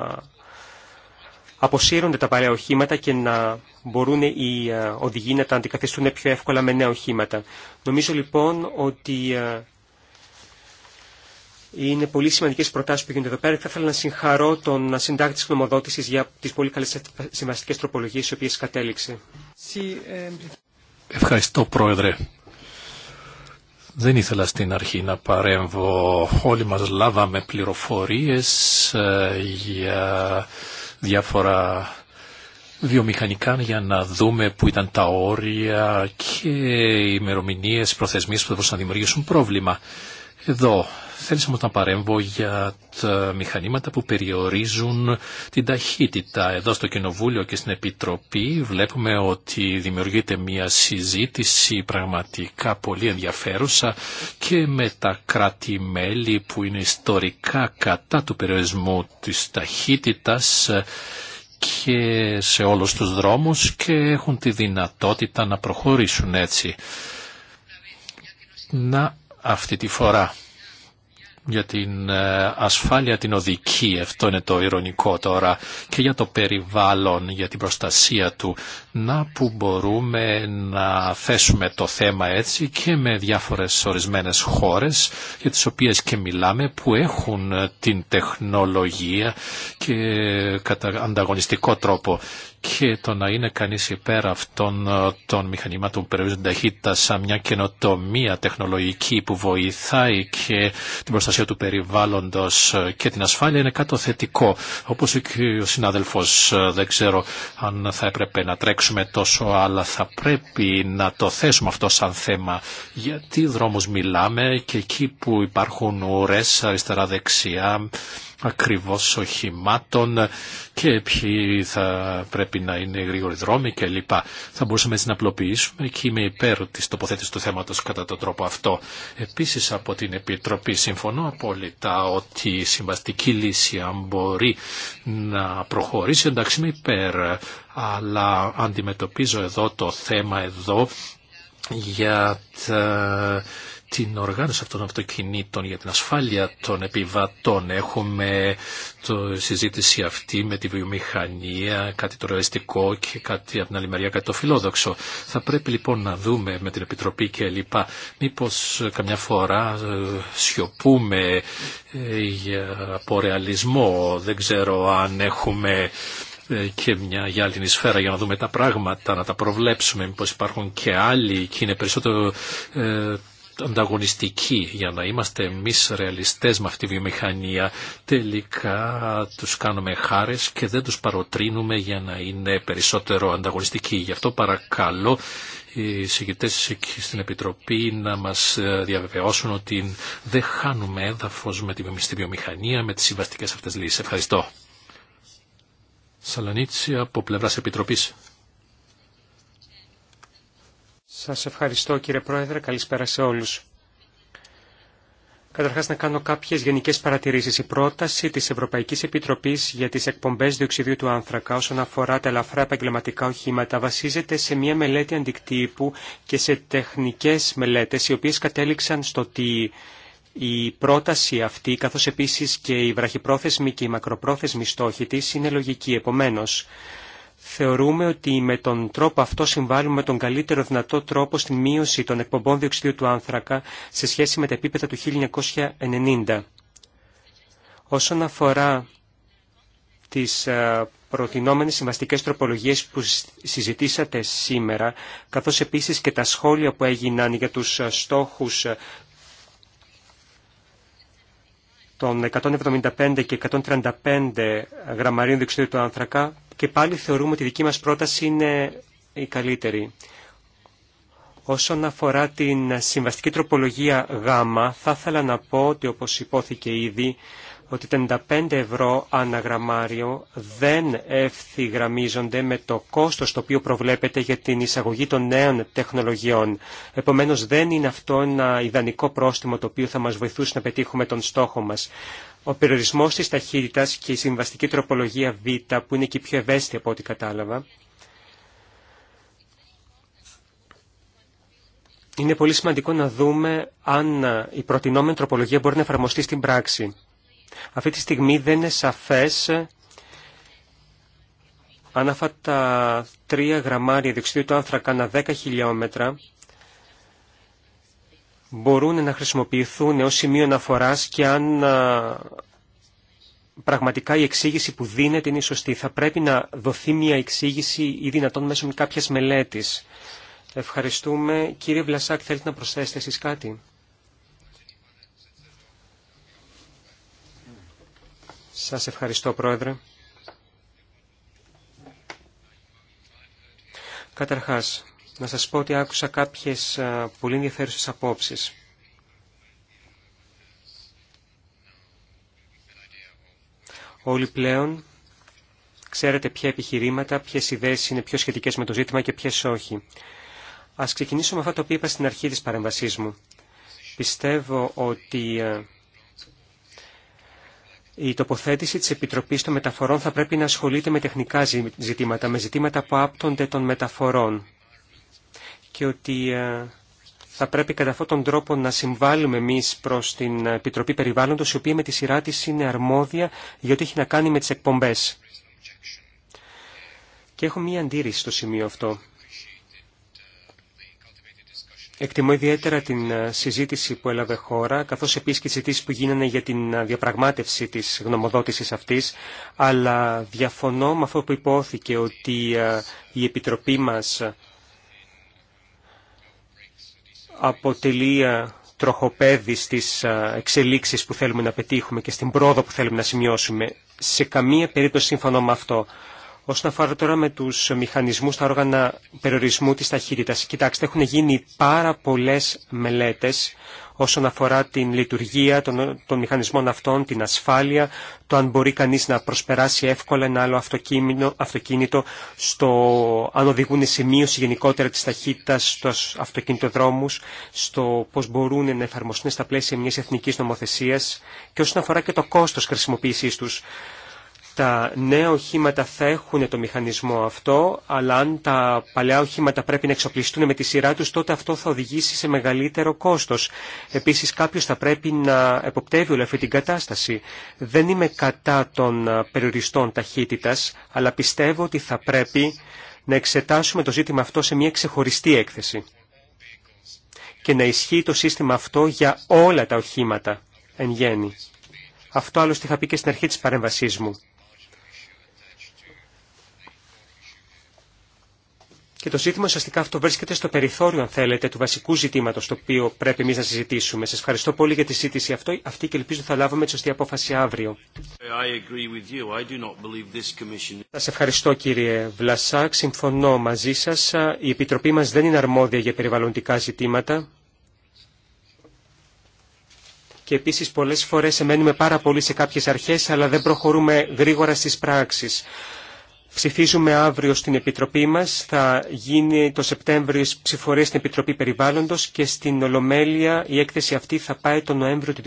αποσύρονται τα παλαιά οχήματα και να μπορούν οι ε, οδηγοί να τα αντικαθιστούν πιο εύκολα με νέα οχήματα. Νομίζω λοιπόν ότι ε, είναι πολύ σημαντικές προτάσεις που γίνονται εδώ πέρα θα ήθελα να συγχαρώ τον συντάκτη της νομοδότησης για τις πολύ καλές συμβαστικές τροπολογίες οι οποίες κατέληξε. Ευχαριστώ Πρόεδρε. Δεν ήθελα στην αρχή να παρέμβω. Όλοι μας λάβαμε πληροφορίες ε, για διάφορα βιομηχανικά για να δούμε που ήταν τα όρια και οι ημερομηνίε, οι προθεσμίες που θα μπορούσαν να δημιουργήσουν πρόβλημα. Εδώ Θέλεις όμως να παρέμβω για τα μηχανήματα που περιορίζουν την ταχύτητα. Εδώ στο Κοινοβούλιο και στην Επιτροπή βλέπουμε ότι δημιουργείται μια συζήτηση πραγματικά πολύ ενδιαφέρουσα και με τα κράτη-μέλη που είναι ιστορικά κατά του περιορισμού της ταχύτητας και σε όλους τους δρόμους και έχουν τη δυνατότητα να προχωρήσουν έτσι. Να αυτή τη φορά για την ε, ασφάλεια την οδική, αυτό είναι το ηρωνικό τώρα, και για το περιβάλλον, για την προστασία του. Να που μπορούμε να θέσουμε το θέμα έτσι και με διάφορες ορισμένες χώρες για τις οποίες και μιλάμε που έχουν ε, την τεχνολογία και ε, κατά ανταγωνιστικό τρόπο και το να είναι κανείς υπέρ αυτών ε, των μηχανημάτων που περιορίζουν ταχύτητα σαν μια καινοτομία τεχνολογική που βοηθάει και την προστασία του περιβάλλοντος ε, και την ασφάλεια είναι κάτι θετικό. Όπως και ο συνάδελφος ε, δεν ξέρω αν θα έπρεπε να τρέξουμε τόσο αλλά θα πρέπει να το θέσουμε αυτό σαν θέμα. Γιατί δρόμους μιλάμε και εκεί που υπάρχουν ουρές αριστερά-δεξιά ακριβώς οχημάτων και ποιοι θα πρέπει να είναι γρήγοροι δρόμοι κλπ. Θα μπορούσαμε έτσι να απλοποιήσουμε και είμαι υπέρ της τοποθέτησης του θέματος κατά τον τρόπο αυτό. Επίσης από την Επιτροπή συμφωνώ απόλυτα ότι η συμβαστική λύση αν μπορεί να προχωρήσει εντάξει είμαι υπέρ αλλά αντιμετωπίζω εδώ το θέμα εδώ για τα την οργάνωση αυτών των αυτοκινήτων για την ασφάλεια των επιβατών. Έχουμε το συζήτηση αυτή με τη βιομηχανία, κάτι το ρεαλιστικό και κάτι από την άλλη μεριά κάτι το φιλόδοξο. Θα πρέπει λοιπόν να δούμε με την Επιτροπή και λοιπά μήπως καμιά φορά ε, σιωπούμε ε, για ρεαλισμό. Δεν ξέρω αν έχουμε ε, και μια γυάλινη σφαίρα για να δούμε τα πράγματα, να τα προβλέψουμε, μήπως υπάρχουν και άλλοι και είναι περισσότερο ανταγωνιστικοί για να είμαστε εμείς ρεαλιστές με αυτή τη βιομηχανία. Τελικά τους κάνουμε χάρες και δεν τους παροτρύνουμε για να είναι περισσότερο ανταγωνιστικοί. Γι' αυτό παρακαλώ οι στην Επιτροπή να μας διαβεβαιώσουν ότι δεν χάνουμε έδαφος με τη βιομηχανία, με τις συμβαστικές αυτές λύσεις. Ευχαριστώ. Σαλονίτση από πλευράς Επιτροπής. Σας ευχαριστώ κύριε Πρόεδρε, καλησπέρα σε όλους. Καταρχάς να κάνω κάποιες γενικές παρατηρήσεις. Η πρόταση της Ευρωπαϊκής Επιτροπής για τις εκπομπές διοξιδίου του άνθρακα όσον αφορά τα ελαφρά επαγγελματικά οχήματα βασίζεται σε μια μελέτη αντικτύπου και σε τεχνικές μελέτες οι οποίες κατέληξαν στο ότι η πρόταση αυτή, καθώς επίσης και η βραχυπρόθεσμη και η μακροπρόθεσμη στόχη της, είναι λογική. Επομένως, θεωρούμε ότι με τον τρόπο αυτό συμβάλλουμε τον καλύτερο δυνατό τρόπο στην μείωση των εκπομπών διοξιδίου του άνθρακα σε σχέση με τα επίπεδα του 1990. Όσον αφορά τις ε, προτινόμενες συμβαστικές τροπολογίες που συζητήσατε σήμερα, καθώς επίσης και τα σχόλια που έγιναν για τους ε, στόχους ε, των 175 και 135 γραμμαρίων διοξιδίου του άνθρακα, και πάλι θεωρούμε ότι η δική μας πρόταση είναι η καλύτερη. Όσον αφορά την συμβαστική τροπολογία Γ, θα ήθελα να πω ότι όπως υπόθηκε ήδη, ότι τα 95 ευρώ αναγραμμάριο δεν ευθυγραμμίζονται με το κόστος το οποίο προβλέπεται για την εισαγωγή των νέων τεχνολογιών. Επομένως δεν είναι αυτό ένα ιδανικό πρόστιμο το οποίο θα μας βοηθούσε να πετύχουμε τον στόχο μας. Ο περιορισμός της ταχύτητας και η συμβαστική τροπολογία Β, που είναι και η πιο ευαίσθητη από ό,τι κατάλαβα, είναι πολύ σημαντικό να δούμε αν η προτινόμενη τροπολογία μπορεί να εφαρμοστεί στην πράξη. Αυτή τη στιγμή δεν είναι σαφές αν αυτά τα τρία γραμμάρια διοξιδίου του άνθρακα ανά 10 χιλιόμετρα μπορούν να χρησιμοποιηθούν ως σημείο αναφοράς και αν πραγματικά η εξήγηση που δίνεται είναι σωστή. Θα πρέπει να δοθεί μια εξήγηση ή δυνατόν μέσω με κάποιας μελέτης. Ευχαριστούμε. Κύριε Βλασάκ, θέλετε να προσθέσετε εσείς κάτι. Σας ευχαριστώ, Πρόεδρε. Καταρχάς, να σας πω ότι άκουσα κάποιες ε, πολύ ενδιαφέρουσες απόψεις. Όλοι πλέον ξέρετε ποια επιχειρήματα, ποιες ιδέες είναι πιο σχετικές με το ζήτημα και ποιες όχι. Ας ξεκινήσω με αυτό που είπα στην αρχή της παρεμβασής μου. Πιστεύω ότι ε, η τοποθέτηση της Επιτροπής των Μεταφορών θα πρέπει να ασχολείται με τεχνικά ζητήματα, με ζητήματα που άπτονται των μεταφορών και ότι ε, θα πρέπει κατά αυτόν τον τρόπο να συμβάλλουμε εμεί προς την Επιτροπή Περιβάλλοντο, η οποία με τη σειρά τη είναι αρμόδια γιατί ό,τι έχει να κάνει με τι εκπομπέ. Και έχω μία αντίρρηση στο σημείο αυτό. Εκτιμώ ιδιαίτερα την ε, συζήτηση που έλαβε χώρα, καθώς επίσης και τις που γίνανε για την ε, διαπραγμάτευση της γνωμοδότησης αυτής, αλλά διαφωνώ με αυτό που υπόθηκε ότι η Επιτροπή μας αποτελεί ε, τροχοπέδι στις ε, εξελίξεις που θέλουμε να πετύχουμε και στην πρόοδο που θέλουμε να σημειώσουμε. Σε καμία περίπτωση σύμφωνο με αυτό. Όσον αφορά τώρα με τους μηχανισμούς, τα όργανα περιορισμού της ταχύτητας. Κοιτάξτε, έχουν γίνει πάρα πολλές μελέτες όσον αφορά την λειτουργία των, των μηχανισμών αυτών, την ασφάλεια, το αν μπορεί κανείς να προσπεράσει εύκολα ένα άλλο αυτοκίνητο, στο αν οδηγούν σε μείωση γενικότερα της ταχύτητας στους αυτοκινητοδρόμους, στο πώς μπορούν να εφαρμοστούν στα πλαίσια μιας εθνικής νομοθεσίας και όσον αφορά και το κόστος χρησιμοποίησής τους τα νέα οχήματα θα έχουν το μηχανισμό αυτό, αλλά αν τα παλιά οχήματα πρέπει να εξοπλιστούν με τη σειρά τους, τότε αυτό θα οδηγήσει σε μεγαλύτερο κόστος. Επίσης κάποιος θα πρέπει να εποπτεύει όλη αυτή την κατάσταση. Δεν είμαι κατά των ε, περιοριστών ταχύτητας, αλλά πιστεύω ότι θα πρέπει να εξετάσουμε το ζήτημα αυτό σε μια ξεχωριστή έκθεση και να ισχύει το σύστημα αυτό για όλα τα οχήματα εν γέννη. Αυτό άλλωστε είχα πει και στην αρχή της παρέμβασής μου. Και το ζήτημα ουσιαστικά αυτό βρίσκεται στο περιθώριο, αν θέλετε, του βασικού ζητήματο το οποίο πρέπει εμεί να συζητήσουμε. Σα ευχαριστώ πολύ για τη σύντηση αυτό, αυτή και ελπίζω θα λάβουμε τη σωστή απόφαση αύριο. Σα ευχαριστώ κύριε Βλασάκ. Συμφωνώ μαζί σα. Η Επιτροπή μα δεν είναι αρμόδια για περιβαλλοντικά ζητήματα. Και επίση πολλέ φορέ εμένουμε πάρα πολύ σε κάποιε αρχέ, αλλά δεν προχωρούμε γρήγορα στι πράξει. Ψηφίζουμε αύριο στην Επιτροπή μας, θα γίνει το Σεπτέμβριο ψηφορία στην Επιτροπή Περιβάλλοντος και στην Ολομέλεια η έκθεση αυτή θα πάει τον Νοέμβριο του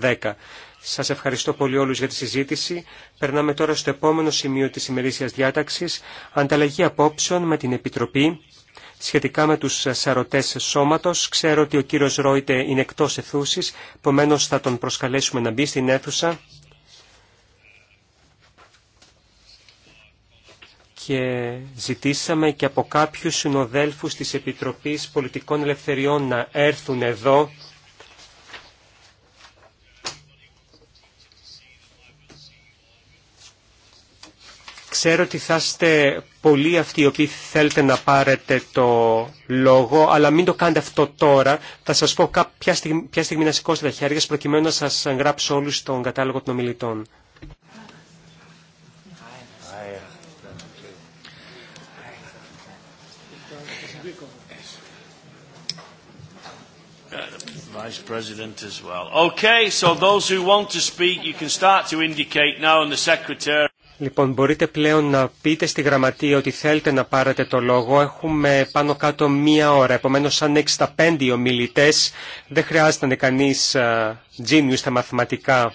2010. Σας ευχαριστώ πολύ όλους για τη συζήτηση. Περνάμε τώρα στο επόμενο σημείο της ημερήσιας διάταξης, ανταλλαγή απόψεων με την Επιτροπή σχετικά με τους σαρωτές σώματος. Ξέρω ότι ο κύριος Ρόιτε είναι εκτός αιθούσης. επομένω θα τον προσκαλέσουμε να μπει στην αίθουσα. και ζητήσαμε και από κάποιους συνοδέλφους της Επιτροπής Πολιτικών Ελευθεριών να έρθουν εδώ Ξέρω ότι θα είστε πολλοί αυτοί οι οποίοι θέλετε να πάρετε το λόγο, αλλά μην το κάνετε αυτό τώρα. Θα σας πω ποια στιγμή, στιγμή να σηκώσετε τα χέρια προκειμένου να σας γράψω όλους τον κατάλογο των ομιλητών. Vice President as well. Okay, so those who want to speak, you can start to indicate now and the Secretary. Λοιπόν, μπορείτε πλέον να πείτε στη γραμματεία ότι θέλετε να πάρετε το λόγο. Έχουμε πάνω κάτω μία ώρα, επομένως αν 65 ομιλητέ, δεν χρειάζεται να είναι κανείς ε, genius στα μαθηματικά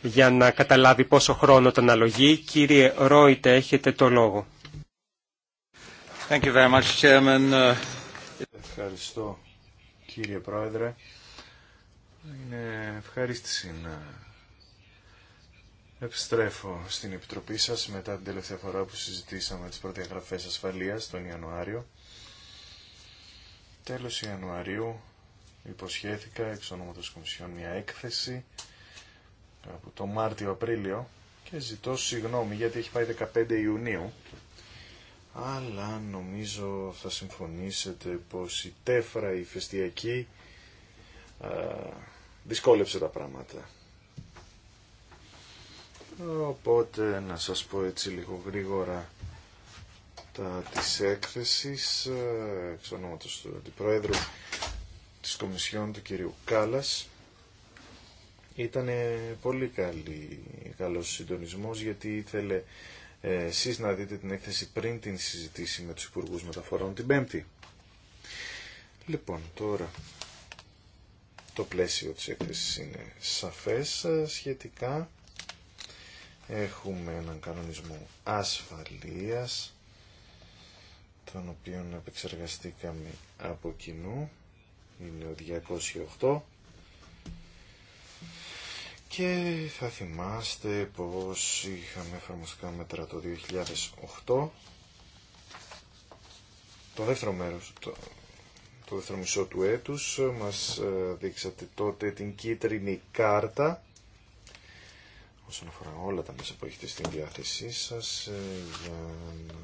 για να καταλάβει πόσο χρόνο τον αλογεί. Κύριε Ρόιτε, έχετε το λόγο. Thank you very much, Chairman. Ευχαριστώ, κύριε Πρόεδρε. Είναι ευχαρίστηση να επιστρέφω στην Επιτροπή σας μετά την τελευταία φορά που συζητήσαμε τις προδιαγραφές ασφαλείας τον Ιανουάριο. Τέλος Ιανουαρίου υποσχέθηκα εξ ονόματος Κομισιόν μια έκθεση από το Μάρτιο-Απρίλιο και ζητώ συγγνώμη γιατί έχει πάει 15 Ιουνίου αλλά νομίζω θα συμφωνήσετε πως η τέφρα η φεστιακή δυσκόλεψε τα πράγματα. Οπότε να σας πω έτσι λίγο γρήγορα τα της έκθεσης ε, εξ ονόματος του Αντιπρόεδρου της Κομισιόν του κυρίου Κάλας Ήταν πολύ καλή, καλός συντονισμός γιατί ήθελε ε, να δείτε την έκθεση πριν την συζητήση με τους Υπουργούς Μεταφορών την Πέμπτη. Λοιπόν, τώρα το πλαίσιο της έκθεσης είναι σαφές σχετικά. Έχουμε έναν κανονισμό ασφαλείας, τον οποίο επεξεργαστήκαμε από κοινού, είναι ο 208. Και θα θυμάστε πως είχαμε εφαρμοστικά μέτρα το 2008. Το δεύτερο μέρος, το το δεύτερο μισό του έτους. Μας ε, δείξατε τότε την κίτρινη κάρτα όσον αφορά όλα τα μέσα που έχετε στην διάθεσή σας ε, για να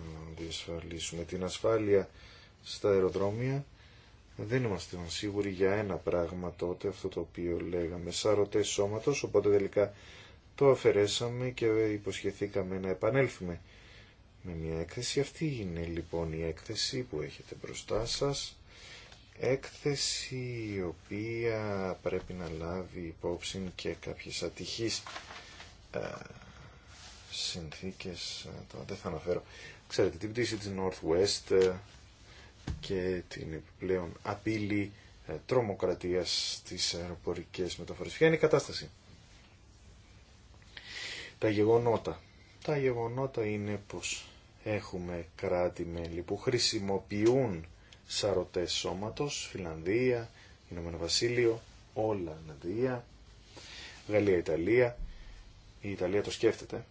διασφαλίσουμε την ασφάλεια στα αεροδρόμια. Δεν είμαστε σίγουροι για ένα πράγμα τότε, αυτό το οποίο λέγαμε σαρωτές σώματος, οπότε τελικά το αφαιρέσαμε και υποσχεθήκαμε να επανέλθουμε με μια έκθεση. Αυτή είναι λοιπόν η έκθεση που έχετε μπροστά σας έκθεση η οποία πρέπει να λάβει υπόψη και κάποιες ατυχείς ε, συνθήκες, ε, τώρα δεν θα αναφέρω. Ξέρετε, την πτήση της Northwest ε, και την επιπλέον απειλή ε, τρομοκρατίας στις αεροπορικές μεταφορές. Ποια είναι η κατάσταση. Τα γεγονότα. Τα γεγονότα είναι πως έχουμε κράτη-μέλη που χρησιμοποιούν σαρωτές σώματος, Φιλανδία, Ηνωμένο Βασίλειο, Ολλανδία, Γαλλία, Ιταλία. Η Ιταλία το σκέφτεται.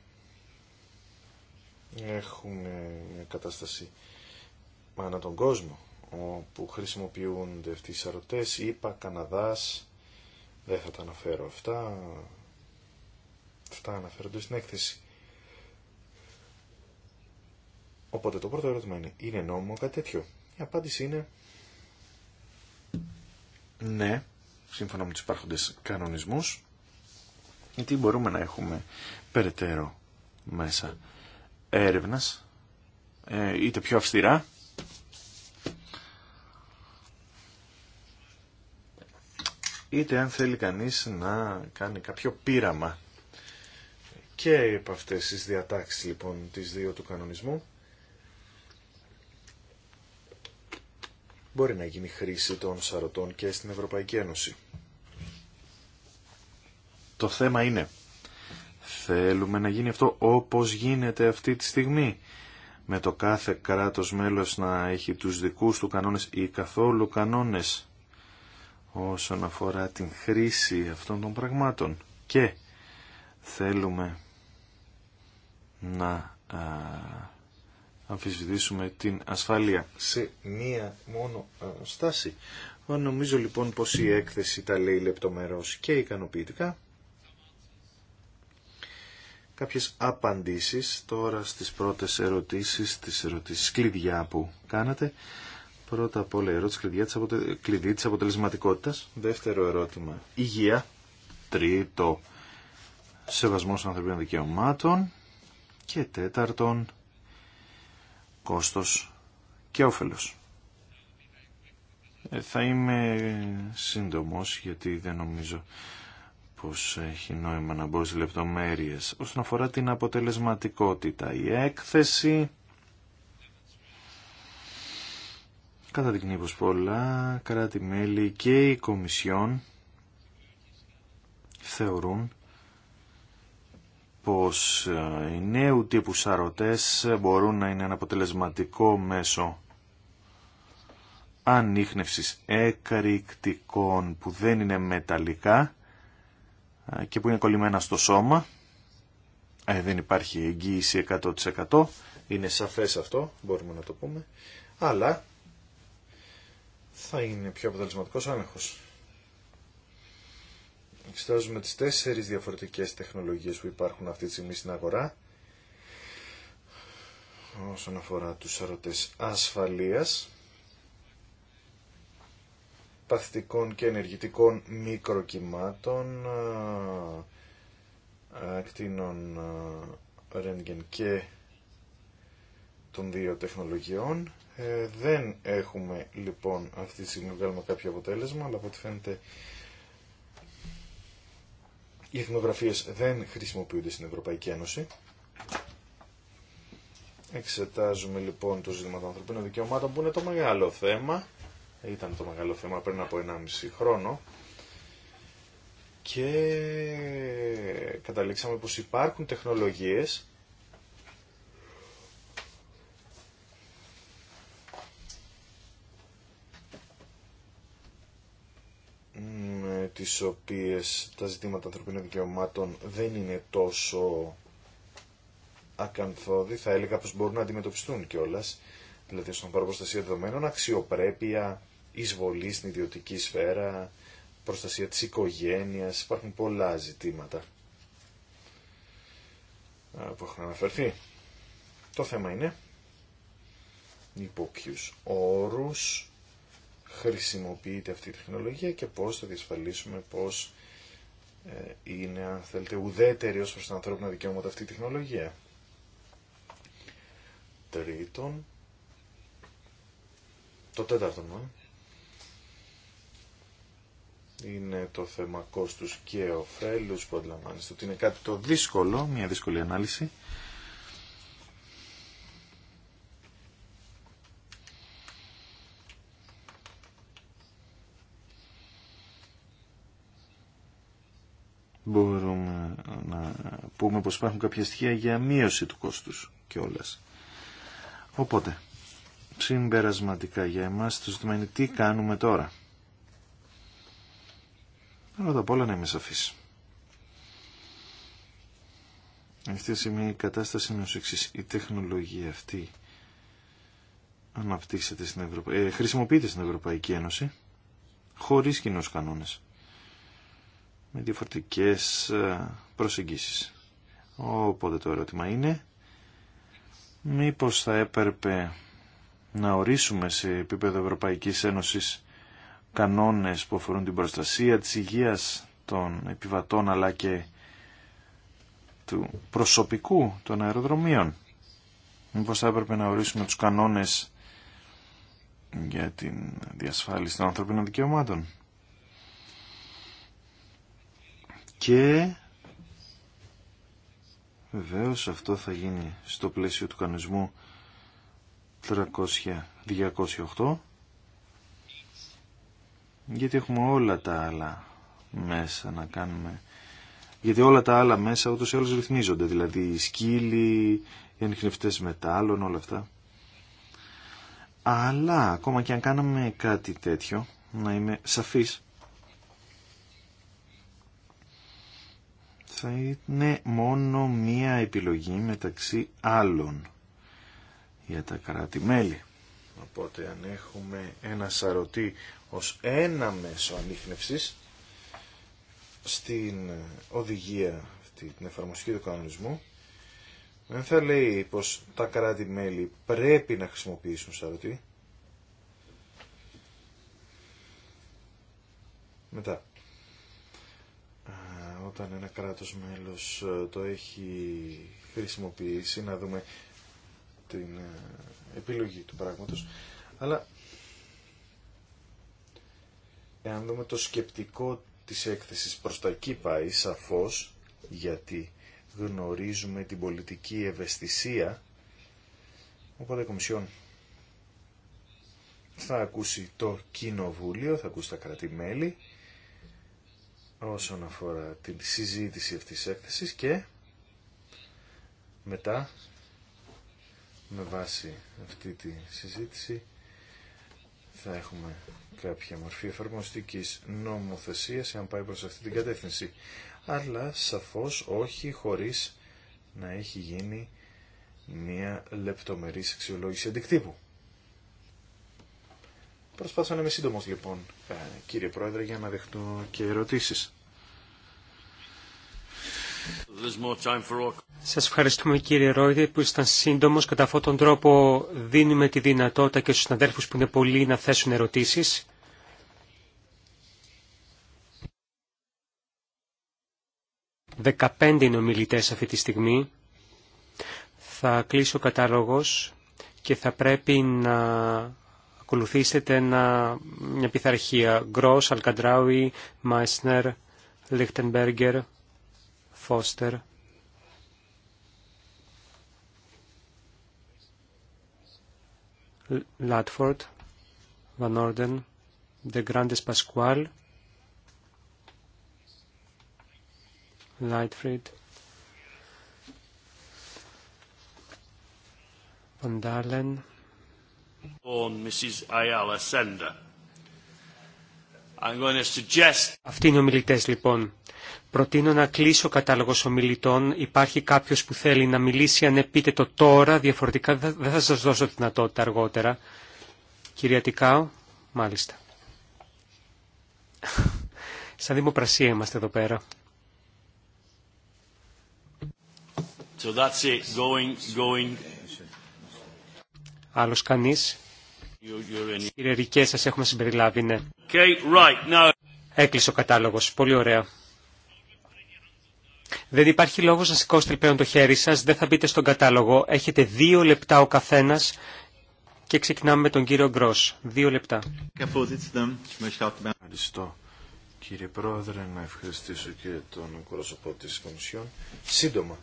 Έχουν μια κατάσταση ανά τον κόσμο όπου χρησιμοποιούνται αυτοί οι σαρωτές, Είπα Καναδάς, δεν θα τα αναφέρω αυτά, αυτά αναφέρονται στην έκθεση. Οπότε το πρώτο ερώτημα είναι, είναι νόμιμο κάτι τέτοιο. Η απάντηση είναι ναι, σύμφωνα με τους υπάρχοντες κανονισμούς, γιατί μπορούμε να έχουμε περαιτέρω μέσα έρευνας, ε, είτε πιο αυστηρά, είτε αν θέλει κανείς να κάνει κάποιο πείραμα. Και από αυτές τις διατάξεις λοιπόν τις δύο του κανονισμού μπορεί να γίνει χρήση των σαρωτών και στην Ευρωπαϊκή Ένωση. Το θέμα είναι, θέλουμε να γίνει αυτό όπως γίνεται αυτή τη στιγμή, με το κάθε κράτος μέλος να έχει τους δικούς του κανόνες ή καθόλου κανόνες όσον αφορά την χρήση αυτών των πραγμάτων και θέλουμε να αμφισβητήσουμε την ασφάλεια σε μία μόνο ε, στάση. Νομίζω λοιπόν πως η έκθεση τα λέει λεπτομερώς και ικανοποιητικά. Κάποιες απαντήσεις τώρα στις πρώτες ερωτήσεις, τις ερωτήσεις κλειδιά που κάνατε. Πρώτα απ' όλα ερώτηση κλειδιά της, κλειδί της αποτελεσματικότητας. Δεύτερο ερώτημα υγεία. Τρίτο σεβασμός ανθρωπίνων δικαιωμάτων. Και τέταρτον κόστος και όφελος. Ε, θα είμαι σύντομος γιατί δεν νομίζω πως έχει νόημα να μπω στις λεπτομέρειες. Όσον αφορά την αποτελεσματικότητα, η έκθεση καταδεικνύει πως πολλά κράτη-μέλη και η Κομισιόν θεωρούν πως ε, οι νέου τύπου σαρωτές μπορούν να είναι ένα αποτελεσματικό μέσο ανείχνευσης εκρηκτικών που δεν είναι μεταλλικά ε, και που είναι κολλημένα στο σώμα. Ε, δεν υπάρχει εγγύηση 100%. Είναι σαφές αυτό, μπορούμε να το πούμε. Αλλά θα είναι πιο αποτελεσματικός άνεχος εξετάζουμε τις τέσσερις διαφορετικές τεχνολογίες που υπάρχουν αυτή τη στιγμή στην αγορά όσον αφορά τους αρωτές ασφαλείας παθητικών και ενεργητικών μικροκυμάτων ε, ακτίνων ε, ρέντγεν και των δύο τεχνολογιών. Ε, δεν έχουμε λοιπόν αυτή τη στιγμή βγάλουμε κάποιο αποτέλεσμα, αλλά από ό,τι φαίνεται οι εθνογραφίε δεν χρησιμοποιούνται στην Ευρωπαϊκή Ένωση. Εξετάζουμε λοιπόν το ζήτημα των ανθρωπίνων δικαιωμάτων που είναι το μεγάλο θέμα. Ήταν το μεγάλο θέμα πριν από 1,5 χρόνο. Και καταλήξαμε πως υπάρχουν τεχνολογίες τις οποίες τα ζητήματα ανθρωπίνων δικαιωμάτων δεν είναι τόσο ακανθώδη, θα έλεγα πως μπορούν να αντιμετωπιστούν κιόλα. Δηλαδή στον πάρο προστασία δεδομένων, αξιοπρέπεια, εισβολή στην ιδιωτική σφαίρα, προστασία της οικογένειας, υπάρχουν πολλά ζητήματα που έχουν αναφερθεί. Το θέμα είναι υπό ποιους όρους χρησιμοποιείται αυτή η τεχνολογία και πώς θα διασφαλίσουμε πώς ε, είναι, αν θέλετε, ουδέτερη ως προς τα ανθρώπινα δικαιώματα αυτή η τεχνολογία. Τρίτον, το τέταρτο μάλλον, ε, είναι το θέμα κόστους και ωφέλους που αντιλαμβάνεστε ότι είναι κάτι το δύσκολο, μια δύσκολη ανάλυση μπορούμε να πούμε πως υπάρχουν κάποια στοιχεία για μείωση του κόστους και όλες. Οπότε, συμπερασματικά για εμάς το ζήτημα είναι τι κάνουμε τώρα. Αλλά τα όλα να είμαι σαφής. Αυτή η στιγμή η κατάσταση είναι ως εξής. Η τεχνολογία αυτή αναπτύσσεται στην Ε, χρησιμοποιείται στην Ευρωπαϊκή Ένωση χωρίς κοινούς κανόνες με διαφορετικές ε, προσεγγίσεις. Οπότε το ερώτημα είναι μήπως θα έπρεπε να ορίσουμε σε επίπεδο Ευρωπαϊκής Ένωσης κανόνες που αφορούν την προστασία της υγείας των επιβατών αλλά και του προσωπικού των αεροδρομίων. Μήπως θα έπρεπε να ορίσουμε τους κανόνες για την διασφάλιση των ανθρωπίνων δικαιωμάτων. και βεβαίω αυτό θα γίνει στο πλαίσιο του κανονισμού 300-208 γιατί έχουμε όλα τα άλλα μέσα να κάνουμε γιατί όλα τα άλλα μέσα ούτως ή άλλως ρυθμίζονται δηλαδή οι σκύλοι, οι ανιχνευτές μετάλλων, όλα αυτά αλλά ακόμα και αν κάναμε κάτι τέτοιο να είμαι σαφής θα είναι μόνο μία επιλογή μεταξύ άλλων για τα κράτη-μέλη. Οπότε αν έχουμε ένα σαρωτή ως ένα μέσο ανείχνευσης στην οδηγία την εφαρμοστική του κανονισμού, δεν θα λέει πως τα κράτη-μέλη πρέπει να χρησιμοποιήσουν σαρωτή. Μετά, όταν ένα κράτος μέλος ε, το έχει χρησιμοποιήσει, να δούμε την ε, επιλογή του πράγματος. Αλλά εάν δούμε το σκεπτικό της έκθεσης προς τα εκεί πάει σαφώς, γιατί γνωρίζουμε την πολιτική ευαισθησία, οπότε η Κομισιόν θα ακούσει το Κοινοβούλιο, θα ακούσει τα κρατημέλη όσον αφορά τη συζήτηση αυτής της έκθεσης και μετά με βάση αυτή τη συζήτηση θα έχουμε κάποια μορφή εφαρμοστικής νομοθεσίας αν πάει προς αυτή την κατεύθυνση αλλά σαφώς όχι χωρίς να έχει γίνει μια λεπτομερής αξιολόγηση αντικτύπου. Προσπάθησα να είμαι σύντομος λοιπόν, ε, κύριε Πρόεδρε, για να δεχτώ και ερωτήσεις. Σας ευχαριστούμε κύριε Ρόιδε που ήσταν σύντομος. Κατά αυτόν τον τρόπο δίνουμε τη δυνατότητα και στους συναδέλφους που είναι πολλοί να θέσουν ερωτήσεις. Δεκαπέντε είναι ομιλητές αυτή τη στιγμή. Θα κλείσω κατάλογος και θα πρέπει να ακολουθήσετε ένα, μια πειθαρχία. Γκρός, Αλκαντράουι, Μάισνερ, Λίχτενμπέργκερ, Φώστερ. Λάτφορντ, Βαν Όρντεν, Δε Γκράντες Πασκουάλ, Λάιτφριντ, Βαντάλεν, αυτοί είναι ομιλητέ λοιπόν. Προτείνω να κλείσω ο κατάλογο ομιλητών. Υπάρχει κάποιο που θέλει να μιλήσει, αν ναι, πείτε το τώρα, διαφορετικά δεν θα σα δώσω τη δυνατότητα αργότερα. Κυρία Τικάου, μάλιστα. Σαν δημοπρασία είμαστε εδώ πέρα. So that's it. Going, going Άλλος κανείς. Κύριε Ρικέ, σας έχουμε συμπεριλάβει, ναι. Okay, right, Έκλεισε ο κατάλογος. Πολύ ωραία. Δεν υπάρχει λόγος να σηκώσετε πλέον το χέρι σας. Δεν θα μπείτε στον κατάλογο. Έχετε δύο λεπτά ο καθένας και ξεκινάμε με τον κύριο Γκρός. Δύο λεπτά. Ευχαριστώ. Κύριε Πρόεδρε, να ευχαριστήσω και τον πρόσωπο της Κομισιόν. Σύντομα,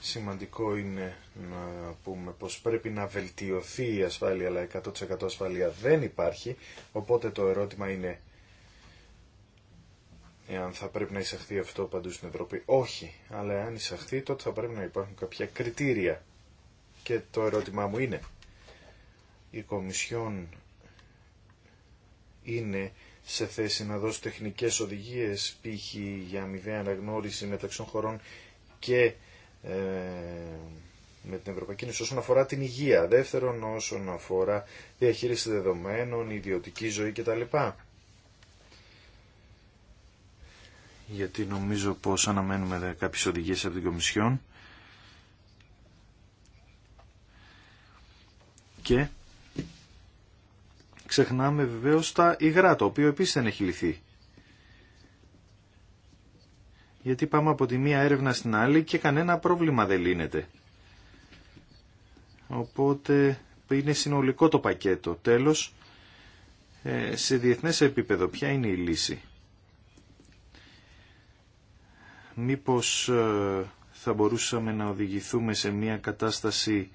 Σημαντικό είναι να πούμε πως πρέπει να βελτιωθεί η ασφάλεια, αλλά 100% ασφάλεια δεν υπάρχει, οπότε το ερώτημα είναι εάν θα πρέπει να εισαχθεί αυτό παντού στην Ευρώπη. Όχι, αλλά εάν εισαχθεί τότε θα πρέπει να υπάρχουν κάποια κριτήρια. Και το ερώτημά μου είναι, η Κομισιόν είναι σε θέση να δώσει τεχνικές οδηγίες, π.χ. για αμοιβαία αναγνώριση μεταξύ των χωρών και ε, με την Ευρωπαϊκή Ένωση όσον αφορά την υγεία, δεύτερον όσον αφορά διαχείριση δεδομένων, ιδιωτική ζωή κτλ. Γιατί νομίζω πως αναμένουμε κάποιες οδηγίες από την Κομισιόν και ξεχνάμε βεβαίως τα υγρά, το οποίο επίσης δεν έχει λυθεί γιατί πάμε από τη μία έρευνα στην άλλη και κανένα πρόβλημα δεν λύνεται. Οπότε είναι συνολικό το πακέτο. Τέλος, ε, σε διεθνές επίπεδο ποια είναι η λύση. Μήπως ε, θα μπορούσαμε να οδηγηθούμε σε μια κατάσταση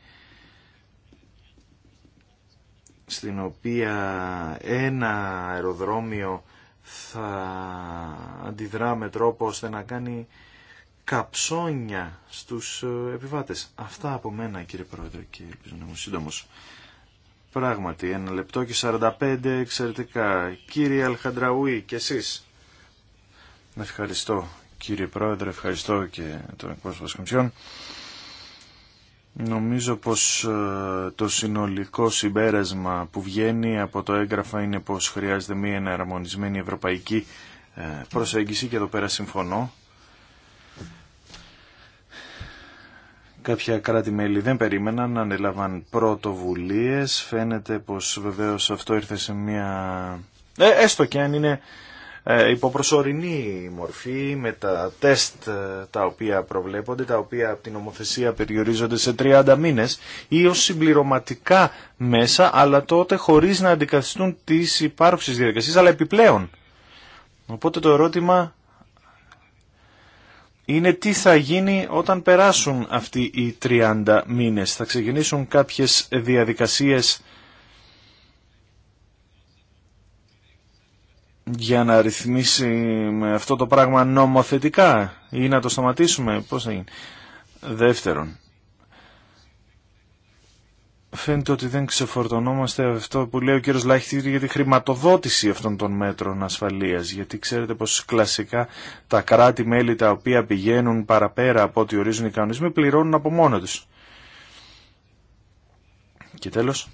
στην οποία ένα αεροδρόμιο θα αντιδρά με τρόπο ώστε να κάνει καψόνια στους ε, επιβάτες. Αυτά από μένα κύριε Πρόεδρε και ελπίζω να είμαι σύντομος. Πράγματι, ένα λεπτό και 45 εξαιρετικά. Κύριε Αλχαντραούι και εσείς. Ευχαριστώ κύριε Πρόεδρε, ευχαριστώ και τον εκπρόσωπο της Νομίζω πως ε, το συνολικό συμπέρασμα που βγαίνει από το έγγραφα είναι πως χρειάζεται μία εναρμονισμένη ευρωπαϊκή ε, προσέγγιση και εδώ πέρα συμφωνώ. Κάποια κράτη-μέλη δεν περίμεναν, ανέλαβαν πρωτοβουλίες. Φαίνεται πως βεβαίως αυτό ήρθε σε μία... Ε, έστω και αν είναι ε, υποπροσωρινή μορφή με τα τεστ ε, τα οποία προβλέπονται, τα οποία από την νομοθεσία περιορίζονται σε 30 μήνες ή ως συμπληρωματικά μέσα, αλλά τότε χωρίς να αντικαθιστούν τις υπάρξεις διαδικασίες, αλλά επιπλέον. Οπότε το ερώτημα είναι τι θα γίνει όταν περάσουν αυτοί οι 30 μήνες. Θα ξεκινήσουν κάποιες διαδικασίες για να ρυθμίσει με αυτό το πράγμα νομοθετικά ή να το σταματήσουμε, πώς θα γίνει. Δεύτερον, φαίνεται ότι δεν ξεφορτωνόμαστε αυτό που λέει ο κύριος Λάχτη για τη χρηματοδότηση αυτών των μέτρων ασφαλείας, γιατί ξέρετε πως κλασικά τα κράτη-μέλη τα οποία πηγαίνουν παραπέρα από ό,τι ορίζουν οι κανονισμοί πληρώνουν από μόνο τους. Και τέλος,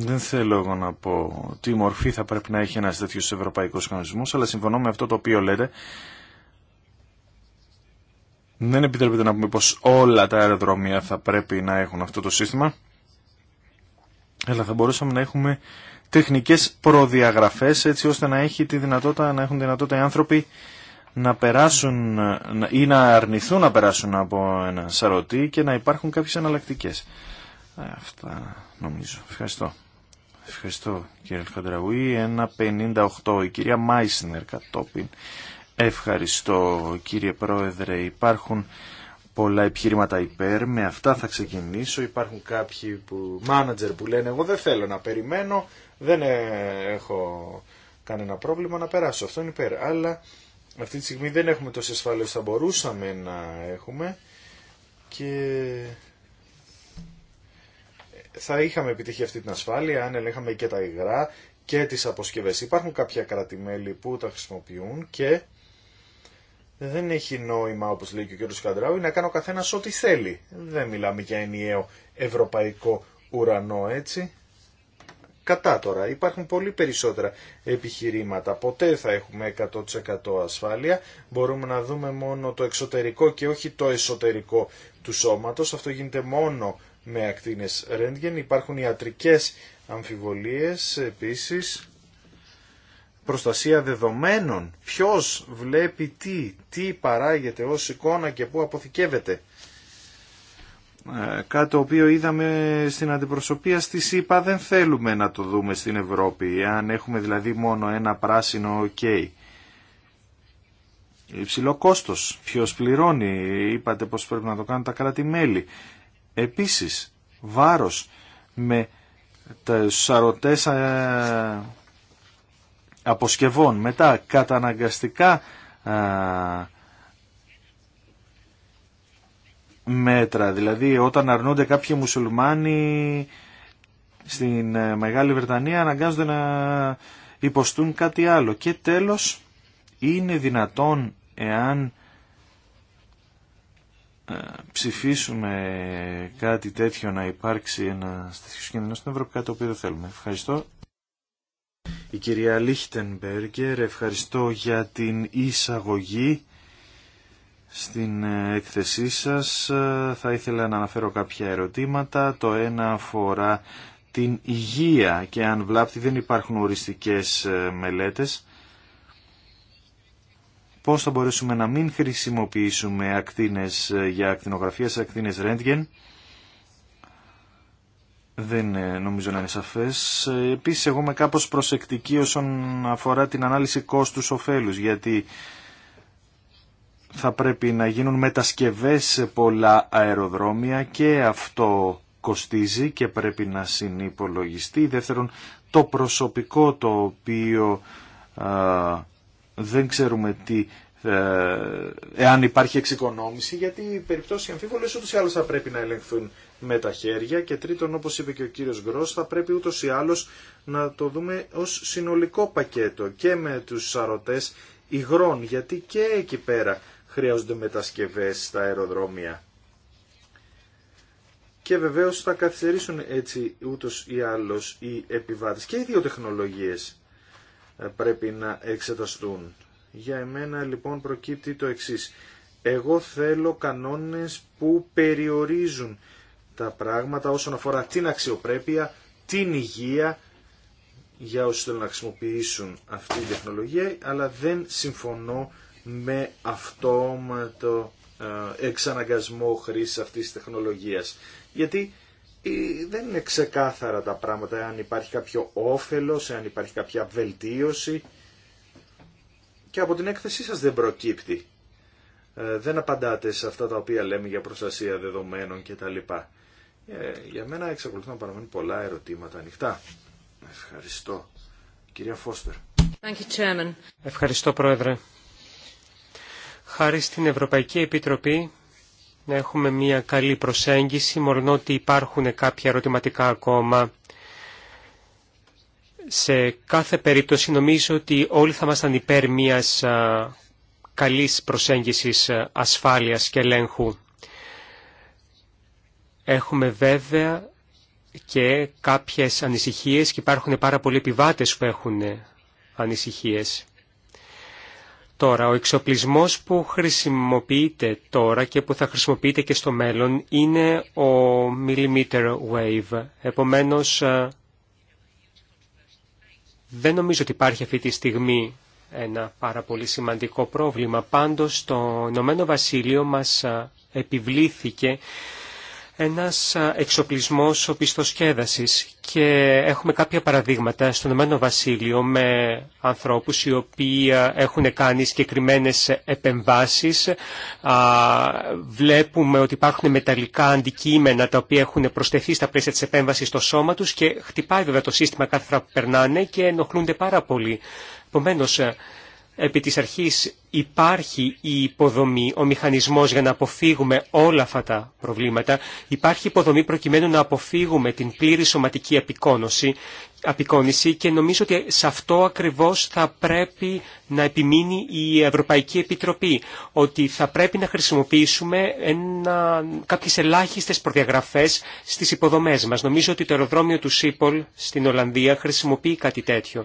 Δεν θέλω εγώ να πω τι μορφή θα πρέπει να έχει ένας τέτοιο ευρωπαϊκός κανονισμός, αλλά συμφωνώ με αυτό το οποίο λέτε. Δεν επιτρέπεται να πούμε πως όλα τα αεροδρόμια θα πρέπει να έχουν αυτό το σύστημα, αλλά θα μπορούσαμε να έχουμε τεχνικές προδιαγραφές έτσι ώστε να, έχει τη δυνατότητα, να έχουν δυνατότητα οι άνθρωποι να περάσουν ή να αρνηθούν να περάσουν από ένα σαρωτή και να υπάρχουν κάποιες εναλλακτικέ. Ε, αυτά νομίζω. Ευχαριστώ. Ευχαριστώ κύριε Αλχαντραγουή. Ένα 58. Η κυρία Μάισνερ κατόπιν. Ευχαριστώ κύριε Πρόεδρε. Υπάρχουν πολλά επιχείρηματα υπέρ. Με αυτά θα ξεκινήσω. Υπάρχουν κάποιοι που, μάνατζερ που λένε εγώ δεν θέλω να περιμένω. Δεν ε, έχω κανένα πρόβλημα να περάσω. Αυτό είναι υπέρ. Αλλά αυτή τη στιγμή δεν έχουμε τόσες ασφάλειες θα μπορούσαμε να έχουμε. Και θα είχαμε επιτύχει αυτή την ασφάλεια αν ελέγχαμε και τα υγρά και τις αποσκευές. Υπάρχουν κάποια κρατημέλη που τα χρησιμοποιούν και δεν έχει νόημα, όπως λέει και ο κ. Καντράου, να κάνω ο καθένας ό,τι θέλει. Δεν μιλάμε για ενιαίο ευρωπαϊκό ουρανό, έτσι. Κατά τώρα, υπάρχουν πολύ περισσότερα επιχειρήματα. Ποτέ θα έχουμε 100% ασφάλεια. Μπορούμε να δούμε μόνο το εξωτερικό και όχι το εσωτερικό του σώματος. Αυτό γίνεται μόνο με ακτίνες ρέντγεν. Υπάρχουν ιατρικές αμφιβολίες επίσης. Προστασία δεδομένων. Ποιος βλέπει τι, τι παράγεται ως εικόνα και πού αποθηκεύεται. Ε, κάτι το οποίο είδαμε στην αντιπροσωπεία στη ΣΥΠΑ δεν θέλουμε να το δούμε στην Ευρώπη, αν έχουμε δηλαδή μόνο ένα πράσινο OK. Υψηλό κόστος. Ποιος πληρώνει. Είπατε πως πρέπει να το κάνουν τα κράτη-μέλη επίσης βάρος με τα σαρωτές ε, αποσκευών. Μετά καταναγκαστικά ε, μέτρα, δηλαδή όταν αρνούνται κάποιοι μουσουλμάνοι στην ε, Μεγάλη Βρετανία αναγκάζονται να υποστούν κάτι άλλο. Και τέλος, είναι δυνατόν εάν ε, ψηφίσουμε κάτι τέτοιο να υπάρξει ένα τέτοιο κίνδυνο στην Ευρώπη, κάτι το οποίο θέλουμε. Ευχαριστώ. Η κυρία Λίχτενμπεργκερ, ευχαριστώ για την εισαγωγή στην ε, έκθεσή σας. Ε, θα ήθελα να αναφέρω κάποια ερωτήματα. Το ένα αφορά την υγεία και αν βλάπτει δεν υπάρχουν οριστικές μελέτες πώς θα μπορέσουμε να μην χρησιμοποιήσουμε ακτίνες ε, για ακτινογραφία σε ακτίνες ρέντγεν. Δεν ε, νομίζω να είναι σαφές. Ε, επίσης εγώ είμαι κάπως προσεκτική όσον αφορά την ανάλυση κόστους κόστους-οφέλους, γιατί θα πρέπει να γίνουν μετασκευές σε πολλά αεροδρόμια και αυτό κοστίζει και πρέπει να συνυπολογιστεί. Δεύτερον, το προσωπικό το οποίο δεν ξέρουμε τι, ε, εάν υπάρχει εξοικονόμηση, γιατί οι περιπτώσει αμφίβολες ούτως ή άλλως θα πρέπει να ελεγχθούν με τα χέρια και τρίτον, όπως είπε και ο κύριος Γκρό, θα πρέπει ούτως ή άλλως να το δούμε ως συνολικό πακέτο και με τους σαρωτέ υγρών, γιατί και εκεί πέρα χρειάζονται μετασκευέ στα αεροδρόμια. Και βεβαίω θα καθυστερήσουν έτσι ούτως ή άλλως οι επιβάτες και οι δύο τεχνολογίες. Ε, πρέπει να εξεταστούν. Για εμένα λοιπόν προκύπτει το εξής. Εγώ θέλω κανόνες που περιορίζουν τα πράγματα όσον αφορά την αξιοπρέπεια, την υγεία για όσους θέλουν να χρησιμοποιήσουν αυτή την τεχνολογία, αλλά δεν συμφωνώ με αυτόματο ε, εξαναγκασμό χρήσης αυτής της τεχνολογίας. Γιατί ε, δεν είναι ξεκάθαρα τα πράγματα, αν υπάρχει κάποιο όφελος, αν υπάρχει κάποια βελτίωση και από την έκθεσή σας δεν προκύπτει. Ε, δεν απαντάτε σε αυτά τα οποία λέμε για προστασία δεδομένων κτλ. Ε, για μένα εξακολουθούν να παραμένουν πολλά ερωτήματα ανοιχτά. Ευχαριστώ. Κυρία Φώστερ. Ευχαριστώ Πρόεδρε. Χάρη στην Ευρωπαϊκή Επιτροπή να έχουμε μια καλή προσέγγιση, μόνο ότι υπάρχουν κάποια ερωτηματικά ακόμα. Σε κάθε περίπτωση νομίζω ότι όλοι θα ήμασταν υπέρ μιας καλής προσέγγισης ασφάλειας και ελέγχου. Έχουμε βέβαια και κάποιες ανησυχίες και υπάρχουν πάρα πολλοί επιβάτες που έχουν ανησυχίες. Τώρα, ο εξοπλισμός που χρησιμοποιείται τώρα και που θα χρησιμοποιείται και στο μέλλον είναι ο millimeter wave. Επομένως, ε, δεν νομίζω ότι υπάρχει αυτή τη στιγμή ένα πάρα πολύ σημαντικό πρόβλημα. Πάντως, το Ηνωμένο Βασίλειο μας ε, επιβλήθηκε ένας εξοπλισμός οπισθοσκέδασης και έχουμε κάποια παραδείγματα στον Ηνωμένο Βασίλειο με ανθρώπους οι οποίοι έχουν κάνει συγκεκριμένε επεμβάσεις. Βλέπουμε ότι υπάρχουν μεταλλικά αντικείμενα τα οποία έχουν προσθεθεί στα πλαίσια της επέμβασης στο σώμα τους και χτυπάει βέβαια το σύστημα κάθε φορά που περνάνε και ενοχλούνται πάρα πολύ. Επομένως, επί της αρχής υπάρχει η υποδομή, ο μηχανισμός για να αποφύγουμε όλα αυτά τα προβλήματα. Υπάρχει υποδομή προκειμένου να αποφύγουμε την πλήρη σωματική απεικόνωση, απεικόνηση και νομίζω ότι σε αυτό ακριβώς θα πρέπει να επιμείνει η Ευρωπαϊκή Επιτροπή, ότι θα πρέπει να χρησιμοποιήσουμε ένα, κάποιες ελάχιστες προδιαγραφές στις υποδομές μας. Νομίζω ότι το αεροδρόμιο του Σίπολ στην Ολλανδία χρησιμοποιεί κάτι τέτοιο.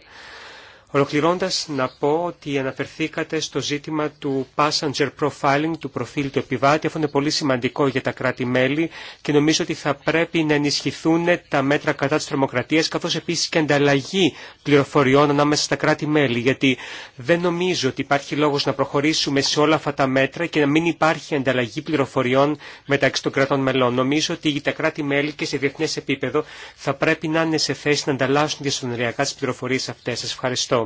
Ολοκληρώντας να πω ότι αναφερθήκατε στο ζήτημα του passenger profiling, του προφίλ του επιβάτη. Αυτό είναι πολύ σημαντικό για τα κράτη-μέλη και νομίζω ότι θα πρέπει να ενισχυθούν τα μέτρα κατά της τρομοκρατίας καθώς επίσης και ανταλλαγή πληροφοριών ανάμεσα στα κράτη-μέλη γιατί δεν νομίζω ότι υπάρχει λόγος να προχωρήσουμε σε όλα αυτά τα μέτρα και να μην υπάρχει ανταλλαγή πληροφοριών μεταξύ των κρατών μελών. Νομίζω ότι τα κράτη-μέλη και σε διεθνές επίπεδο θα πρέπει να είναι σε θέση να ανταλλάσσουν τις πληροφορίες αυτές. Σας ευχαριστώ.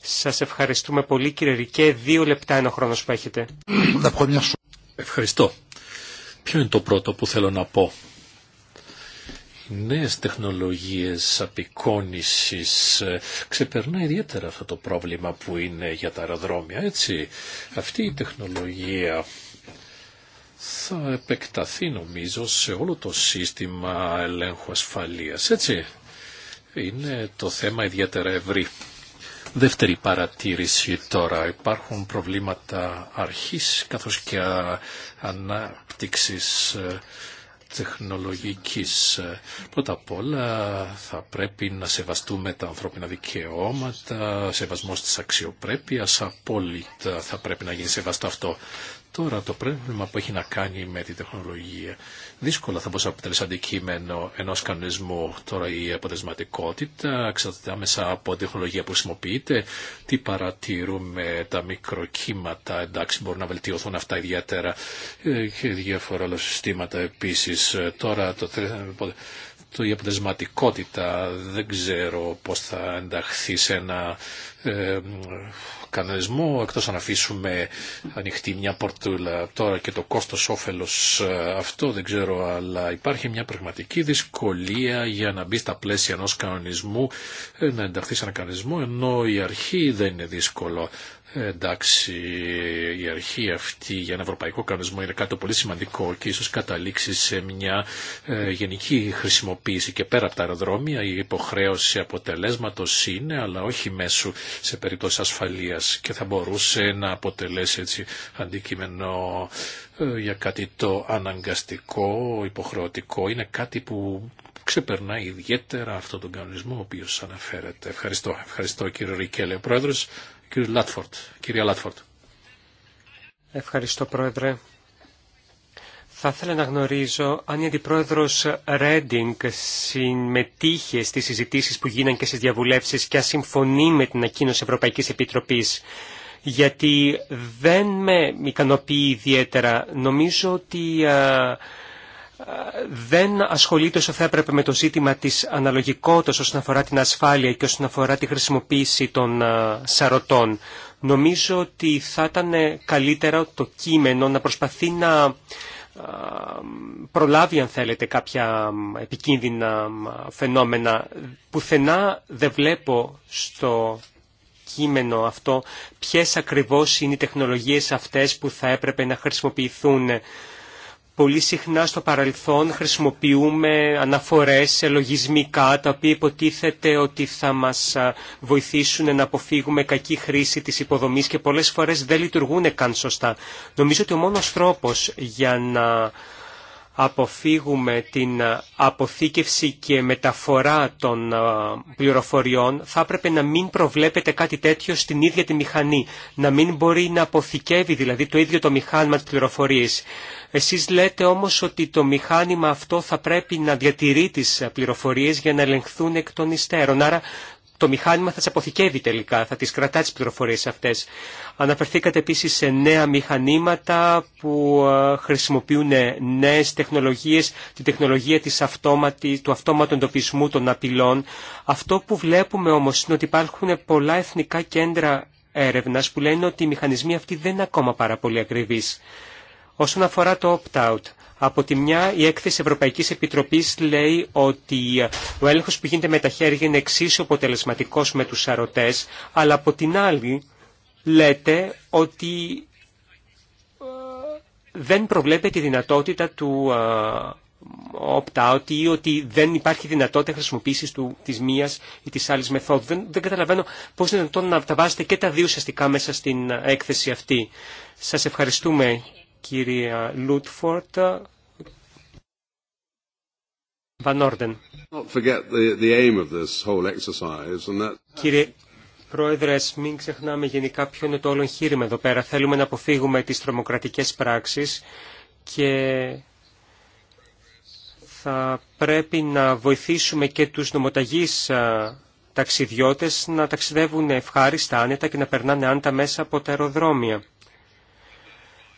Σας ευχαριστούμε πολύ κύριε Ρικέ. Δύο λεπτά είναι ο χρόνος που έχετε. Ευχαριστώ. Ποιο είναι το πρώτο που θέλω να πω. Οι νέες τεχνολογίες απεικόνησης ε, ξεπερνά ιδιαίτερα αυτό το πρόβλημα που είναι για τα αεροδρόμια, έτσι. Αυτή η τεχνολογία θα επεκταθεί νομίζω σε όλο το σύστημα ελέγχου ασφαλείας, έτσι. Είναι το θέμα ιδιαίτερα ευρύ. Δεύτερη παρατήρηση τώρα. Υπάρχουν προβλήματα αρχής καθώς και ανάπτυξης ε, τεχνολογικής. Πρώτα απ' όλα θα πρέπει να σεβαστούμε τα ανθρώπινα δικαιώματα, σεβασμός της αξιοπρέπειας, απόλυτα θα πρέπει να γίνει σεβαστό αυτό. Τώρα το πρόβλημα που έχει να κάνει με τη τεχνολογία δύσκολα θα μπορούσε να αποτελέσει αντικείμενο ενός κανονισμού. Τώρα η αποτελεσματικότητα εξαρτάται μέσα από την τεχνολογία που χρησιμοποιείται, τι παρατηρούμε, τα μικροκύματα, εντάξει μπορούν να βελτιωθούν αυτά ιδιαίτερα ε, και διάφορα άλλα συστήματα επίσης. Ε, τώρα το η αποτελεσματικότητα δεν ξέρω πώς θα ενταχθεί σε ένα ε, κανονισμό εκτός αν αφήσουμε ανοιχτή μια πορτούλα τώρα και το κόστος όφελος ε, αυτό δεν ξέρω αλλά υπάρχει μια πραγματική δυσκολία για να μπει στα πλαίσια ενός κανονισμού ε, να ενταχθεί σε ένα κανονισμό ενώ η αρχή δεν είναι δύσκολο Εντάξει, η αρχή αυτή για ένα ευρωπαϊκό κανονισμό είναι κάτι πολύ σημαντικό και ίσως καταλήξει σε μια ε, γενική χρησιμοποίηση και πέρα από τα αεροδρόμια. Η υποχρέωση αποτελέσματος είναι, αλλά όχι μέσω σε περίπτωση ασφαλείας και θα μπορούσε να αποτελέσει έτσι αντικείμενο ε, για κάτι το αναγκαστικό, υποχρεωτικό. Είναι κάτι που ξεπερνάει ιδιαίτερα αυτόν τον κανονισμό ο οποίος αναφέρεται. Ευχαριστώ, ευχαριστώ κύριο Ρικέλε, πρόεδρος. Ευχαριστώ Πρόεδρε. Θα ήθελα να γνωρίζω αν η Αντιπρόεδρος Ρέντινγκ συμμετείχε στις συζητήσεις που γίναν και στις διαβουλεύσεις και αν συμφωνεί με την ακίνωση Ευρωπαϊκής Επιτροπής. Γιατί δεν με ικανοποιεί ιδιαίτερα. Νομίζω ότι α, δεν ασχολείται όσο θα έπρεπε με το ζήτημα της αναλογικότητας όσον αφορά την ασφάλεια και όσον αφορά τη χρησιμοποίηση των ε, σαρωτών. Νομίζω ότι θα ήταν καλύτερα το κείμενο να προσπαθεί να ε, προλάβει αν θέλετε κάποια επικίνδυνα φαινόμενα. Πουθενά δεν βλέπω στο κείμενο αυτό ποιες ακριβώς είναι οι τεχνολογίες αυτές που θα έπρεπε να χρησιμοποιηθούν Πολύ συχνά στο παρελθόν χρησιμοποιούμε αναφορές σε λογισμικά τα οποία υποτίθεται ότι θα μας βοηθήσουν να αποφύγουμε κακή χρήση της υποδομής και πολλές φορές δεν λειτουργούν καν σωστά. Νομίζω ότι ο μόνος τρόπος για να αποφύγουμε την ε, αποθήκευση και μεταφορά των ε, πληροφοριών, θα έπρεπε να μην προβλέπετε κάτι τέτοιο στην ίδια τη μηχανή, να μην μπορεί να αποθηκεύει δηλαδή το ίδιο το μηχάνημα της πληροφορίας. Εσείς λέτε όμως ότι το μηχάνημα αυτό θα πρέπει να διατηρεί τις ε, πληροφορίες για να ελεγχθούν εκ των υστέρων. Άρα το μηχάνημα θα τι αποθηκεύει τελικά, θα τι κρατά τι πληροφορίε αυτέ. Αναφερθήκατε επίση σε νέα μηχανήματα που ε, χρησιμοποιούν νέε τεχνολογίε, τη τεχνολογία της αυτόματη, του αυτόματου εντοπισμού των απειλών. Αυτό που βλέπουμε όμω είναι ότι υπάρχουν πολλά εθνικά κέντρα έρευνα που λένε ότι οι μηχανισμοί αυτοί δεν είναι ακόμα πάρα πολύ ακριβεί. Όσον αφορά το opt-out, από τη μια, η έκθεση Ευρωπαϊκής Επιτροπής λέει ότι ο έλεγχος που γίνεται με τα χέρια είναι εξίσου αποτελεσματικός με τους σαρωτές, αλλά από την άλλη λέτε ότι ε, δεν προβλέπεται η δυνατότητα του ε, opt-out ή ότι δεν υπάρχει δυνατότητα χρησιμοποίησης του, της μίας ή της άλλης μεθόδου. Δεν, καταλαβαίνω πώς είναι δυνατόν να τα βάζετε και τα δύο ουσιαστικά μέσα στην ε, έκθεση αυτή. Σας ευχαριστούμε κυρία Λούτφορτ. Van Orden. Κύριε Πρόεδρε, μην ξεχνάμε γενικά ποιο είναι το όλο εγχείρημα εδώ πέρα. Θέλουμε να αποφύγουμε τις τρομοκρατικές πράξεις και θα πρέπει να βοηθήσουμε και τους νομοταγείς ταξιδιώτες να ταξιδεύουν ευχάριστα, άνετα και να περνάνε άντα μέσα από τα αεροδρόμια.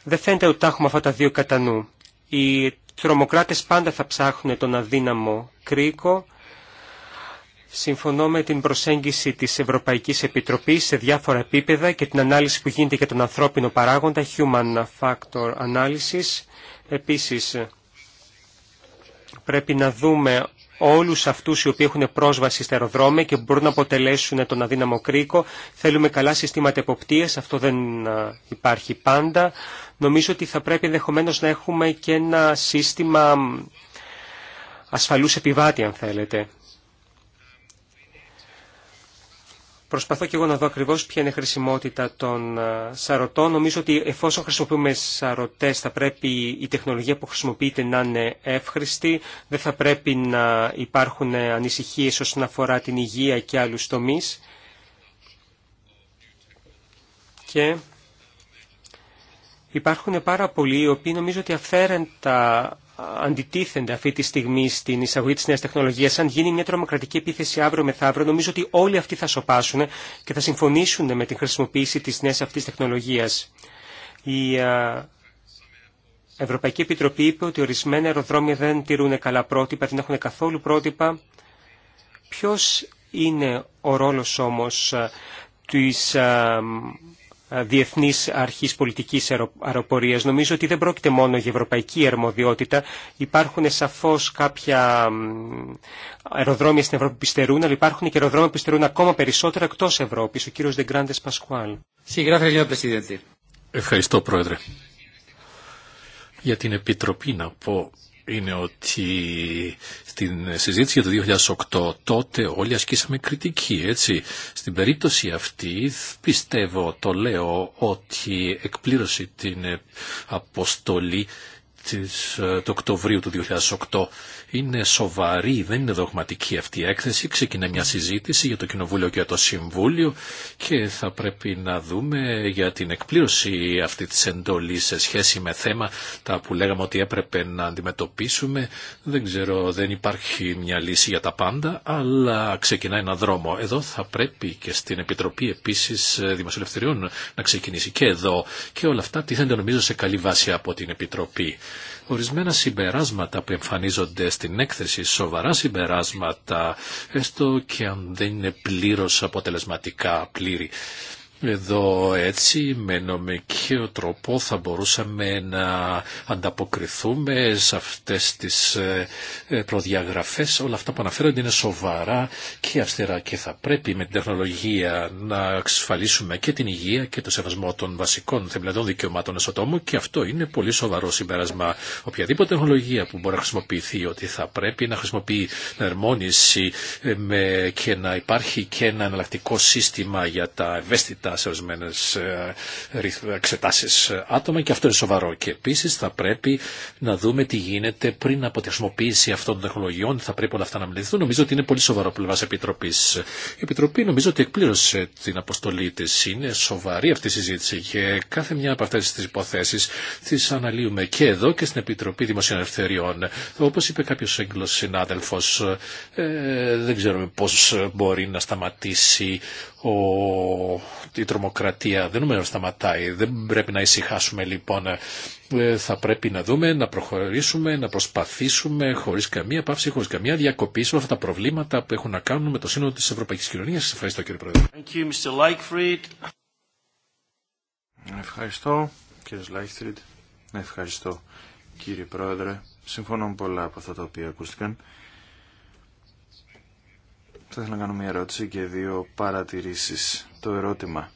Δεν φαίνεται ότι τα έχουμε αυτά τα δύο κατά νου. Οι τρομοκράτες πάντα θα ψάχνουν τον αδύναμο κρίκο. Συμφωνώ με την προσέγγιση της Ευρωπαϊκής Επιτροπής σε διάφορα επίπεδα και την ανάλυση που γίνεται για τον ανθρώπινο παράγοντα, human factor analysis. Επίσης, πρέπει να δούμε όλους αυτούς οι οποίοι έχουν πρόσβαση στα αεροδρόμια και μπορούν να αποτελέσουν τον αδύναμο κρίκο. Θέλουμε καλά συστήματα εποπτείας, αυτό δεν υπάρχει πάντα νομίζω ότι θα πρέπει ενδεχομένω να έχουμε και ένα σύστημα ασφαλούς επιβάτη, αν θέλετε. Προσπαθώ και εγώ να δω ακριβώ ποια είναι η χρησιμότητα των ε, σαρωτών. Νομίζω ότι εφόσον χρησιμοποιούμε σαρωτέ θα πρέπει η τεχνολογία που χρησιμοποιείται να είναι εύχρηστη. Δεν θα πρέπει να υπάρχουν ανησυχίε όσον αφορά την υγεία και άλλου τομεί. Και Υπάρχουν πάρα πολλοί οι οποίοι νομίζω ότι αφαίρεντα αντιτίθενται αυτή τη στιγμή στην εισαγωγή τη νέα τεχνολογία. Αν γίνει μια τρομοκρατική επίθεση αύριο μεθαύριο, νομίζω ότι όλοι αυτοί θα σοπάσουν και θα συμφωνήσουν με την χρησιμοποίηση τη νέα αυτή τεχνολογία. Η Ευρωπαϊκή Επιτροπή είπε ότι ορισμένα αεροδρόμια δεν τηρούν καλά πρότυπα, δεν έχουν καθόλου πρότυπα. Ποιο είναι ο ρόλο όμω τη ε, Διεθνή Αρχή Πολιτική Αεροπορία. Νομίζω ότι δεν πρόκειται μόνο για ευρωπαϊκή αρμοδιότητα. Υπάρχουν σαφώ κάποια αεροδρόμια στην Ευρώπη που πιστερούν, αλλά υπάρχουν και αεροδρόμια που πιστερούν ακόμα περισσότερα εκτό Ευρώπη. Ο κύριο Δεγκράντε Πρεσίδεντη. Ευχαριστώ, Πρόεδρε. Για την Επιτροπή να πω είναι ότι στην συζήτηση για το 2008 τότε όλοι ασκήσαμε κριτική, έτσι. Στην περίπτωση αυτή πιστεύω, το λέω, ότι εκπλήρωσε την αποστολή της, ε, του Οκτωβρίου του 2008 είναι σοβαρή, δεν είναι δογματική αυτή η έκθεση. Ξεκινάει μια συζήτηση για το Κοινοβούλιο και για το Συμβούλιο και θα πρέπει να δούμε για την εκπλήρωση αυτή της εντολής σε σχέση με θέμα τα που λέγαμε ότι έπρεπε να αντιμετωπίσουμε. Δεν ξέρω, δεν υπάρχει μια λύση για τα πάντα, αλλά ξεκινάει ένα δρόμο. Εδώ θα πρέπει και στην Επιτροπή επίσης Δημοσιολευθεριών να ξεκινήσει και εδώ και όλα αυτά τίθενται νομίζω σε καλή βάση από την Επιτροπή ορισμένα συμπεράσματα που εμφανίζονται στην έκθεση, σοβαρά συμπεράσματα, έστω και αν δεν είναι πλήρως αποτελεσματικά πλήρη. Εδώ έτσι με νομικό τρόπο θα μπορούσαμε να ανταποκριθούμε σε αυτές τις ε, προδιαγραφές. Όλα αυτά που αναφέρονται είναι σοβαρά και αυστηρά και θα πρέπει με την τεχνολογία να εξασφαλίσουμε και την υγεία και το σεβασμό των βασικών θεμελιωδών δικαιωμάτων εσωτόμου και αυτό είναι πολύ σοβαρό συμπέρασμα. Οποιαδήποτε τεχνολογία που μπορεί να χρησιμοποιηθεί ότι θα πρέπει να χρησιμοποιεί ερμόνηση ε, και να υπάρχει και ένα εναλλακτικό σύστημα για τα ευαίσθητα σε ορισμένε ε, εξετάσει ε, άτομα και αυτό είναι σοβαρό. Και επίση θα πρέπει να δούμε τι γίνεται πριν από τη χρησιμοποίηση αυτών των τεχνολογιών. Θα πρέπει όλα αυτά να μιληθούν Νομίζω ότι είναι πολύ σοβαρό πλευρά Επιτροπή. Η Επιτροπή νομίζω ότι εκπλήρωσε την αποστολή τη. Είναι σοβαρή αυτή η συζήτηση και κάθε μια από αυτέ τι υποθέσει τι αναλύουμε και εδώ και στην Επιτροπή Δημοσίων Ελευθεριών. Όπω είπε κάποιο Έγκλο συνάδελφο, ε, δεν ξέρουμε πώ μπορεί να σταματήσει ο, η τρομοκρατία δεν νομίζω σταματάει. Δεν πρέπει να ησυχάσουμε λοιπόν. Ε, θα πρέπει να δούμε, να προχωρήσουμε, να προσπαθήσουμε χωρίς καμία πάυση, χωρίς καμία διακοπή σε όλα αυτά τα προβλήματα που έχουν να κάνουν με το σύνολο της Ευρωπαϊκής Κοινωνίας. ευχαριστώ κύριε Πρόεδρε. Ευχαριστώ κύριε Λάιχτριντ. Ευχαριστώ κύριε Πρόεδρε. Συμφωνώ με πολλά από αυτά τα οποία ακούστηκαν. Θα ήθελα να κάνω μια ερώτηση και δύο παρατηρήσεις. Το ερώτημα.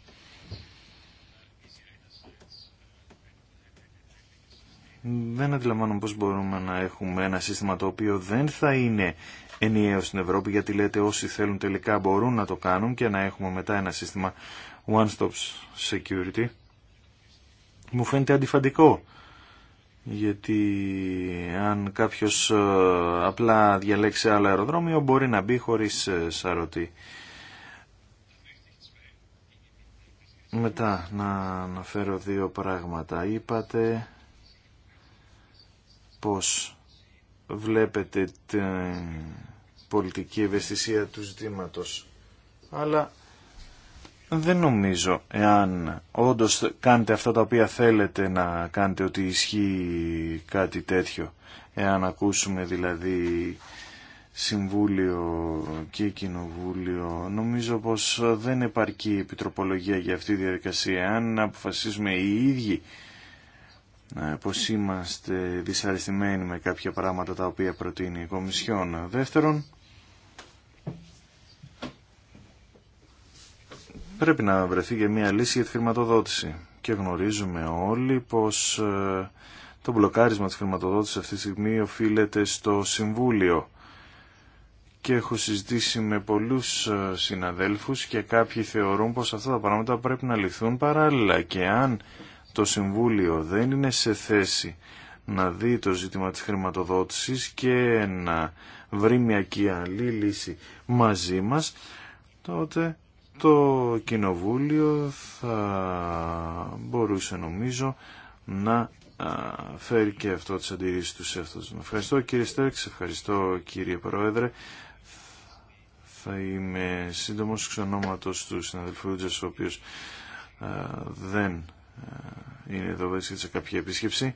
Δεν αντιλαμβάνομαι πώς μπορούμε να έχουμε ένα σύστημα το οποίο δεν θα είναι ενιαίο στην Ευρώπη, γιατί λέτε όσοι θέλουν τελικά μπορούν να το κάνουν και να έχουμε μετά ένα σύστημα One Stop Security. Μου φαίνεται αντιφαντικό γιατί αν κάποιος ε, απλά διαλέξει άλλο αεροδρόμιο μπορεί να μπει χωρίς ε, σαρωτή. Μετά να αναφέρω δύο πράγματα. Είπατε πως βλέπετε την πολιτική ευαισθησία του ζητήματος. Αλλά δεν νομίζω εάν όντως κάνετε αυτά τα οποία θέλετε να κάνετε ότι ισχύει κάτι τέτοιο. Εάν ακούσουμε δηλαδή Συμβούλιο και Κοινοβούλιο νομίζω πως δεν επαρκεί επιτροπολογία για αυτή τη διαδικασία. Εάν αποφασίσουμε οι ίδιοι ε, πως είμαστε δυσαρεστημένοι με κάποια πράγματα τα οποία προτείνει η Κομισιόν. Δεύτερον, πρέπει να βρεθεί και μια λύση για τη χρηματοδότηση. Και γνωρίζουμε όλοι πως ε, το μπλοκάρισμα της χρηματοδότησης αυτή τη στιγμή οφείλεται στο Συμβούλιο. Και έχω συζητήσει με πολλούς ε, συναδέλφους και κάποιοι θεωρούν πως αυτά τα πράγματα πρέπει να λυθούν παράλληλα. Και αν το Συμβούλιο δεν είναι σε θέση να δει το ζήτημα της χρηματοδότησης και να βρει μια και λύση μαζί μας, τότε το Κοινοβούλιο θα μπορούσε νομίζω να φέρει και αυτό τις αντιρρήσεις του σε αυτός. Ευχαριστώ κύριε Στέρξ, ευχαριστώ κύριε Πρόεδρε. Θα είμαι σύντομος ονόματος του συναδελφού Ρούτζας, ο οποίος δεν είναι εδώ βρίσκεται σε κάποια επίσκεψη.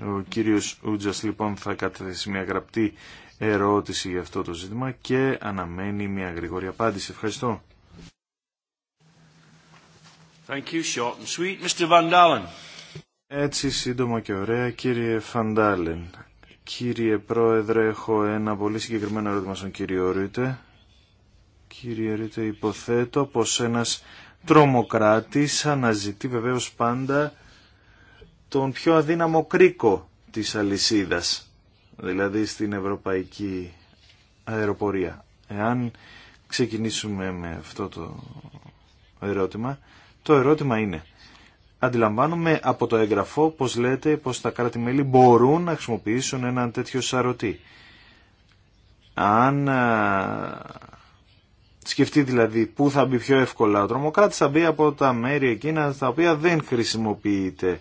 Ο κύριος Ούτζας λοιπόν θα καταθέσει μια γραπτή ερώτηση για αυτό το ζήτημα και αναμένει μια γρήγορη απάντηση. Ευχαριστώ. Thank you, short and sweet. Mr. Van Dalen. Έτσι σύντομα και ωραία, κύριε Φαντάλεν. Κύριε Πρόεδρε, έχω ένα πολύ συγκεκριμένο ερώτημα στον κύριο Ρούτε. Κύριε ρίτε υποθέτω πως ένας τρομοκράτης αναζητεί βεβαίως πάντα τον πιο αδύναμο κρίκο της αλυσίδας, δηλαδή στην ευρωπαϊκή αεροπορία. Εάν ξεκινήσουμε με αυτό το ερώτημα, το ερώτημα είναι, αντιλαμβάνομαι από το έγγραφο πως λέτε πως τα κράτη-μέλη μπορούν να χρησιμοποιήσουν έναν τέτοιο σαρωτή. Αν σκεφτεί δηλαδή πού θα μπει πιο εύκολα ο τρομοκράτης, θα μπει από τα μέρη εκείνα τα οποία δεν χρησιμοποιείται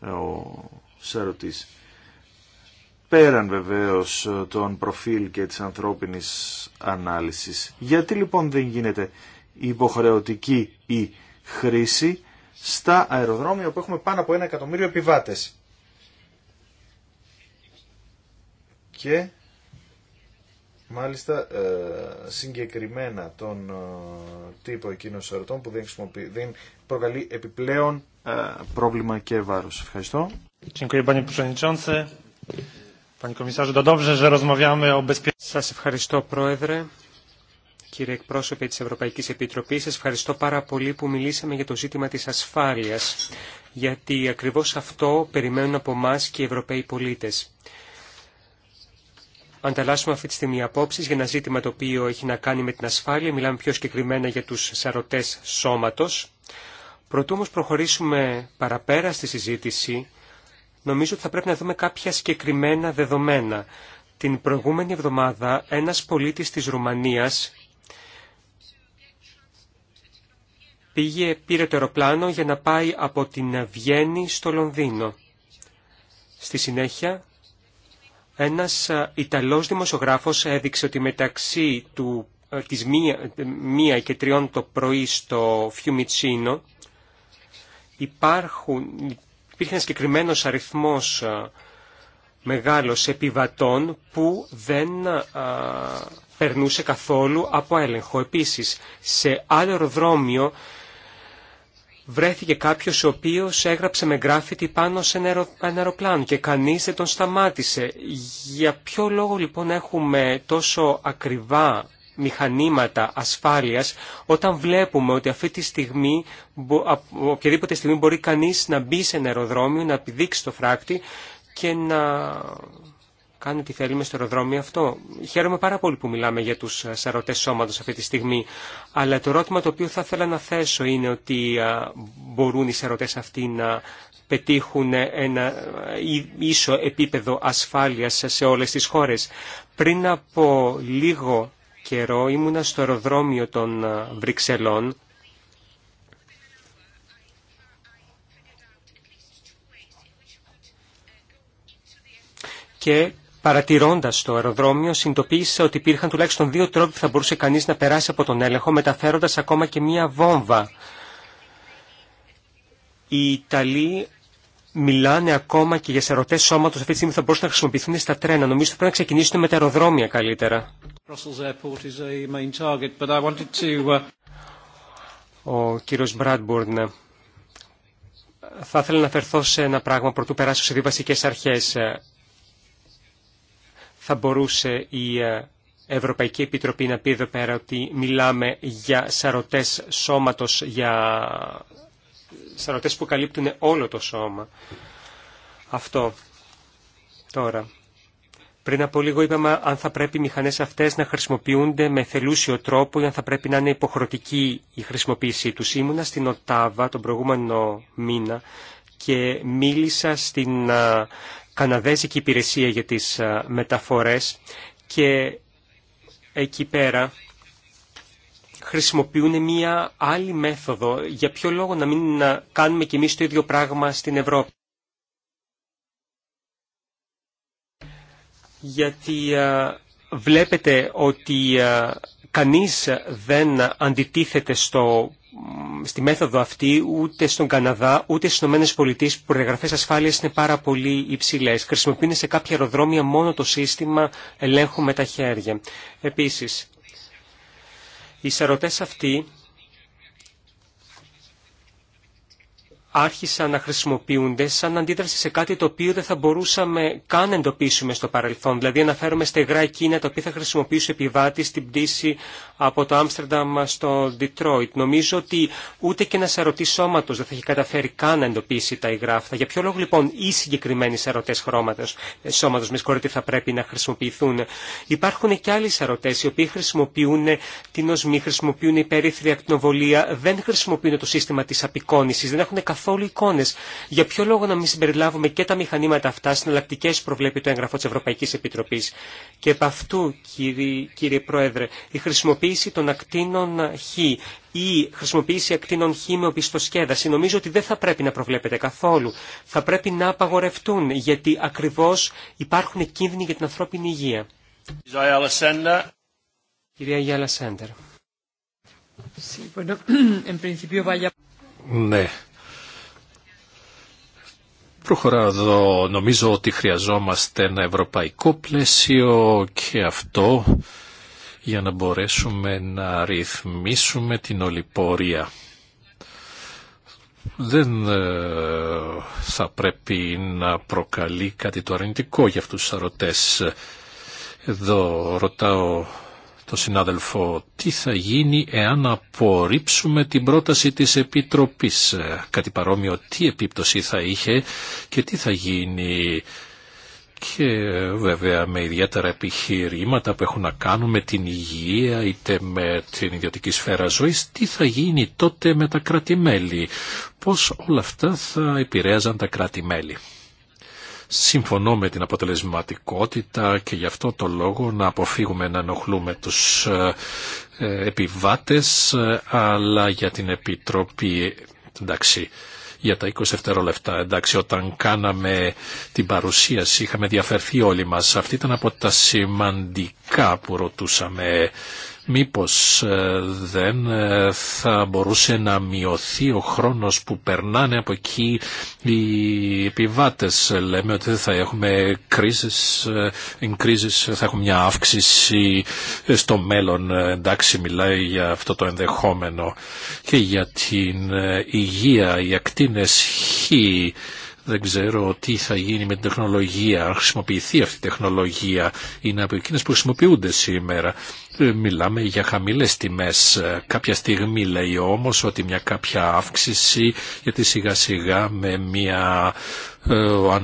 ο σαρωτής. Πέραν βεβαίως των προφίλ και της ανθρώπινης ανάλυσης. Γιατί λοιπόν δεν γίνεται η υποχρεωτική ή χρήση στα αεροδρόμια που έχουμε πάνω από ένα εκατομμύριο επιβάτες. Και μάλιστα ε, συγκεκριμένα τον ε, τύπο εκείνος ερωτών που δεν, δεν προκαλεί επιπλέον ε, πρόβλημα και βάρος. Ευχαριστώ. Σας ευχαριστώ Πρόεδρε. Κύριε εκπρόσωπε της Ευρωπαϊκής Επιτροπής, σας ευχαριστώ πάρα πολύ που μιλήσαμε για το ζήτημα της ασφάλειας, γιατί ακριβώς αυτό περιμένουν από εμά και οι Ευρωπαίοι πολίτες. Ανταλλάσσουμε αυτή τη στιγμή απόψεις για ένα ζήτημα το οποίο έχει να κάνει με την ασφάλεια. Μιλάμε πιο συγκεκριμένα για τους σαρωτές σώματος. Πρωτού όμως προχωρήσουμε παραπέρα στη συζήτηση, νομίζω ότι θα πρέπει να δούμε κάποια συγκεκριμένα δεδομένα. Την προηγούμενη εβδομάδα ένας πολίτης της Ρουμανίας πήγε, πήρε το αεροπλάνο για να πάει από την Βιέννη στο Λονδίνο. Στη συνέχεια, ένας ε, Ιταλός δημοσιογράφος έδειξε ότι μεταξύ του, ε, της μία, μία και τριών το πρωί στο Φιουμιτσίνο υπάρχουν, υπήρχε ένας συγκεκριμένο αριθμός ε, μεγάλος επιβατών που δεν περνούσε καθόλου από έλεγχο. Επίσης, σε άλλο αεροδρόμιο βρέθηκε κάποιος ο οποίος έγραψε με γκράφιτι πάνω σε ένα αεροπλάνο και κανείς δεν τον σταμάτησε. Για ποιο λόγο λοιπόν έχουμε τόσο ακριβά μηχανήματα ασφάλειας όταν βλέπουμε ότι αυτή τη στιγμή, οποιαδήποτε στιγμή μπορεί κανείς να μπει σε ένα αεροδρόμιο, να επιδείξει το φράκτη και να κάνουν τι με στο αεροδρόμιο αυτό. Χαίρομαι πάρα πολύ που μιλάμε για τους ε, σαρωτέ σώματος αυτή τη στιγμή, αλλά το ερώτημα το οποίο θα ήθελα να θέσω είναι ότι ε, μπορούν οι σαρωτέ αυτοί να πετύχουν ένα ε, ίσο επίπεδο ασφάλειας σε όλες τις χώρες. Πριν από λίγο καιρό ήμουνα στο αεροδρόμιο των Βρυξελών και Παρατηρώντα το αεροδρόμιο, συνειδητοποίησα ότι υπήρχαν τουλάχιστον δύο τρόποι που θα μπορούσε κανεί να περάσει από τον έλεγχο, μεταφέροντα ακόμα και μία βόμβα. Οι Ιταλοί μιλάνε ακόμα και για σερωτέ σώματο αυτή τη στιγμή θα μπορούσαν να χρησιμοποιηθούν στα τρένα. Νομίζω ότι πρέπει να ξεκινήσουν με τα αεροδρόμια καλύτερα. Uh, Ο κύριος Μπράντμπορν θα ήθελα να αφαιρθώ σε ένα πράγμα πρωτού περάσω σε δύο βασικές αρχέ θα μπορούσε η ε, Ευρωπαϊκή Επιτροπή να πει εδώ πέρα ότι μιλάμε για σαρωτές σώματος, για σαρωτές που καλύπτουν όλο το σώμα. Αυτό. Τώρα. Πριν από λίγο είπαμε αν θα πρέπει οι μηχανές αυτές να χρησιμοποιούνται με θελούσιο τρόπο ή αν θα πρέπει να είναι υποχρεωτική η χρησιμοποίησή τους. Ήμουνα στην Οτάβα τον προηγούμενο μήνα και μίλησα στην ε, Καναδέζικη Υπηρεσία για τις Μεταφορές και εκεί πέρα χρησιμοποιούν μία άλλη μέθοδο. Για ποιο λόγο να μην κάνουμε κι εμείς το ίδιο πράγμα στην Ευρώπη. Γιατί βλέπετε ότι κανείς δεν αντιτίθεται στο στη μέθοδο αυτή ούτε στον Καναδά ούτε στι Ηνωμένε Πολιτείε, που προεγραφές ασφάλεια είναι πάρα πολύ υψηλές. Χρησιμοποιούν σε κάποια αεροδρόμια μόνο το σύστημα ελέγχου με τα χέρια. Επίσης, οι σαρωτέ αυτοί άρχισαν να χρησιμοποιούνται σαν αντίδραση σε κάτι το οποίο δεν θα μπορούσαμε καν να εντοπίσουμε στο παρελθόν. Δηλαδή αναφέρομαι στα υγρά εκείνα τα οποία θα χρησιμοποιούσε επιβάτη στην πτήση από το Άμστερνταμ στο Ντιτρόιτ. Νομίζω ότι ούτε και ένα σαρωτή σώματο δεν θα έχει καταφέρει καν να εντοπίσει τα υγρά αυτά. Για ποιο λόγο λοιπόν οι συγκεκριμένοι σαρωτέ ε, σώματο, με συγχωρείτε, θα πρέπει να χρησιμοποιηθούν. Υπάρχουν και άλλοι σαρωτέ οι οποίοι χρησιμοποιούν την οσμή, χρησιμοποιούν υπερήθρια ακτινοβολία, δεν χρησιμοποιούν το σύστημα τη απεικόνηση, δεν έχουν καθόλου καθόλου Για ποιο λόγο να μην συμπεριλάβουμε και τα μηχανήματα αυτά στι που προβλέπει το έγγραφο τη Ευρωπαϊκή Επιτροπή. Και επ' αυτού, κύριε, κύριε Πρόεδρε, η χρησιμοποίηση των ακτίνων Χ ή χρησιμοποίηση ακτίνων Χ με οπισθοσκέδαση νομίζω ότι δεν θα πρέπει να προβλέπεται καθόλου. Θα πρέπει να απαγορευτούν γιατί ακριβώ υπάρχουν κίνδυνοι για την ανθρώπινη υγεία. Κυρία Γιάλα ναι. Σέντερ. Προχωράω εδώ. Νομίζω ότι χρειαζόμαστε ένα ευρωπαϊκό πλαίσιο και αυτό για να μπορέσουμε να ρυθμίσουμε την ολυπορία. Δεν ε, θα πρέπει να προκαλεί κάτι το αρνητικό για αυτούς τους αρωτές. Εδώ ρωτάω τον συνάδελφο τι θα γίνει εάν απορρίψουμε την πρόταση της Επιτροπής. Ε, κάτι παρόμοιο τι επίπτωση θα είχε και τι θα γίνει και ε, βέβαια με ιδιαίτερα επιχειρήματα που έχουν να κάνουν με την υγεία είτε με την ιδιωτική σφαίρα ζωής, τι θα γίνει τότε με τα κράτη-μέλη, πώς όλα αυτά θα επηρέαζαν τα κράτη-μέλη. Συμφωνώ με την αποτελεσματικότητα και γι' αυτό το λόγο να αποφύγουμε να ενοχλούμε τους ε, ε, επιβάτες, ε, αλλά για την Επιτροπή, εντάξει, για τα 20 λεπτά, Εντάξει, όταν κάναμε την παρουσίαση είχαμε διαφερθεί όλοι μας. Αυτή ήταν από τα σημαντικά που ρωτούσαμε Μήπως ε, δεν ε, θα μπορούσε να μειωθεί ο χρόνος που περνάνε από εκεί οι επιβάτες. Λέμε ότι θα έχουμε κρίσεις, ε, κρίσεις θα έχουμε μια αύξηση στο μέλλον. Εντάξει μιλάει για αυτό το ενδεχόμενο και για την υγεία, οι ακτίνες χ δεν ξέρω τι θα γίνει με την τεχνολογία, αν χρησιμοποιηθεί αυτή η τεχνολογία. Είναι από εκείνες που χρησιμοποιούνται σήμερα. Ε, μιλάμε για χαμηλές τιμές. Ε, κάποια στιγμή λέει όμως ότι μια κάποια αύξηση, γιατί σιγά σιγά με μια, ε,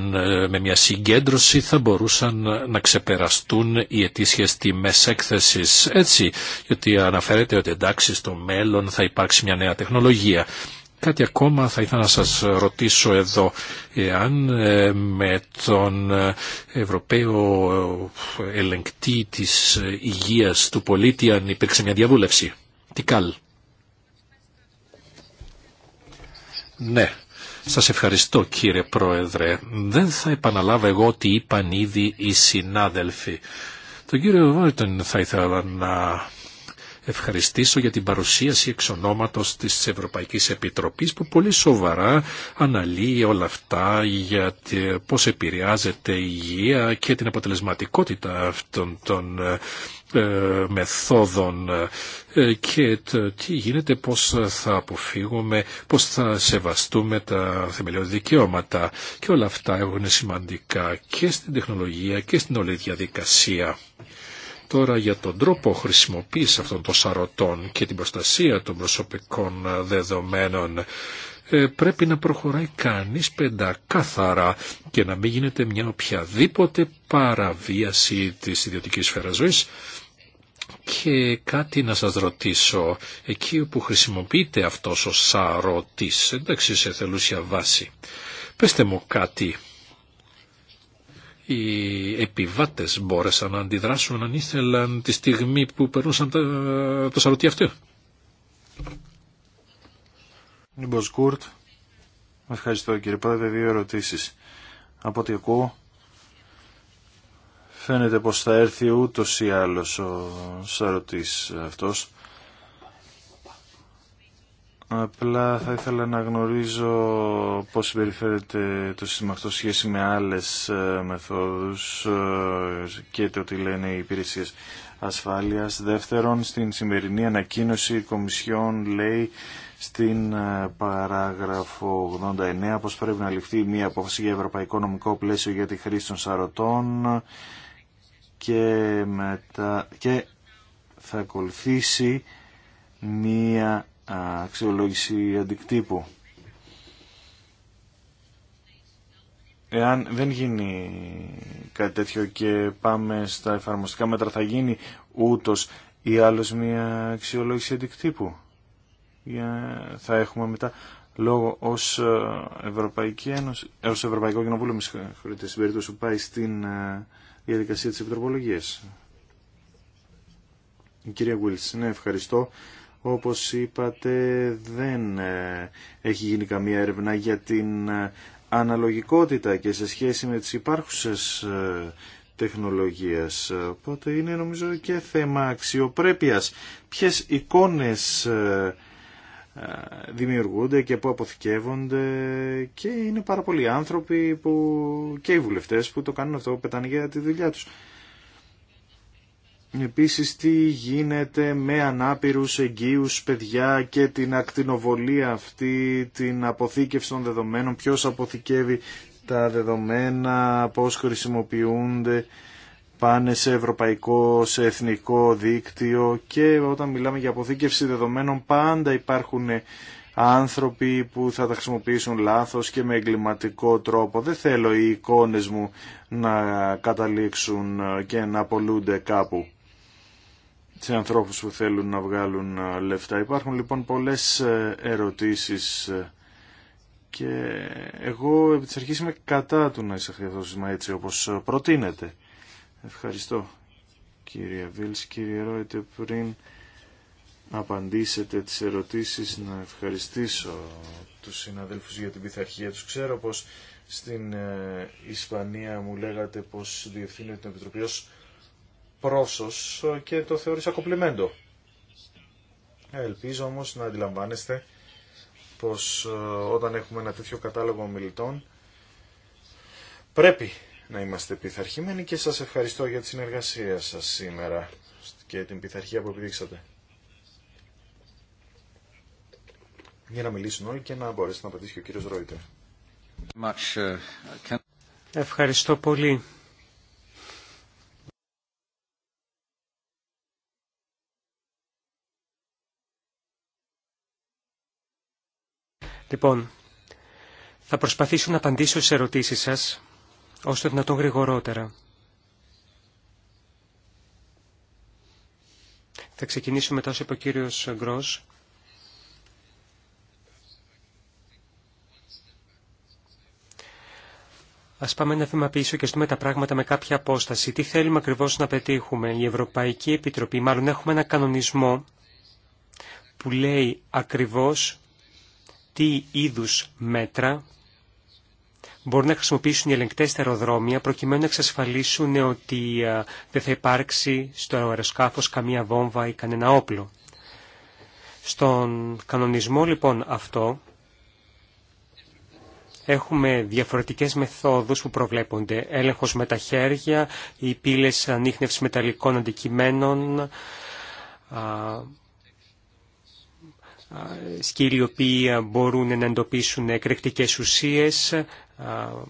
με μια συγκέντρωση θα μπορούσαν να ξεπεραστούν οι ετήσιες τιμές έκθεσης. Έτσι, γιατί αναφέρεται ότι εντάξει στο μέλλον θα υπάρξει μια νέα τεχνολογία. Κάτι ακόμα θα ήθελα να σας ρωτήσω εδώ, εάν ε, με τον ε, Ευρωπαίο ε, ελεγκτή της υγείας του πολίτη αν υπήρξε μια διαβούλευση. Τι καλ. Ναι. Σας ευχαριστώ κύριε Πρόεδρε. Δεν θα επαναλάβω εγώ ότι είπαν ήδη οι συνάδελφοι. Τον κύριο Βόλτον θα ήθελα να ευχαριστήσω για την παρουσίαση εξ ονόματος της Ευρωπαϊκής Επιτροπής που πολύ σοβαρά αναλύει όλα αυτά για πώς επηρεάζεται η υγεία και την αποτελεσματικότητα αυτών των ε, μεθόδων ε, και τι γίνεται, πώς θα αποφύγουμε, πώς θα σεβαστούμε τα θεμελιώδη δικαιώματα και όλα αυτά έχουν σημαντικά και στην τεχνολογία και στην όλη διαδικασία. Τώρα για τον τρόπο χρησιμοποίηση αυτών των σαρωτών και την προστασία των προσωπικών δεδομένων ε, πρέπει να προχωράει κανείς πεντακάθαρα και να μην γίνεται μια οποιαδήποτε παραβίαση της ιδιωτικής σφαίρας ζωής. Και κάτι να σας ρωτήσω, εκεί όπου χρησιμοποιείται αυτός ο σαρωτής, εντάξει σε θελούσια βάση, πέστε μου κάτι οι επιβάτες μπόρεσαν να αντιδράσουν αν ήθελαν τη στιγμή που περνούσαν τα, το σαρωτή αυτό. Κούρτ, ευχαριστώ κύριε Πρόεδρε, δύο ερωτήσεις. Από ό,τι ακούω, φαίνεται πως θα έρθει ούτως ή άλλως ο σαρωτής αυτός Απλά θα ήθελα να γνωρίζω πώς συμπεριφέρεται το σύστημα αυτό σχέση με άλλες ε, μεθόδους ε, και το τι λένε οι υπηρεσίες ασφάλειας. Δεύτερον, στην σημερινή ανακοίνωση η Κομισιόν λέει στην ε, παράγραφο 89 πως πρέπει να ληφθεί μια απόφαση για ευρωπαϊκό νομικό πλαίσιο για τη χρήση των σαρωτών και, μετά, και θα ακολουθήσει μία αξιολόγηση αντικτύπου. Εάν δεν γίνει κάτι τέτοιο και πάμε στα εφαρμοστικά μέτρα, θα γίνει ούτως ή άλλως μια αξιολόγηση αντικτύπου. Για... Θα έχουμε μετά λόγο ως ε, Ευρωπαϊκή Ένωση, ως Ευρωπαϊκό Κοινοβούλιο, με συγχωρείτε, στην περίπτωση που πάει στην ε, διαδικασία της Επιτροπολογίας. Η κυρία Γουίλς, ναι, ευχαριστώ όπως είπατε δεν ε, έχει γίνει καμία έρευνα για την ε, αναλογικότητα και σε σχέση με τις υπάρχουσες ε, τεχνολογίες. Οπότε είναι νομίζω και θέμα αξιοπρέπειας. Ποιες εικόνες δημιουργούνται και που αποθηκεύονται και είναι πάρα πολλοί άνθρωποι που, και οι βουλευτές που το κάνουν αυτό, πετάνε για τη δουλειά τους. Επίσης τι γίνεται με ανάπηρους εγγύους παιδιά και την ακτινοβολία αυτή, την αποθήκευση των δεδομένων, ποιος αποθηκεύει τα δεδομένα, πώς χρησιμοποιούνται, πάνε σε ευρωπαϊκό, σε εθνικό δίκτυο και όταν μιλάμε για αποθήκευση δεδομένων πάντα υπάρχουν άνθρωποι που θα τα χρησιμοποιήσουν λάθος και με εγκληματικό τρόπο. Δεν θέλω οι εικόνες μου να καταλήξουν και να απολούνται κάπου σε ανθρώπους που θέλουν να βγάλουν ε, λεφτά. Υπάρχουν λοιπόν πολλές ε, ερωτήσεις ε, και εγώ επί της αρχής είμαι κατά του να εισαχθεί αυτό το σύστημα έτσι όπως προτείνεται. Ευχαριστώ κύριε Βίλς, κύριε Ρόιτε πριν απαντήσετε τις ερωτήσεις να ευχαριστήσω τους συναδέλφους για την πειθαρχία τους. Ξέρω πως στην Ισπανία μου λέγατε πως διευθύνεται την Επιτροπή πρόσος και το θεώρησα κομπλιμέντο. Ελπίζω όμως να αντιλαμβάνεστε πως ε, όταν έχουμε ένα τέτοιο κατάλογο ομιλητών πρέπει να είμαστε πειθαρχημένοι και σας ευχαριστώ για τη συνεργασία σας σήμερα και την πειθαρχία που επιδείξατε. Για να μιλήσουν όλοι και να μπορέσει να απαντήσει και ο κύριος Ρόιτερ. Ε, ευχαριστώ πολύ. Λοιπόν, θα προσπαθήσω να απαντήσω σε ερωτήσεις σας, ώστε να το γρηγορότερα. Θα ξεκινήσω μετά όσο είπε ο κύριος Γκρός. Ας πάμε ένα βήμα πίσω και δούμε τα πράγματα με κάποια απόσταση. Τι θέλουμε ακριβώς να πετύχουμε. Η Ευρωπαϊκή Επιτροπή, μάλλον έχουμε ένα κανονισμό που λέει ακριβώς τι είδους μέτρα μπορούν να χρησιμοποιήσουν οι ελεγκτές στα αεροδρόμια προκειμένου να εξασφαλίσουν ότι δεν θα υπάρξει στο αεροσκάφος καμία βόμβα ή κανένα όπλο. Στον κανονισμό λοιπόν αυτό έχουμε διαφορετικές μεθόδους που προβλέπονται. Έλεγχος με τα χέρια, οι πύλες ανείχνευσης μεταλλικών αντικειμένων, σκύλοι οι οποίοι μπορούν να εντοπίσουν εκρηκτικές ουσίες,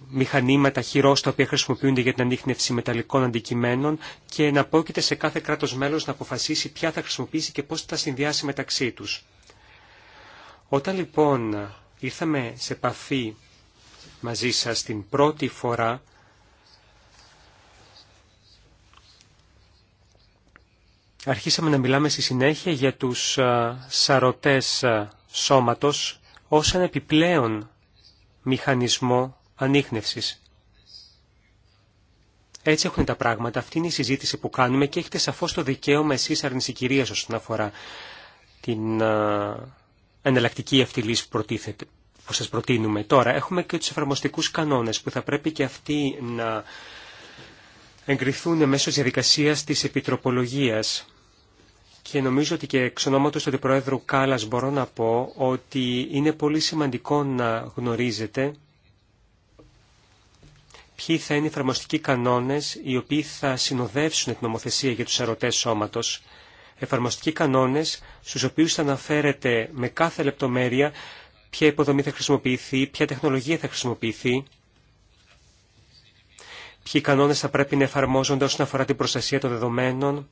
μηχανήματα χειρός τα οποία χρησιμοποιούνται για την ανείχνευση μεταλλικών αντικειμένων και να πρόκειται σε κάθε κράτος μέλος να αποφασίσει ποια θα χρησιμοποιήσει και πώς θα τα συνδυάσει μεταξύ τους. Όταν λοιπόν ήρθαμε σε επαφή μαζί σας την πρώτη φορά, αρχίσαμε να μιλάμε στη συνέχεια για τους ε, σαρωτές ε, σώματος ως ένα επιπλέον μηχανισμό ανείχνευσης. Έτσι έχουν τα πράγματα, αυτή είναι η συζήτηση που κάνουμε και έχετε σαφώς το δικαίωμα εσείς αρνηση όσον αφορά την ε, εναλλακτική αυτή λύση που που σας προτείνουμε. Τώρα έχουμε και τους εφαρμοστικούς κανόνες που θα πρέπει και αυτοί να εγκριθούν μέσω της διαδικασίας της επιτροπολογίας. Και νομίζω ότι και εξ ονόματος του Αντιπρόεδρου Κάλλας μπορώ να πω ότι είναι πολύ σημαντικό να γνωρίζετε ποιοι θα είναι οι εφαρμοστικοί κανόνες οι οποίοι θα συνοδεύσουν την νομοθεσία για τους αρωτές σώματος. Εφαρμοστικοί κανόνες στους οποίους θα αναφέρεται με κάθε λεπτομέρεια ποια υποδομή θα χρησιμοποιηθεί, ποια τεχνολογία θα χρησιμοποιηθεί, ποιοι κανόνες θα πρέπει να εφαρμόζονται όσον αφορά την προστασία των δεδομένων,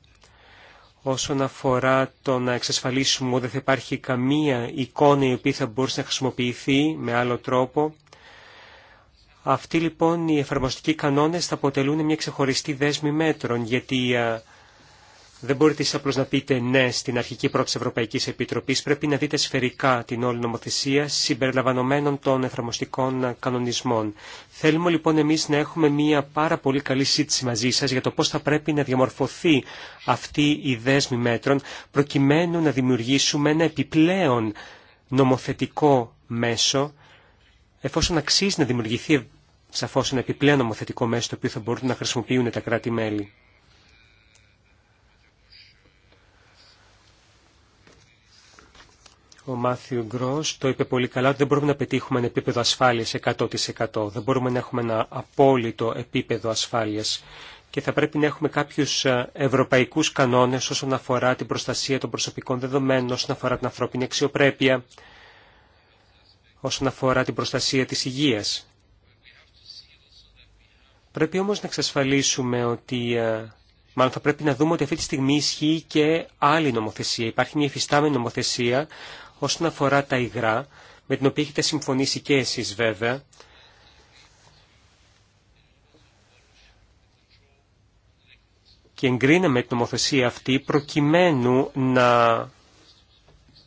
όσον αφορά το να εξασφαλίσουμε ότι δεν θα υπάρχει καμία εικόνα η οποία θα μπορούσε να χρησιμοποιηθεί με άλλο τρόπο. Αυτοί λοιπόν οι εφαρμοστικοί κανόνες θα αποτελούν μια ξεχωριστή δέσμη μέτρων, γιατί δεν μπορείτε εσείς απλώς να πείτε ναι στην αρχική πρόταση Ευρωπαϊκής Επιτροπής. Πρέπει να δείτε σφαιρικά την όλη νομοθεσία συμπεριλαμβανομένων των εφαρμοστικών κανονισμών. Θέλουμε λοιπόν εμείς να έχουμε μια πάρα πολύ καλή σύντηση μαζί σας για το πώς θα πρέπει να διαμορφωθεί αυτή η δέσμη μέτρων προκειμένου να δημιουργήσουμε ένα επιπλέον νομοθετικό μέσο εφόσον αξίζει να δημιουργηθεί σαφώς ένα επιπλέον νομοθετικό μέσο το οποίο θα μπορούν να χρησιμοποιούν τα κράτη-μέλη. Ο Μάθιου Γκρος το είπε πολύ καλά ότι δεν μπορούμε να πετύχουμε ένα επίπεδο ασφάλεια 100%. Δεν μπορούμε να έχουμε ένα απόλυτο επίπεδο ασφάλεια. Και θα πρέπει να έχουμε κάποιου ε, ευρωπαϊκού κανόνε όσον αφορά την προστασία των προσωπικών δεδομένων, όσον αφορά την ανθρώπινη αξιοπρέπεια, όσον αφορά την προστασία τη υγεία. Πρέπει όμως να εξασφαλίσουμε ότι ε, Μάλλον θα πρέπει να δούμε ότι αυτή τη στιγμή ισχύει και άλλη νομοθεσία. Υπάρχει μια υφιστάμενη νομοθεσία όσον αφορά τα υγρά, με την οποία έχετε συμφωνήσει και εσείς βέβαια, και εγκρίναμε την νομοθεσία αυτή προκειμένου να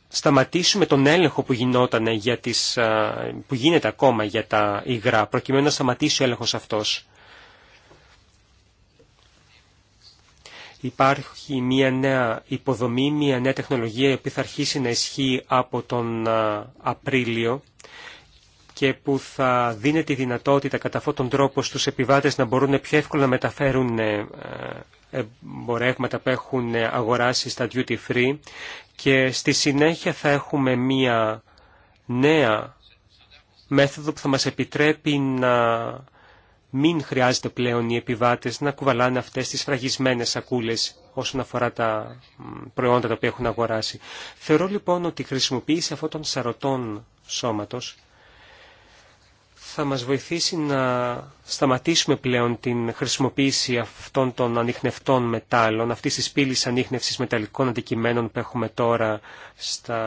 σταματήσουμε τον έλεγχο που, γινόταν για τις, που γίνεται ακόμα για τα υγρά, προκειμένου να σταματήσει ο έλεγχος αυτός. υπάρχει μια νέα υποδομή, μια νέα τεχνολογία που θα αρχίσει να ισχύει από τον Απρίλιο και που θα δίνει τη δυνατότητα κατά αυτόν τον τρόπο στους επιβάτες να μπορούν πιο εύκολα να μεταφέρουν ε, εμπορεύματα που έχουν αγοράσει στα duty free και στη συνέχεια θα έχουμε μία νέα μέθοδο που θα μας επιτρέπει να μην χρειάζεται πλέον οι επιβάτες να κουβαλάνε αυτές τις φραγισμένες σακούλες όσον αφορά τα προϊόντα τα οποία έχουν αγοράσει. Θεωρώ λοιπόν ότι η χρησιμοποίηση αυτών των σαρωτών σώματος θα μας βοηθήσει να σταματήσουμε πλέον την χρησιμοποίηση αυτών των ανοιχνευτών μετάλλων, αυτής της πύλης ανοίχνευσης μεταλλικών αντικειμένων που έχουμε τώρα στα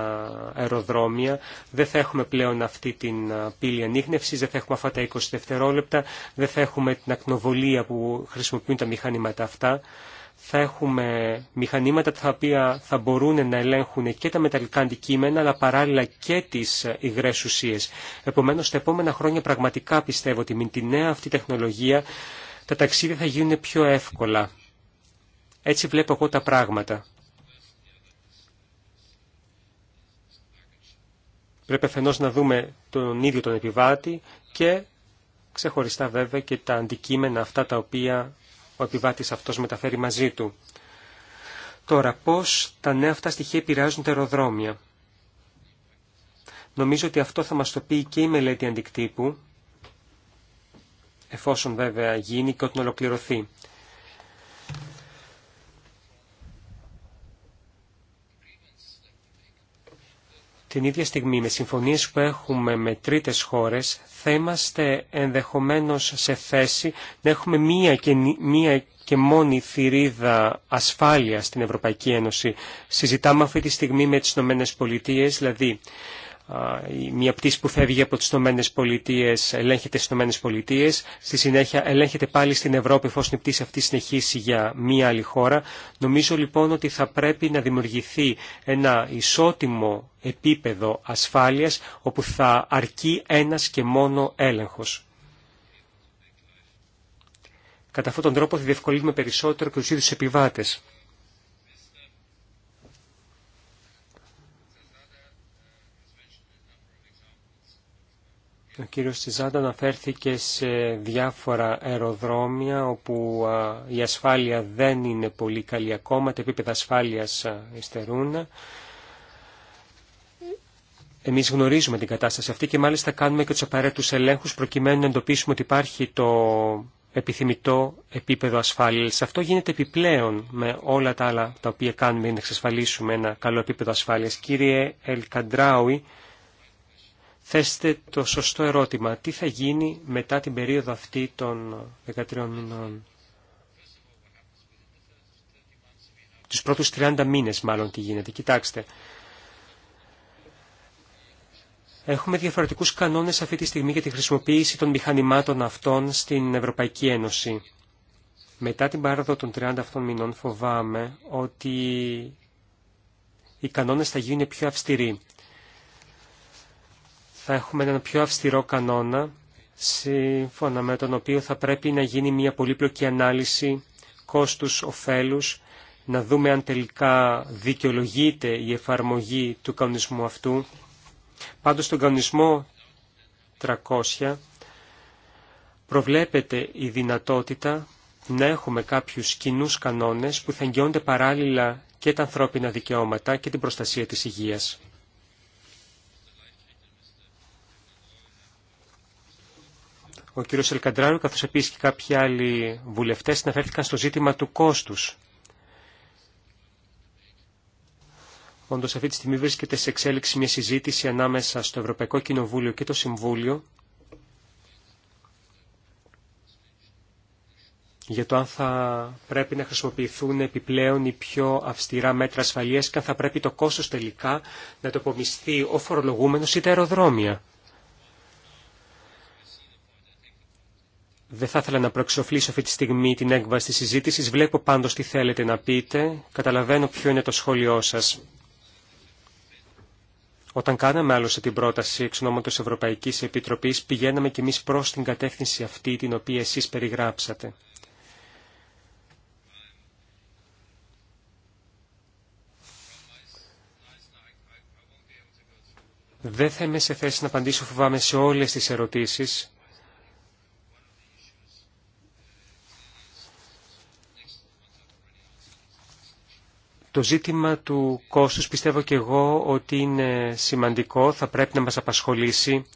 αεροδρόμια. Δεν θα έχουμε πλέον αυτή την πύλη ανοίχνευσης, δεν θα έχουμε αυτά τα 20 δευτερόλεπτα, δεν θα έχουμε την ακνοβολία που χρησιμοποιούν τα μηχανήματα αυτά θα έχουμε μηχανήματα τα οποία θα μπορούν να ελέγχουν και τα μεταλλικά αντικείμενα αλλά παράλληλα και τις υγρές ουσίες. Επομένως, τα επόμενα χρόνια πραγματικά πιστεύω ότι με τη νέα αυτή τεχνολογία τα ταξίδια θα γίνουν πιο εύκολα. Έτσι βλέπω εγώ τα πράγματα. Πρέπει αφενός να δούμε τον ίδιο τον επιβάτη και ξεχωριστά βέβαια και τα αντικείμενα αυτά τα οποία ο επιβάτης αυτός μεταφέρει μαζί του. Τώρα, πώς τα νέα αυτά στοιχεία επηρεάζουν τα αεροδρόμια. Νομίζω ότι αυτό θα μας το πει και η μελέτη αντικτύπου, εφόσον βέβαια γίνει και όταν ολοκληρωθεί. την ίδια στιγμή με συμφωνίες που έχουμε με τρίτες χώρες θα είμαστε ενδεχομένως σε θέση να έχουμε μία και, μία και μόνη θηρίδα ασφάλεια στην Ευρωπαϊκή Ένωση. Συζητάμε αυτή τη στιγμή με τις Ηνωμένε Πολιτείες, δηλαδή μια πτήση που φεύγει από τις Ηνωμένες Πολιτείες ελέγχεται στις Ηνωμένες Πολιτείες, στη συνέχεια ελέγχεται πάλι στην Ευρώπη εφόσον η πτήση αυτή συνεχίσει για μία άλλη χώρα. Νομίζω λοιπόν ότι θα πρέπει να δημιουργηθεί ένα ισότιμο επίπεδο ασφάλειας όπου θα αρκεί ένας και μόνο έλεγχος. Κατά αυτόν τον τρόπο θα διευκολύνουμε περισσότερο και τους ίδιους επιβάτες. Ο κύριος Τσιζάντα αναφέρθηκε σε διάφορα αεροδρόμια όπου η ασφάλεια δεν είναι πολύ καλή ακόμα, τα επίπεδα ασφάλειας εστερούν. Εμείς γνωρίζουμε την κατάσταση αυτή και μάλιστα κάνουμε και τους απαραίτητους ελέγχους προκειμένου να εντοπίσουμε ότι υπάρχει το επιθυμητό επίπεδο ασφάλειας. Αυτό γίνεται επιπλέον με όλα τα άλλα τα οποία κάνουμε για να εξασφαλίσουμε ένα καλό επίπεδο ασφάλειας. Κύριε Ελκαντράουι, θέστε το σωστό ερώτημα. Τι θα γίνει μετά την περίοδο αυτή των 13 μηνών. Τους πρώτους 30 μήνες μάλλον τι γίνεται. Κοιτάξτε. Έχουμε διαφορετικούς κανόνες αυτή τη στιγμή για τη χρησιμοποίηση των μηχανημάτων αυτών στην Ευρωπαϊκή Ένωση. Μετά την πάροδο των 30 αυτών μηνών φοβάμαι ότι οι κανόνες θα γίνουν πιο αυστηροί θα έχουμε έναν πιο αυστηρό κανόνα, σύμφωνα με τον οποίο θα πρέπει να γίνει μια πολύπλοκη ανάλυση κόστους-οφέλους, να δούμε αν τελικά δικαιολογείται η εφαρμογή του κανονισμού αυτού. Πάντως τον κανονισμό 300 προβλέπεται η δυνατότητα να έχουμε κάποιους κοινού κανόνες που θα εγγυώνται παράλληλα και τα ανθρώπινα δικαιώματα και την προστασία της υγείας. Ο κ. Ελκαντράνου, καθώς επίσης και κάποιοι άλλοι βουλευτές, αναφέρθηκαν στο ζήτημα του κόστους. Όντως αυτή τη στιγμή βρίσκεται σε εξέλιξη μια συζήτηση ανάμεσα στο Ευρωπαϊκό Κοινοβούλιο και το Συμβούλιο για το αν θα πρέπει να χρησιμοποιηθούν επιπλέον οι πιο αυστηρά μέτρα ασφαλείας και αν θα πρέπει το κόστος τελικά να το ο φορολογούμενος ή τα αεροδρόμια. Δεν θα ήθελα να προεξοφλήσω αυτή τη στιγμή την έκβαση της συζήτησης. Βλέπω πάντως τι θέλετε να πείτε. Καταλαβαίνω ποιο είναι το σχόλιο σας. Όταν κάναμε άλλωστε την πρόταση εξ ονόματος Ευρωπαϊκής Επιτροπής, πηγαίναμε κι εμείς προς την κατεύθυνση αυτή την οποία εσείς περιγράψατε. Δεν θα είμαι σε θέση να απαντήσω φοβάμαι σε όλες τις ερωτήσεις Το ζήτημα του κόστους πιστεύω και εγώ ότι είναι σημαντικό, θα πρέπει να μας απασχολήσει,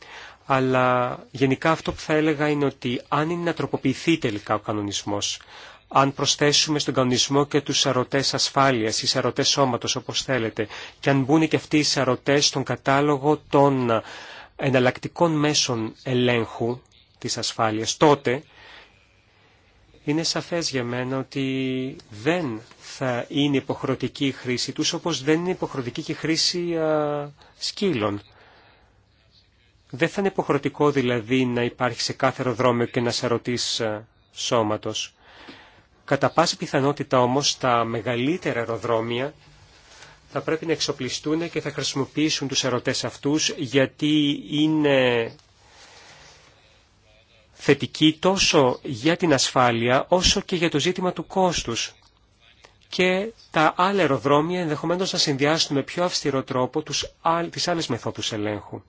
αλλά γενικά αυτό που θα έλεγα είναι ότι αν είναι να τροποποιηθεί τελικά ο κανονισμός, αν προσθέσουμε στον κανονισμό και τους αρωτές ασφάλειας ή σαρωτές σώματος όπως θέλετε και αν μπουν και αυτοί οι αρωτές στον κατάλογο των εναλλακτικών μέσων ελέγχου της ασφάλειας, τότε είναι σαφές για μένα ότι δεν θα είναι υποχρεωτική η χρήση τους, όπως δεν είναι υποχρεωτική και η χρήση α, σκύλων. Δεν θα είναι υποχρεωτικό δηλαδή να υπάρχει σε κάθε αεροδρόμιο και να ρωτήσει σώματος. Κατά πάση πιθανότητα όμως τα μεγαλύτερα αεροδρόμια θα πρέπει να εξοπλιστούν και θα χρησιμοποιήσουν τους ερωτές αυτούς γιατί είναι θετική τόσο για την ασφάλεια όσο και για το ζήτημα του κόστους. Και τα άλλα αεροδρόμια ενδεχομένως να συνδυάσουν με πιο αυστηρό τρόπο τους, τις άλλες μεθόδους ελέγχου.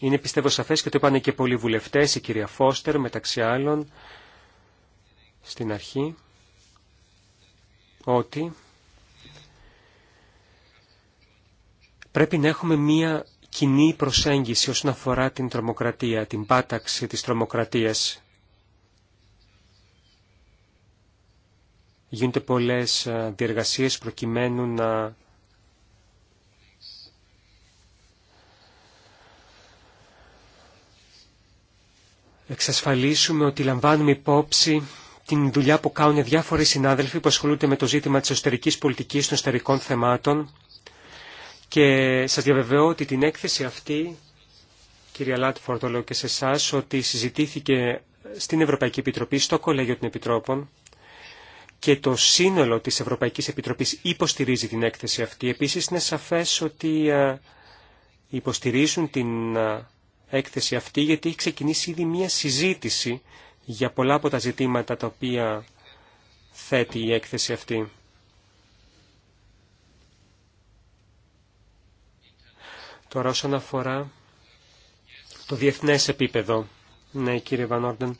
Είναι πιστεύω σαφές και το είπαν και πολλοί βουλευτές, η κυρία Φώστερ μεταξύ άλλων, στην αρχή, ότι Πρέπει να έχουμε μία κοινή προσέγγιση όσον αφορά την τρομοκρατία, την πάταξη της τρομοκρατίας. Γίνονται πολλές ε, διεργασίες προκειμένου να εξασφαλίσουμε ότι λαμβάνουμε υπόψη την δουλειά που κάνουν διάφοροι συνάδελφοι που ασχολούνται με το ζήτημα της εσωτερικής πολιτικής των εσωτερικών θεμάτων και σας διαβεβαιώ ότι την έκθεση αυτή, κυρία Λάτφορ, λέω και σε εσά, ότι συζητήθηκε στην Ευρωπαϊκή Επιτροπή, στο Κολέγιο των Επιτρόπων, και το σύνολο της Ευρωπαϊκής Επιτροπής υποστηρίζει την έκθεση αυτή. Επίσης είναι σαφές ότι ε, υποστηρίζουν την ε, έκθεση αυτή γιατί έχει ξεκινήσει ήδη μία συζήτηση για πολλά από τα ζητήματα τα οποία θέτει η έκθεση αυτή. Τώρα όσον αφορά το διεθνές επίπεδο, ναι κύριε Βανόρντεν,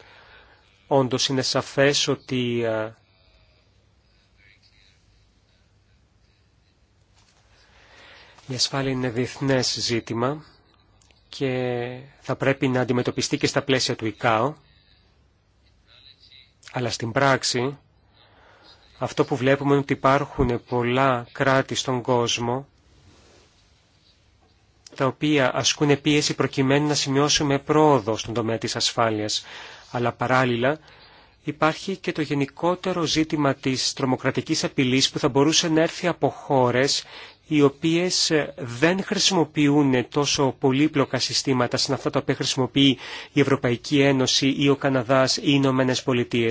όντως είναι σαφές ότι η ασφάλεια είναι διεθνές ζήτημα και θα πρέπει να αντιμετωπιστεί και στα πλαίσια του ΙΚΑΟ, αλλά στην πράξη αυτό που βλέπουμε είναι ότι υπάρχουν πολλά κράτη στον κόσμο τα οποία ασκούν πίεση προκειμένου να σημειώσουμε πρόοδο στον τομέα της ασφάλειας. Αλλά παράλληλα υπάρχει και το γενικότερο ζήτημα της τρομοκρατικής απειλής που θα μπορούσε να έρθει από χώρες οι οποίες ε, δεν χρησιμοποιούν τόσο πολύπλοκα συστήματα σαν αυτά τα οποία χρησιμοποιεί η Ευρωπαϊκή Ένωση ή ο Καναδάς ή οι Ηνωμένε Πολιτείε.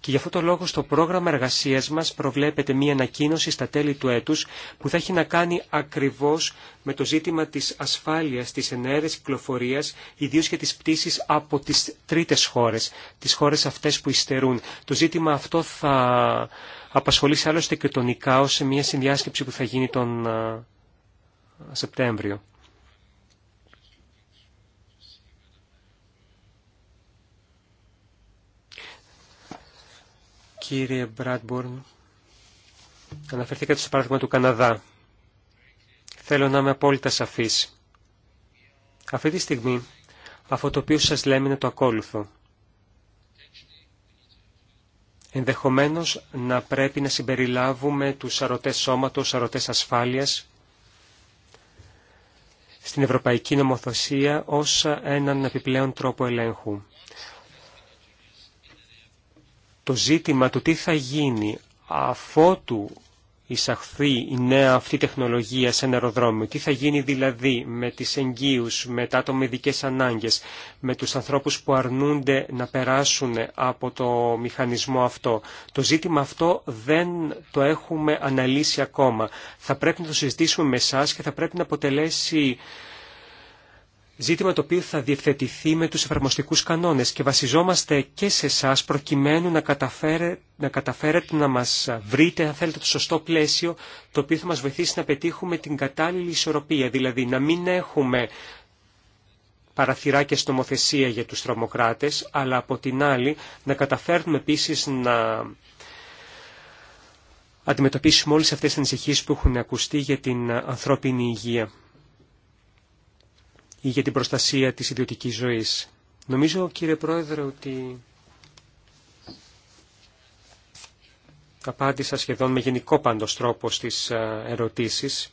Και γι' αυτό το λόγο στο πρόγραμμα εργασίας μας προβλέπεται μία ανακοίνωση στα τέλη του έτους που θα έχει να κάνει ακριβώς με το ζήτημα της ασφάλειας της ενέργειας κυκλοφορίας, ιδίως και τις πτήσεις από τις τρίτες χώρες, τις χώρες αυτές που υστερούν. Το ζήτημα αυτό θα απασχολήσει άλλωστε και τον ΙΚΑΟ σε μια συνδιάσκεψη που θα γίνει τον Σεπτέμβριο. Κύριε Μπράτμπορν, αναφερθήκατε στο παράδειγμα του Καναδά. Θέλω να είμαι απόλυτα σαφής. Αυτή τη στιγμή αυτό το οποίο σας λέμε είναι το ακόλουθο ενδεχομένως να πρέπει να συμπεριλάβουμε τους αρωτές σώματος, σαρωτές ασφάλειας στην Ευρωπαϊκή Νομοθεσία ως έναν επιπλέον τρόπο ελέγχου. Το ζήτημα του τι θα γίνει αφότου εισαχθεί η νέα αυτή τεχνολογία σε ένα αεροδρόμιο. Τι θα γίνει δηλαδή με τις εγγύους, με τα άτομα ειδικέ ανάγκες, με τους ανθρώπους που αρνούνται να περάσουν από το μηχανισμό αυτό. Το ζήτημα αυτό δεν το έχουμε αναλύσει ακόμα. Θα πρέπει να το συζητήσουμε με εσά και θα πρέπει να αποτελέσει Ζήτημα το οποίο θα διευθετηθεί με τους εφαρμοστικούς κανόνες και βασιζόμαστε και σε εσά προκειμένου να, να καταφέρετε να μας βρείτε, αν θέλετε, το σωστό πλαίσιο το οποίο θα μας βοηθήσει να πετύχουμε την κατάλληλη ισορροπία, δηλαδή να μην έχουμε παραθυράκια στομοθεσία νομοθεσία για τους τρομοκράτες, αλλά από την άλλη να καταφέρνουμε επίσης να αντιμετωπίσουμε όλες αυτές τις ανησυχίες που έχουν ακουστεί για την ανθρώπινη υγεία ή για την προστασία της ιδιωτικής ζωής. Νομίζω, κύριε Πρόεδρε, ότι απάντησα σχεδόν με γενικό πάντως τρόπο στις ε, ερωτήσεις.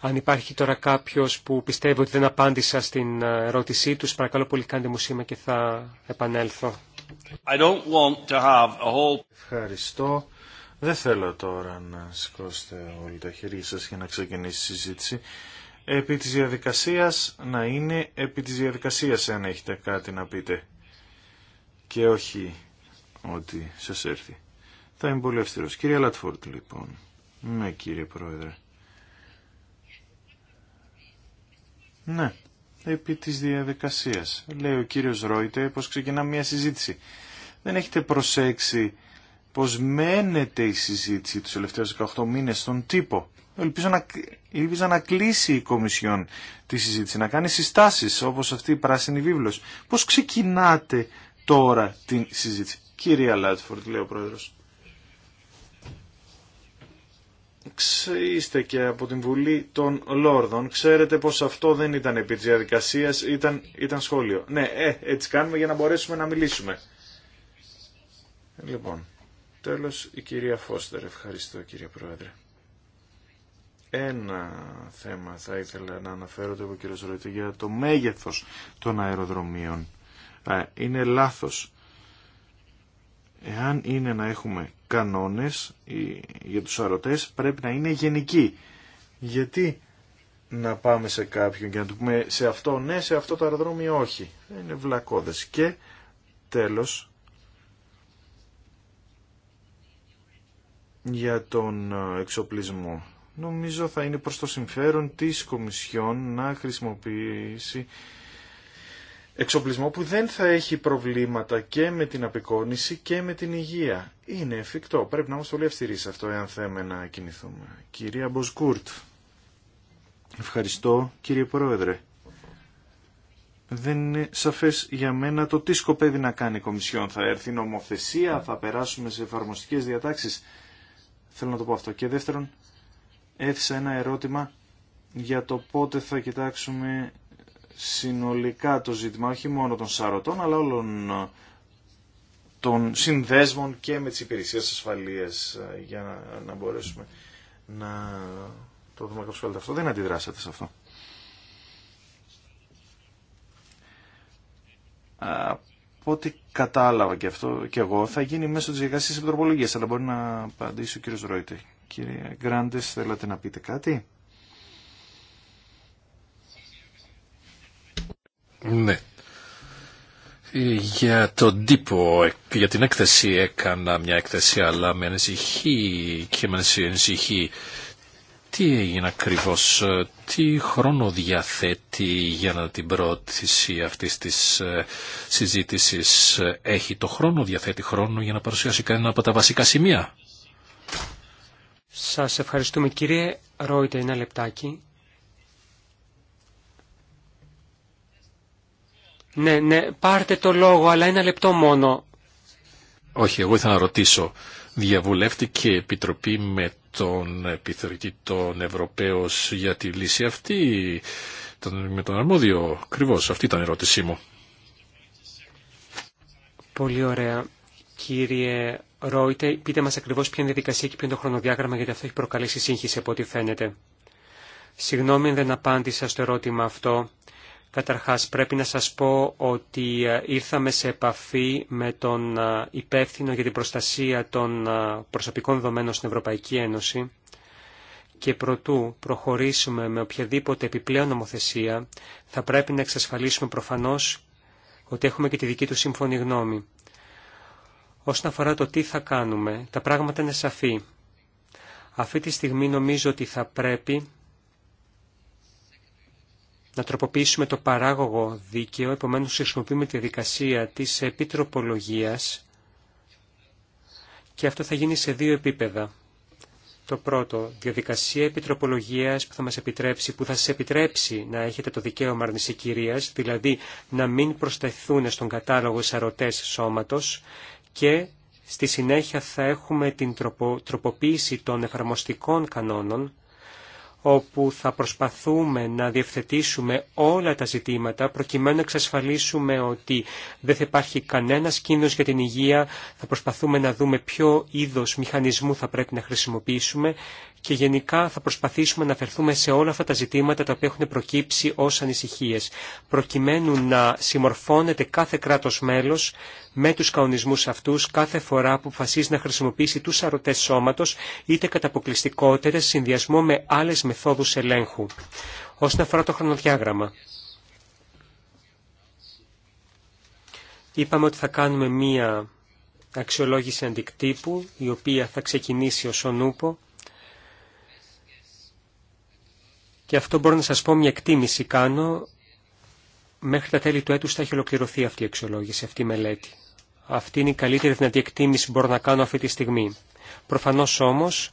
Αν υπάρχει τώρα κάποιος που πιστεύει ότι δεν απάντησα στην ε, ερώτησή τους, παρακαλώ πολύ κάντε μου σήμα και θα επανέλθω. Ευχαριστώ. Δεν θέλω τώρα να σηκώσετε όλοι τα χέρια σας για να ξεκινήσει η συζήτηση. Επί της διαδικασίας να είναι επί της διαδικασίας αν έχετε κάτι να πείτε και όχι ότι σας έρθει. Θα είμαι πολύ αυστηρός. Κύριε Λατφόρτ λοιπόν. Ναι κύριε Πρόεδρε. Ναι. Επί της διαδικασίας. Λέει ο κύριος Ρόιτε πως ξεκινά μια συζήτηση. Δεν έχετε προσέξει πως μένεται η συζήτηση τους τελευταίους 18 μήνες στον τύπο. Ελπίζω να, ελπίζω να κλείσει η Κομισιόν τη συζήτηση, να κάνει συστάσεις όπως αυτή η πράσινη βίβλος. Πώς ξεκινάτε τώρα την συζήτηση. Κυρία Λάτφορντ, λέει ο Πρόεδρος. Είστε και από την Βουλή των Λόρδων. Ξέρετε πως αυτό δεν ήταν επί της διαδικασίας, ήταν, ήταν σχόλιο. Ναι, ε, έτσι κάνουμε για να μπορέσουμε να μιλήσουμε. Λοιπόν. Τέλος, η κυρία Φώστερ. Ευχαριστώ κύριε Πρόεδρε. Ένα θέμα θα ήθελα να αναφέρω το κύριο για το μέγεθος των αεροδρομίων. Είναι λάθος. Εάν είναι να έχουμε κανόνες για τους αρωτές πρέπει να είναι γενικοί. Γιατί να πάμε σε κάποιον και να του πούμε σε αυτό ναι, σε αυτό το αεροδρόμιο όχι. Είναι βλακώδες. Και τέλος για τον ε, εξοπλισμό. Νομίζω θα είναι προς το συμφέρον της Κομισιόν να χρησιμοποιήσει εξοπλισμό που δεν θα έχει προβλήματα και με την απεικόνηση και με την υγεία. Είναι εφικτό. Πρέπει να είμαστε πολύ αυστηροί σε αυτό, εάν θέμε να κινηθούμε. Κυρία Μποσκούρτ. Ευχαριστώ, κύριε Πρόεδρε. Δεν είναι σαφές για μένα το τι σκοπεύει να κάνει η Κομισιόν. Θα έρθει νομοθεσία, θα περάσουμε σε εφαρμοστικές διατάξεις. Θέλω να το πω αυτό. Και δεύτερον, έφυσα ένα ερώτημα για το πότε θα κοιτάξουμε συνολικά το ζήτημα, όχι μόνο των σαρωτών, αλλά όλων ε, των συνδέσμων και με τις υπηρεσίες ασφαλείας ε, για να, να μπορέσουμε να το δούμε κάπως αυτό. Δεν αντιδράσατε σε αυτό από ό,τι κατάλαβα και αυτό και εγώ θα γίνει μέσω της τη επιτροπολογίας, αλλά μπορεί να απαντήσει ο κύριο Ρόιτε. Κύριε Γκράντε, θέλατε να πείτε κάτι? Ναι. Για τον τύπο, για την έκθεση έκανα μια έκθεση, αλλά με ανησυχεί και με ανησυχεί τι έγινε ακριβώς, ε, τι χρόνο διαθέτει για να την πρόθεση αυτής της ε, συζήτησης. Ε, έχει το χρόνο, διαθέτει χρόνο για να παρουσιάσει κανένα από τα βασικά σημεία. Σας ευχαριστούμε κύριε Ρόιτε, ένα λεπτάκι. Ναι, ναι, πάρτε το λόγο, αλλά ένα λεπτό μόνο. Όχι, εγώ ήθελα να ρωτήσω. Διαβουλεύτηκε η Επιτροπή με τον επιθεωρητή τον Ευρωπαίος για τη λύση αυτή με τον αρμόδιο. Ακριβώ αυτή ήταν η ερώτησή μου. Πολύ ωραία. Κύριε Ρόιτε, πείτε μας ακριβώς ποια είναι η διαδικασία και ποιο είναι το χρονοδιάγραμμα γιατί αυτό έχει προκαλέσει σύγχυση από ό,τι φαίνεται. Συγγνώμη δεν απάντησα στο ερώτημα αυτό. Καταρχάς πρέπει να σας πω ότι ε, ήρθαμε σε επαφή με τον ε, υπεύθυνο για την προστασία των ε, προσωπικών δεδομένων στην Ευρωπαϊκή Ένωση και προτού προχωρήσουμε με οποιαδήποτε επιπλέον νομοθεσία θα πρέπει να εξασφαλίσουμε προφανώς ότι έχουμε και τη δική του σύμφωνη γνώμη. Όσον αφορά το τι θα κάνουμε, τα πράγματα είναι σαφή. Αυτή τη στιγμή νομίζω ότι θα πρέπει να τροποποιήσουμε το παράγωγο δίκαιο, επομένως χρησιμοποιούμε τη δικασία της επιτροπολογίας και αυτό θα γίνει σε δύο επίπεδα. Το πρώτο, διαδικασία επιτροπολογίας που θα μας επιτρέψει, που θα σας επιτρέψει να έχετε το δικαίωμα κυρίας, δηλαδή να μην προσταθούν στον κατάλογο σαρωτές σώματος και στη συνέχεια θα έχουμε την τροποποίηση των εφαρμοστικών κανόνων όπου θα προσπαθούμε να διευθετήσουμε όλα τα ζητήματα προκειμένου να εξασφαλίσουμε ότι δεν θα υπάρχει κανένας κίνδυνος για την υγεία, θα προσπαθούμε να δούμε ποιο είδος μηχανισμού θα πρέπει να χρησιμοποιήσουμε και γενικά θα προσπαθήσουμε να αφαιρθούμε σε όλα αυτά τα ζητήματα τα οποία έχουν προκύψει ως ανησυχίες, προκειμένου να συμμορφώνεται κάθε κράτος μέλος με τους κανονισμούς αυτούς κάθε φορά που αποφασίζει να χρησιμοποιήσει τους αρωτές σώματος, είτε κατά αποκλειστικότητα σε συνδυασμό με άλλες μεθόδους ελέγχου. Όσον αφορά το χρονοδιάγραμμα. Είπαμε ότι θα κάνουμε μία αξιολόγηση αντικτύπου, η οποία θα ξεκινήσει ως Σονούπο. Και αυτό μπορώ να σας πω μια εκτίμηση κάνω. Μέχρι τα τέλη του έτους θα έχει ολοκληρωθεί αυτή η αξιολόγηση, αυτή η μελέτη. Αυτή είναι η καλύτερη δυνατή εκτίμηση που μπορώ να κάνω αυτή τη στιγμή. Προφανώς όμως,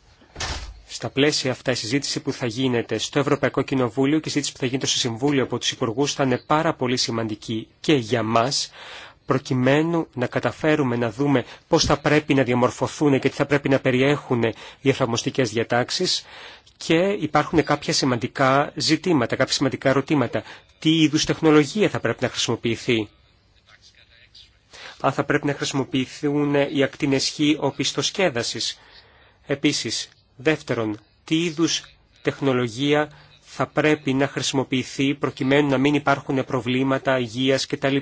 στα πλαίσια αυτά η συζήτηση που θα γίνεται στο Ευρωπαϊκό Κοινοβούλιο και η συζήτηση που θα γίνεται στο Συμβούλιο από τους Υπουργούς θα είναι πάρα πολύ σημαντική και για μας, προκειμένου να καταφέρουμε να δούμε πώς θα πρέπει να διαμορφωθούν και τι θα πρέπει να περιέχουν οι εφαρμοστικές διατάξεις και υπάρχουν κάποια σημαντικά ζητήματα, κάποια σημαντικά ερωτήματα. Τι είδους τεχνολογία θα πρέπει να χρησιμοποιηθεί. Αν θα πρέπει να χρησιμοποιηθούν οι ακτίνες χ οπισθοσκέδασης. Επίσης, δεύτερον, τι είδους τεχνολογία θα πρέπει να χρησιμοποιηθεί προκειμένου να μην υπάρχουν προβλήματα υγείας κτλ.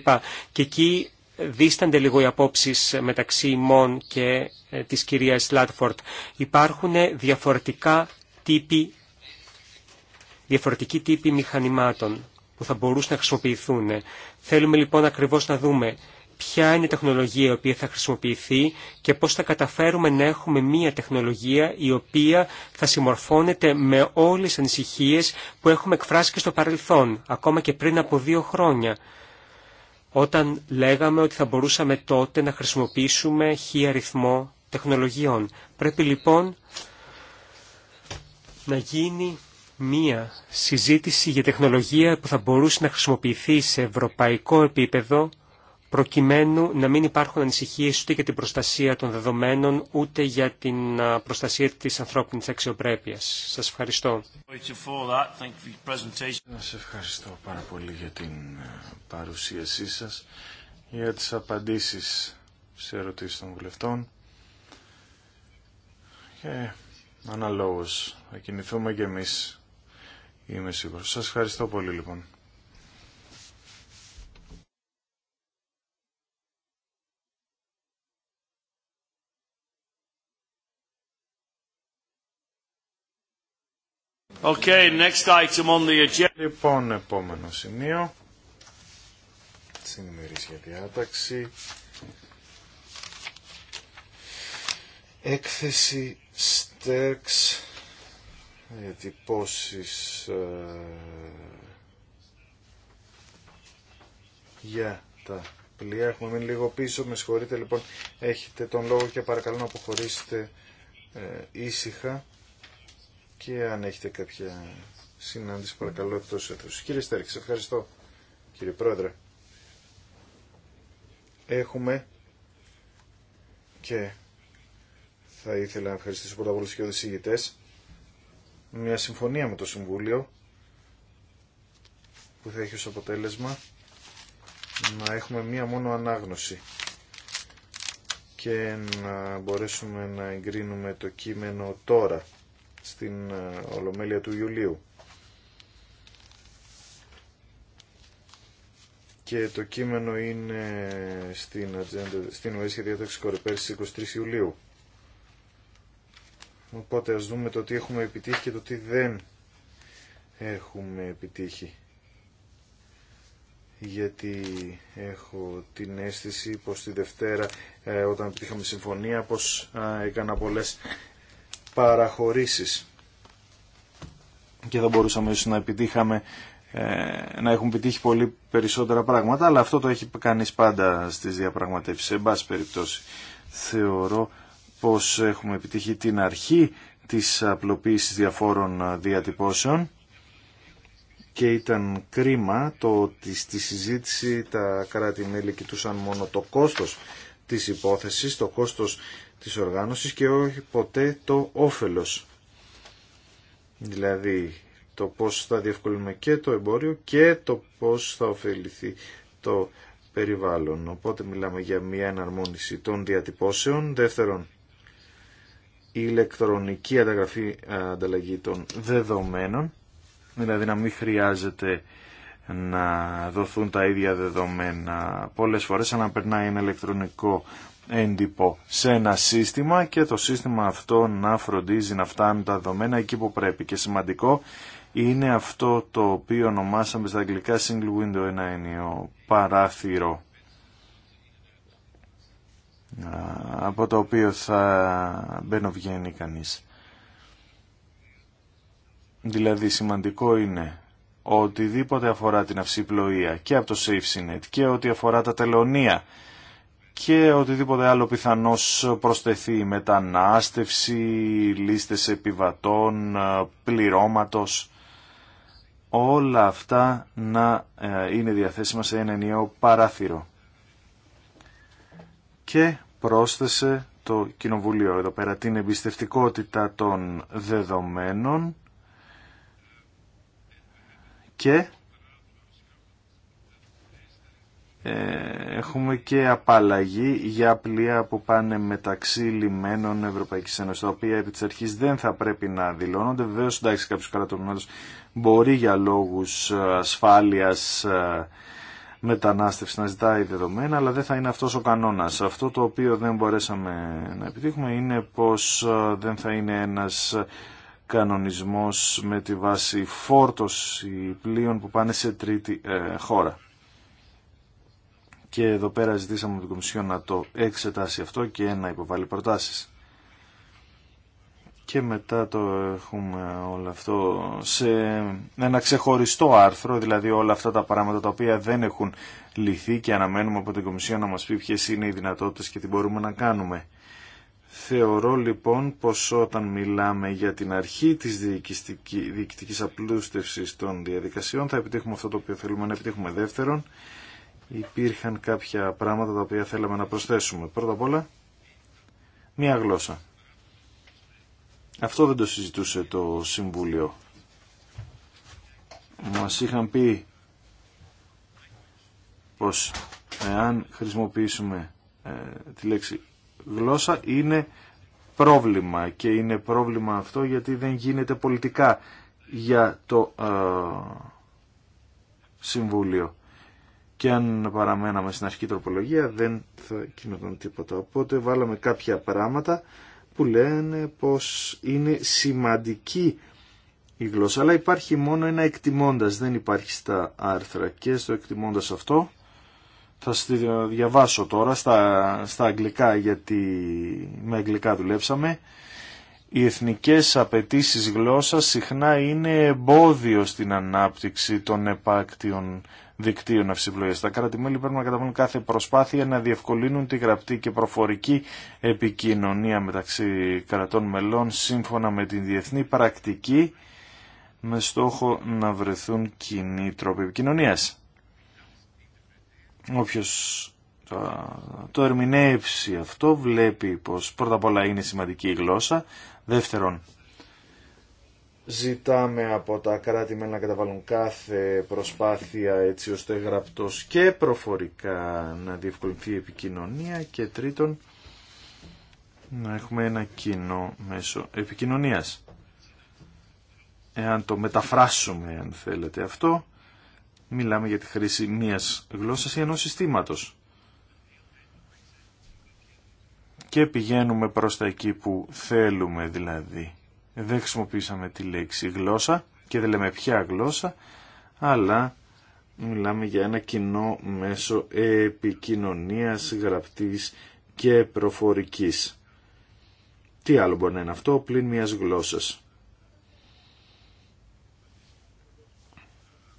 Και εκεί δίστανται λίγο οι απόψει μεταξύ ημών και ε, της κυρίας Λάτφορτ. Υπάρχουν διαφορετικά τύποι, διαφορετικοί τύποι μηχανημάτων που θα μπορούσαν να χρησιμοποιηθούν. Θέλουμε λοιπόν ακριβώς να δούμε ποια είναι η τεχνολογία η οποία θα χρησιμοποιηθεί και πώς θα καταφέρουμε να έχουμε μία τεχνολογία η οποία θα συμμορφώνεται με όλες τις ανησυχίες που έχουμε εκφράσει και στο παρελθόν, ακόμα και πριν από δύο χρόνια, όταν λέγαμε ότι θα μπορούσαμε τότε να χρησιμοποιήσουμε χι αριθμό τεχνολογιών. Πρέπει λοιπόν να γίνει μία συζήτηση για τεχνολογία που θα μπορούσε να χρησιμοποιηθεί σε ευρωπαϊκό επίπεδο προκειμένου να μην υπάρχουν ανησυχίες ούτε για την προστασία των δεδομένων, ούτε για την προστασία της ανθρώπινης αξιοπρέπειας. Σας ευχαριστώ. Σας ευχαριστώ πάρα πολύ για την παρουσίασή σας, για τις απαντήσεις σε ερωτήσεις των βουλευτών. Και αναλόγως θα κινηθούμε και εμείς, είμαι σίγουρος. Σας ευχαριστώ πολύ λοιπόν. Okay, next item on the agenda. Λοιπόν, επόμενο σημείο Συνημερίς για διάταξη. Έκθεση STEX διατυπώσεις ε, για τα πλοία. Έχουμε μείνει λίγο πίσω, με συγχωρείτε λοιπόν. Έχετε τον λόγο και παρακαλώ να αποχωρήσετε ε, ήσυχα και αν έχετε κάποια συνάντηση παρακαλώ εκτός έτους. Κύριε Στέρξη, ευχαριστώ κύριε Πρόεδρε. Έχουμε και θα ήθελα να ευχαριστήσω πρώτα όλους και μια συμφωνία με το Συμβούλιο που θα έχει ως αποτέλεσμα να έχουμε μία μόνο ανάγνωση και να μπορέσουμε να εγκρίνουμε το κείμενο τώρα στην ε, Ολομέλεια του Ιουλίου. Και το κείμενο είναι στην, ατζέντα, στην ΟΕΣ διάταξη στις 23 Ιουλίου. Οπότε ας δούμε το τι έχουμε επιτύχει και το τι δεν έχουμε επιτύχει. Γιατί έχω την αίσθηση πως τη Δευτέρα ε, όταν επιτύχαμε συμφωνία πως ε, έκανα πολλές παραχωρήσεις. Και θα μπορούσαμε ίσως να επιτύχαμε ε, να έχουν επιτύχει πολύ περισσότερα πράγματα, αλλά αυτό το έχει κάνει πάντα στις διαπραγματεύσεις. Σε μπάση περιπτώσει, θεωρώ πως έχουμε επιτύχει την αρχή της απλοποίησης διαφόρων διατυπώσεων και ήταν κρίμα το ότι στη συζήτηση τα κράτη-μέλη κοιτούσαν μόνο το κόστος της υπόθεσης, το κόστος της οργάνωσης και όχι ποτέ το όφελος. Δηλαδή το πώς θα διευκολύνουμε και το εμπόριο και το πώς θα ωφεληθεί το περιβάλλον. Οπότε μιλάμε για μια εναρμόνιση των διατυπώσεων. Δεύτερον, η ηλεκτρονική ανταγραφή ανταλλαγή των δεδομένων, δηλαδή να μην χρειάζεται να δοθούν τα ίδια δεδομένα πολλές φορές, αλλά να περνάει ένα ηλεκτρονικό έντυπο σε ένα σύστημα και το σύστημα αυτό να φροντίζει να φτάνουν τα δεδομένα εκεί που πρέπει. Και σημαντικό είναι αυτό το οποίο ονομάσαμε στα αγγλικά single window ένα ενίο παράθυρο από το οποίο θα βγαίνει κανείς. Δηλαδή σημαντικό είναι οτιδήποτε αφορά την αυσιπλοεία και από το SafeSynet και ό,τι αφορά τα τελωνία και οτιδήποτε άλλο πιθανώς προσθεθεί μετανάστευση, λίστες επιβατών, πληρώματος όλα αυτά να ε, είναι διαθέσιμα σε ένα ενιαίο παράθυρο. Και πρόσθεσε το Κοινοβουλίο εδώ πέρα την εμπιστευτικότητα των δεδομένων και ε, έχουμε και απαλλαγή για πλοία που πάνε μεταξύ λιμένων Ευρωπαϊκής Ένωσης, τα οποία επί της αρχής δεν θα πρέπει να δηλώνονται. Βεβαίως, εντάξει, κάποιος κρατομέλος μπορεί για λόγους ασφάλειας ε, μετανάστευση να ζητάει δεδομένα, αλλά δεν θα είναι αυτός ο κανόνας. Αυτό το οποίο δεν μπορέσαμε να επιτύχουμε είναι πως ε, δεν θα είναι ένας κανονισμός με τη βάση φόρτωση πλοίων που πάνε σε τρίτη χώρα. Και εδώ πέρα ζητήσαμε από την Κομισιόν να το εξετάσει αυτό και να υποβάλει προτάσεις. Και μετά το έχουμε όλο αυτό σε ένα ξεχωριστό άρθρο, δηλαδή όλα αυτά τα πράγματα τα οποία δεν έχουν λυθεί και αναμένουμε από την Κομισιόν να μας πει ποιε είναι οι δυνατότητες και τι μπορούμε να κάνουμε. Θεωρώ λοιπόν πως όταν μιλάμε για την αρχή της διοικητικής απλούστευσης των διαδικασιών θα επιτύχουμε αυτό το οποίο θέλουμε να επιτύχουμε δεύτερον υπήρχαν κάποια πράγματα τα οποία θέλαμε να προσθέσουμε. Πρώτα απ' όλα, μία γλώσσα. Αυτό δεν το συζητούσε το Συμβούλιο. Μας είχαν πει πως εάν χρησιμοποιήσουμε ε, τη λέξη γλώσσα είναι πρόβλημα και είναι πρόβλημα αυτό γιατί δεν γίνεται πολιτικά για το ε, Συμβούλιο και αν παραμέναμε στην αρχική τροπολογία δεν θα κινούνταν τίποτα. Οπότε βάλαμε κάποια πράγματα που λένε πως είναι σημαντική η γλώσσα. Αλλά υπάρχει μόνο ένα εκτιμώντας, δεν υπάρχει στα άρθρα. Και στο εκτιμώντας αυτό θα διαβάσω τώρα στα, στα αγγλικά γιατί με αγγλικά δουλέψαμε οι εθνικές απαιτήσεις γλώσσας συχνά είναι εμπόδιο στην ανάπτυξη των επάκτιων δικτύων αυσιπλοείας. Τα κράτη-μέλη πρέπει να καταβάλουν κάθε προσπάθεια να διευκολύνουν τη γραπτή και προφορική επικοινωνία μεταξύ κρατών μελών σύμφωνα με την διεθνή πρακτική με στόχο να βρεθούν κοινοί τρόποι επικοινωνίας. Όποιος το ερμηνεύσει αυτό βλέπει πως πρώτα απ' όλα είναι σημαντική η γλώσσα Δεύτερον, ζητάμε από τα κράτη μέλη να καταβάλουν κάθε προσπάθεια έτσι ώστε γραπτός και προφορικά να διευκολυνθεί η επικοινωνία και τρίτον να έχουμε ένα κοινό μέσο επικοινωνίας. Εάν το μεταφράσουμε αν θέλετε αυτό, μιλάμε για τη χρήση μίας γλώσσας ή ενός συστήματος. και πηγαίνουμε προς τα εκεί που θέλουμε δηλαδή. Δεν χρησιμοποίησαμε τη λέξη γλώσσα και δεν λέμε ποια γλώσσα, αλλά μιλάμε για ένα κοινό μέσο επικοινωνίας γραπτής και προφορικής. Τι άλλο μπορεί να είναι αυτό πλην μιας γλώσσας.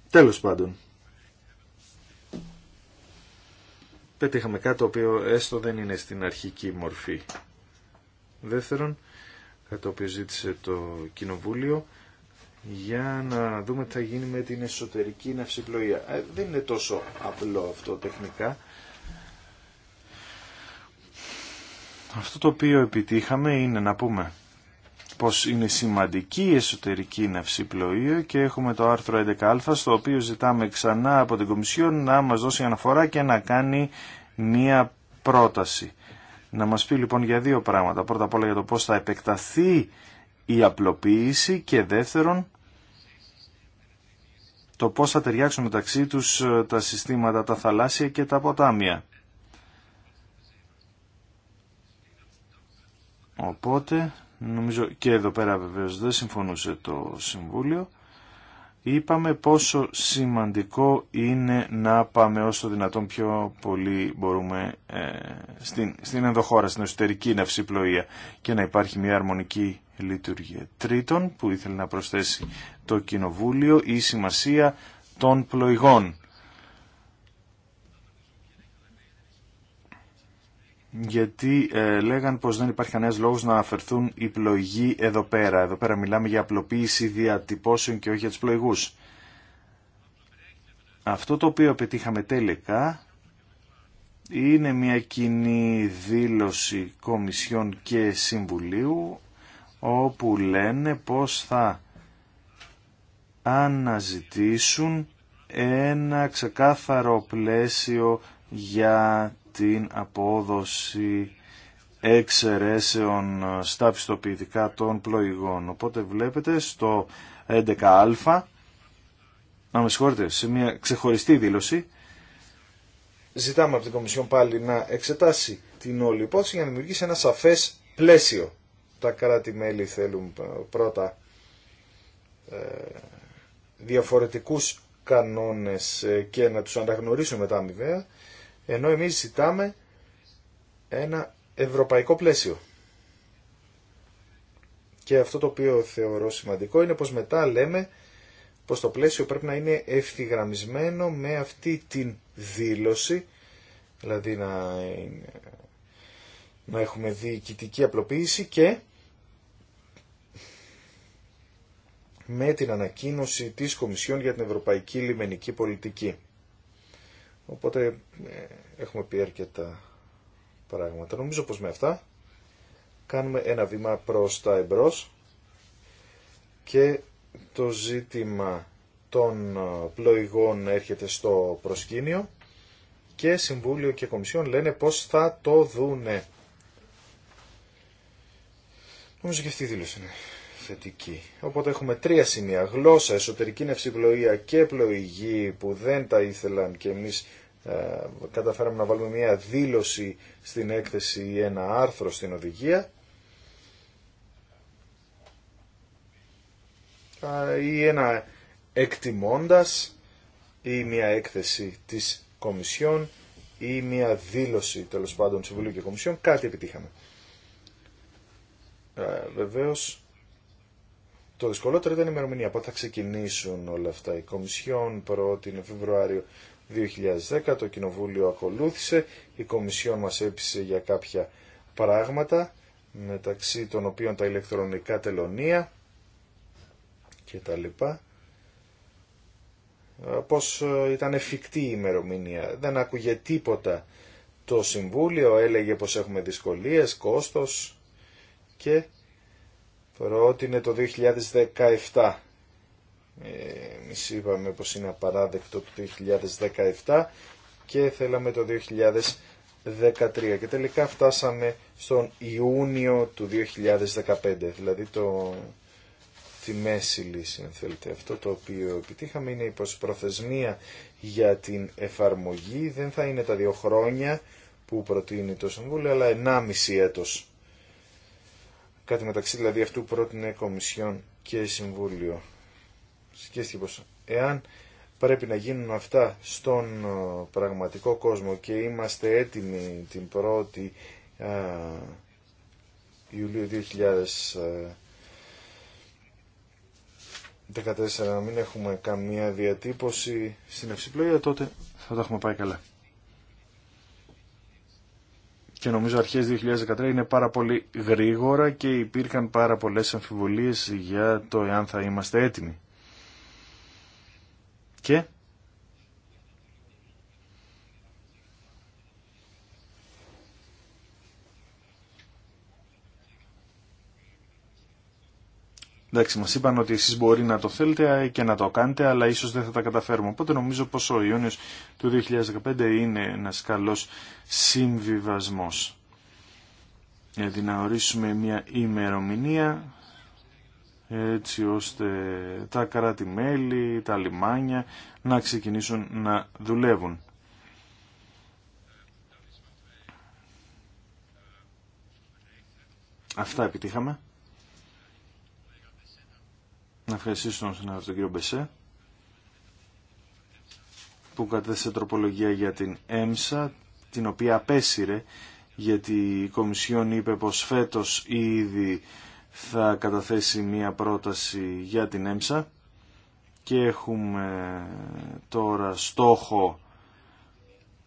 Τέλος πάντων. πετύχαμε κάτι το οποίο έστω δεν είναι στην αρχική μορφή. Δεύτερον, κάτι το οποίο ζήτησε το Κοινοβούλιο, για να δούμε τι θα γίνει με την εσωτερική ναυσιπλοεία. Ε, δεν είναι τόσο απλό αυτό τεχνικά. Αυτό το οποίο επιτύχαμε είναι να πούμε πως είναι σημαντική η εσωτερική πλοίο και έχουμε το άρθρο 11α στο οποίο ζητάμε ξανά από την Κομισιόν να μας δώσει αναφορά και να κάνει μία πρόταση. Να μας πει λοιπόν για δύο πράγματα. Πρώτα απ' όλα για το πώς θα επεκταθεί η απλοποίηση και δεύτερον το πώς θα ταιριάξουν μεταξύ τους ε, τα συστήματα τα θαλάσσια και τα ποτάμια. Οπότε νομίζω και εδώ πέρα βεβαίω δεν συμφωνούσε το Συμβούλιο, είπαμε πόσο σημαντικό είναι να πάμε όσο δυνατόν πιο πολύ μπορούμε ε, στην, στην ενδοχώρα, στην εσωτερική πλοία και να υπάρχει μια αρμονική λειτουργία. Τρίτον, που ήθελε να προσθέσει το Κοινοβούλιο, η σημασία των πλοηγών γιατί ε, λέγαν πως δεν υπάρχει κανένας λόγος να αφαιρθούν οι πλοηγοί εδώ πέρα. Εδώ πέρα μιλάμε για απλοποίηση διατυπώσεων και όχι για τους πλοηγούς. Αυτό το οποίο πετύχαμε τελικά είναι μια κοινή δήλωση Κομισιών και Συμβουλίου όπου λένε πως θα αναζητήσουν ένα ξεκάθαρο πλαίσιο για την απόδοση εξαιρέσεων στα πιστοποιητικά των πλοηγών. Οπότε βλέπετε στο 11α, να με συγχωρείτε, σε μια ξεχωριστή δήλωση, ζητάμε από την Κομισιόν πάλι να εξετάσει την όλη υπόθεση για να δημιουργήσει ένα σαφές πλαίσιο. Τα κράτη-μέλη θέλουν πρώτα ε, διαφορετικούς κανόνες ε, και να τους αναγνωρίσουν μετά αμοιβαία ενώ εμείς ζητάμε ένα ευρωπαϊκό πλαίσιο. Και αυτό το οποίο θεωρώ σημαντικό είναι πως μετά λέμε πως το πλαίσιο πρέπει να είναι ευθυγραμμισμένο με αυτή την δήλωση, δηλαδή να, να έχουμε διοικητική απλοποίηση και με την ανακοίνωση της Κομισιόν για την Ευρωπαϊκή Λιμενική Πολιτική. Οπότε ε, έχουμε πει αρκετά πράγματα. Νομίζω πως με αυτά κάνουμε ένα βήμα προς τα εμπρός και το ζήτημα των ε, πλοηγών έρχεται στο προσκήνιο και Συμβούλιο και Κομισιόν λένε πως θα το δούνε. Νομίζω και αυτή η δήλωση είναι θετική. Οπότε έχουμε τρία σημεία. Γλώσσα, εσωτερική νευσιβλοεία και πλοηγή που δεν τα ήθελαν και εμείς ε, καταφέραμε να βάλουμε μια δήλωση στην έκθεση ή ένα άρθρο στην οδηγία. ή ένα εκτιμώντας ή μια έκθεση της Κομισιόν ή μια δήλωση τέλο πάντων Συμβουλίου και Κομισιόν, κάτι επιτύχαμε. Ε, βεβαίως το δυσκολότερο ήταν η ημερομηνία. Πότε θα ξεκινήσουν όλα αυτά. Η Κομισιόν είναι Φεβρουάριο 2010, το Κοινοβούλιο ακολούθησε, η Κομισιόν μας έπεισε για κάποια πράγματα, μεταξύ των οποίων τα ηλεκτρονικά τελωνία και τα λοιπά. Ε, πώς ε, ήταν εφικτή η ημερομηνία. Δεν άκουγε τίποτα το Συμβούλιο, έλεγε πως έχουμε δυσκολίες, κόστος και είναι το 2017. Ε, Εμεί είπαμε πως είναι απαράδεκτο το 2017 και θέλαμε το 2013 και τελικά φτάσαμε στον Ιούνιο του 2015, δηλαδή το, τη μέση λύση αν θέλετε. Αυτό το οποίο επιτύχαμε είναι η προθεσμία για την εφαρμογή δεν θα είναι τα δύο χρόνια που προτείνει το Συμβούλιο αλλά 1,5 έτος κάτι μεταξύ δηλαδή αυτού πρότεινε Κομισιόν και Συμβούλιο. Σκέφτηκε πως εάν πρέπει να γίνουν αυτά στον ε, πραγματικό κόσμο και είμαστε έτοιμοι την 1η Ιουλίου 2014 να ε, μην έχουμε καμία διατύπωση στην ευσυπλογία τότε θα τα έχουμε πάει καλά και νομίζω αρχές 2013 είναι πάρα πολύ γρήγορα και υπήρχαν πάρα πολλές αμφιβολίες για το εάν θα είμαστε έτοιμοι. Και Εντάξει, μα είπαν ότι εσείς μπορεί να το θέλετε και να το κάνετε, αλλά ίσως δεν θα τα καταφέρουμε. Οπότε νομίζω πως ο Ιούνιος του 2015 είναι ένας καλός συμβιβασμό. Γιατί να ορίσουμε μια ημερομηνία έτσι ώστε τα κράτη-μέλη, τα λιμάνια να ξεκινήσουν να δουλεύουν. Αυτά επιτύχαμε να ευχαριστήσω τον συνάδελφο τον κύριο Μπεσέ που κατέθεσε τροπολογία για την ΕΜΣΑ την οποία απέσυρε γιατί η Κομισιόν είπε πως φέτος ήδη θα καταθέσει μία πρόταση για την ΕΜΣΑ και έχουμε τώρα στόχο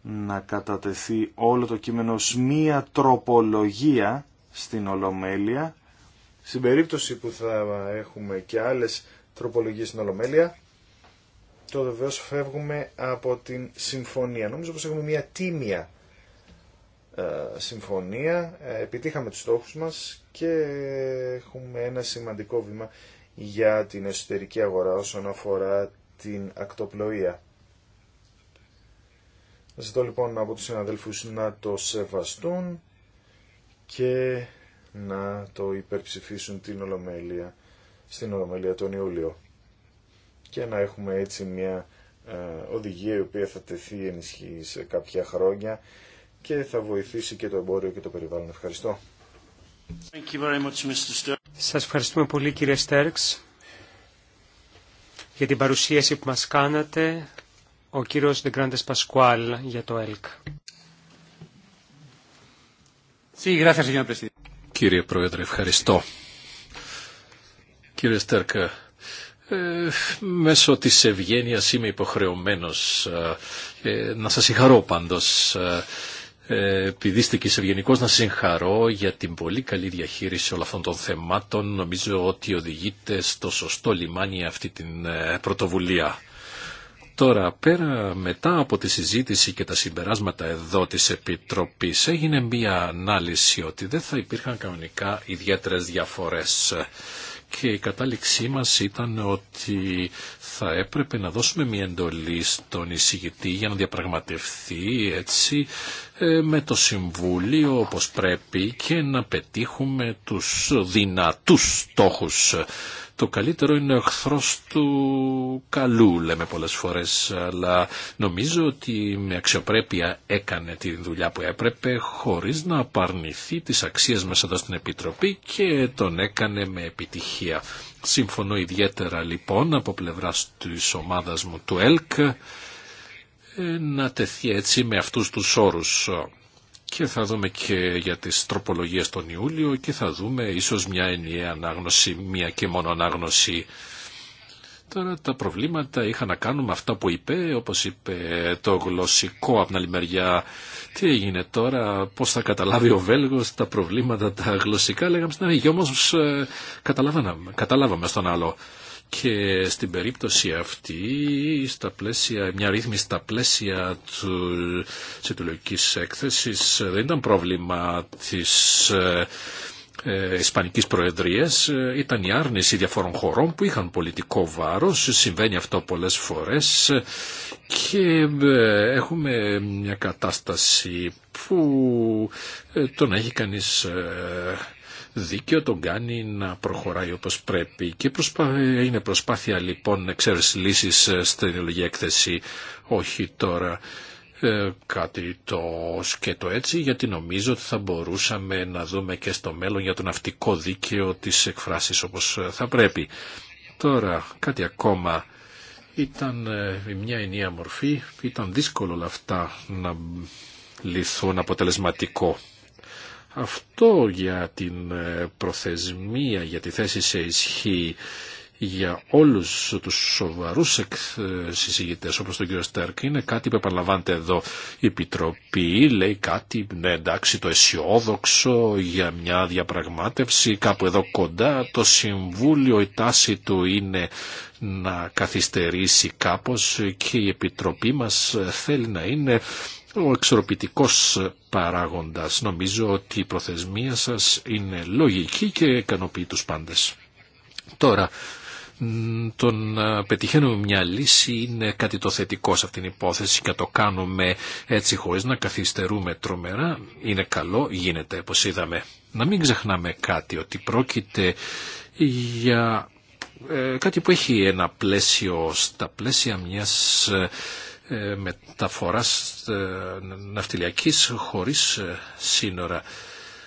να κατατεθεί όλο το κείμενο ως μία τροπολογία στην Ολομέλεια στην περίπτωση που θα έχουμε και άλλες τροπολογίες στην Ολομέλεια, το βεβαίω φεύγουμε από την συμφωνία. Νομίζω πως έχουμε μια τίμια ε, συμφωνία, ε, επιτύχαμε τους στόχους μας και έχουμε ένα σημαντικό βήμα για την εσωτερική αγορά όσον αφορά την ακτοπλοεία. Ζητώ λοιπόν από τους συναδέλφους να το σεβαστούν και να το υπερψηφίσουν την Ολομέλεια, στην Ολομέλεια τον Ιούλιο. Και να έχουμε έτσι μια ε, οδηγία η οποία θα τεθεί ενισχύ σε κάποια χρόνια και θα βοηθήσει και το εμπόριο και το περιβάλλον. Ευχαριστώ. Thank Σας ευχαριστούμε πολύ κύριε Στέρξ για την παρουσίαση που μας κάνατε. Ο κύριος Δεγκράντες Πασκουάλ για το ΕΛΚ. Sí, gracias, señor presidente. Κύριε Πρόεδρε, ευχαριστώ. Κύριε Στέρκα, ε, μέσω της ευγένεια είμαι υποχρεωμένος ε, ε, να σας συγχαρώ πάντως. Ε, επειδή είστε και ευγενικός να συγχαρώ για την πολύ καλή διαχείριση όλων αυτών των θεμάτων. Νομίζω ότι οδηγείτε στο σωστό λιμάνι αυτή την πρωτοβουλία. Τώρα, πέρα μετά από τη συζήτηση και τα συμπεράσματα εδώ της Επιτροπής, έγινε μία ανάλυση ότι δεν θα υπήρχαν κανονικά ιδιαίτερες διαφορές. Και η κατάληξή μας ήταν ότι θα έπρεπε να δώσουμε μία εντολή στον εισηγητή για να διαπραγματευτεί έτσι ε, με το Συμβούλιο όπως πρέπει και να πετύχουμε τους δυνατούς στόχους το καλύτερο είναι ο εχθρό του καλού, λέμε πολλές φορές, αλλά νομίζω ότι με αξιοπρέπεια έκανε τη δουλειά που έπρεπε χωρίς να απαρνηθεί τις αξίες μας εδώ στην Επιτροπή και τον έκανε με επιτυχία. Σύμφωνο ιδιαίτερα λοιπόν από πλευράς της ομάδας μου του ΕΛΚ ε, να τεθεί έτσι με αυτούς τους όρους και θα δούμε και για τις τροπολογίες τον Ιούλιο και θα δούμε ίσως μια ενιαία ανάγνωση, μια και μόνο ανάγνωση. Τώρα τα προβλήματα είχαν να κάνουν με αυτά που είπε, όπως είπε το γλωσσικό από την άλλη μεριά. Τι έγινε τώρα, πώς θα καταλάβει ο Βέλγος τα προβλήματα τα γλωσσικά, λέγαμε στην αρχή, όμως ε, καταλάβαμε στον άλλο. Και στην περίπτωση αυτή, στα πλαίσια, μια ρύθμιση στα πλαίσια του, της έκθεσης ε, δεν ήταν πρόβλημα της ε, ε Ισπανικής Προεδρίας ε, ήταν η άρνηση διαφόρων χωρών που είχαν πολιτικό βάρος, συμβαίνει αυτό πολλές φορές και έχουμε μια κατάσταση που τον έχει κανείς δίκαιο τον κάνει να προχωράει όπως πρέπει και είναι προσπάθεια λοιπόν εξαίρεση λύσης ε, στην ελληνική έκθεση όχι τώρα ε, κάτι το σκέτο έτσι γιατί νομίζω ότι θα μπορούσαμε να δούμε και στο μέλλον για το ναυτικό δίκαιο της εκφράσεις όπως ε, θα πρέπει. Τώρα κάτι ακόμα ήταν μια ενιαία μορφή, ήταν δύσκολο όλα αυτά να λυθούν αποτελεσματικό. Αυτό για την ε, προθεσμία, για τη θέση σε ισχύ για όλους τους σοβαρούς ε, συζητητές όπως τον κύριο Στέρκ είναι κάτι που επαναλαμβάνεται εδώ η Επιτροπή λέει κάτι ναι εντάξει το αισιόδοξο για μια διαπραγμάτευση κάπου εδώ κοντά το Συμβούλιο η τάση του είναι να καθυστερήσει κάπως και η Επιτροπή μας θέλει να είναι ο εξορροπητικός παράγοντας. Νομίζω ότι η προθεσμία σας είναι λογική και ικανοποιεί τους πάντες. Τώρα, το να πετυχαίνουμε μια λύση είναι κάτι το θετικό σε αυτήν την υπόθεση και το κάνουμε έτσι χωρίς να καθυστερούμε τρομερά είναι καλό, γίνεται όπως είδαμε. Να μην ξεχνάμε κάτι ότι πρόκειται για ε, κάτι που έχει ένα πλαίσιο στα πλαίσια μιας ε, ε, μεταφοράς ε, ναυτιλιακής χωρίς ε, σύνορα,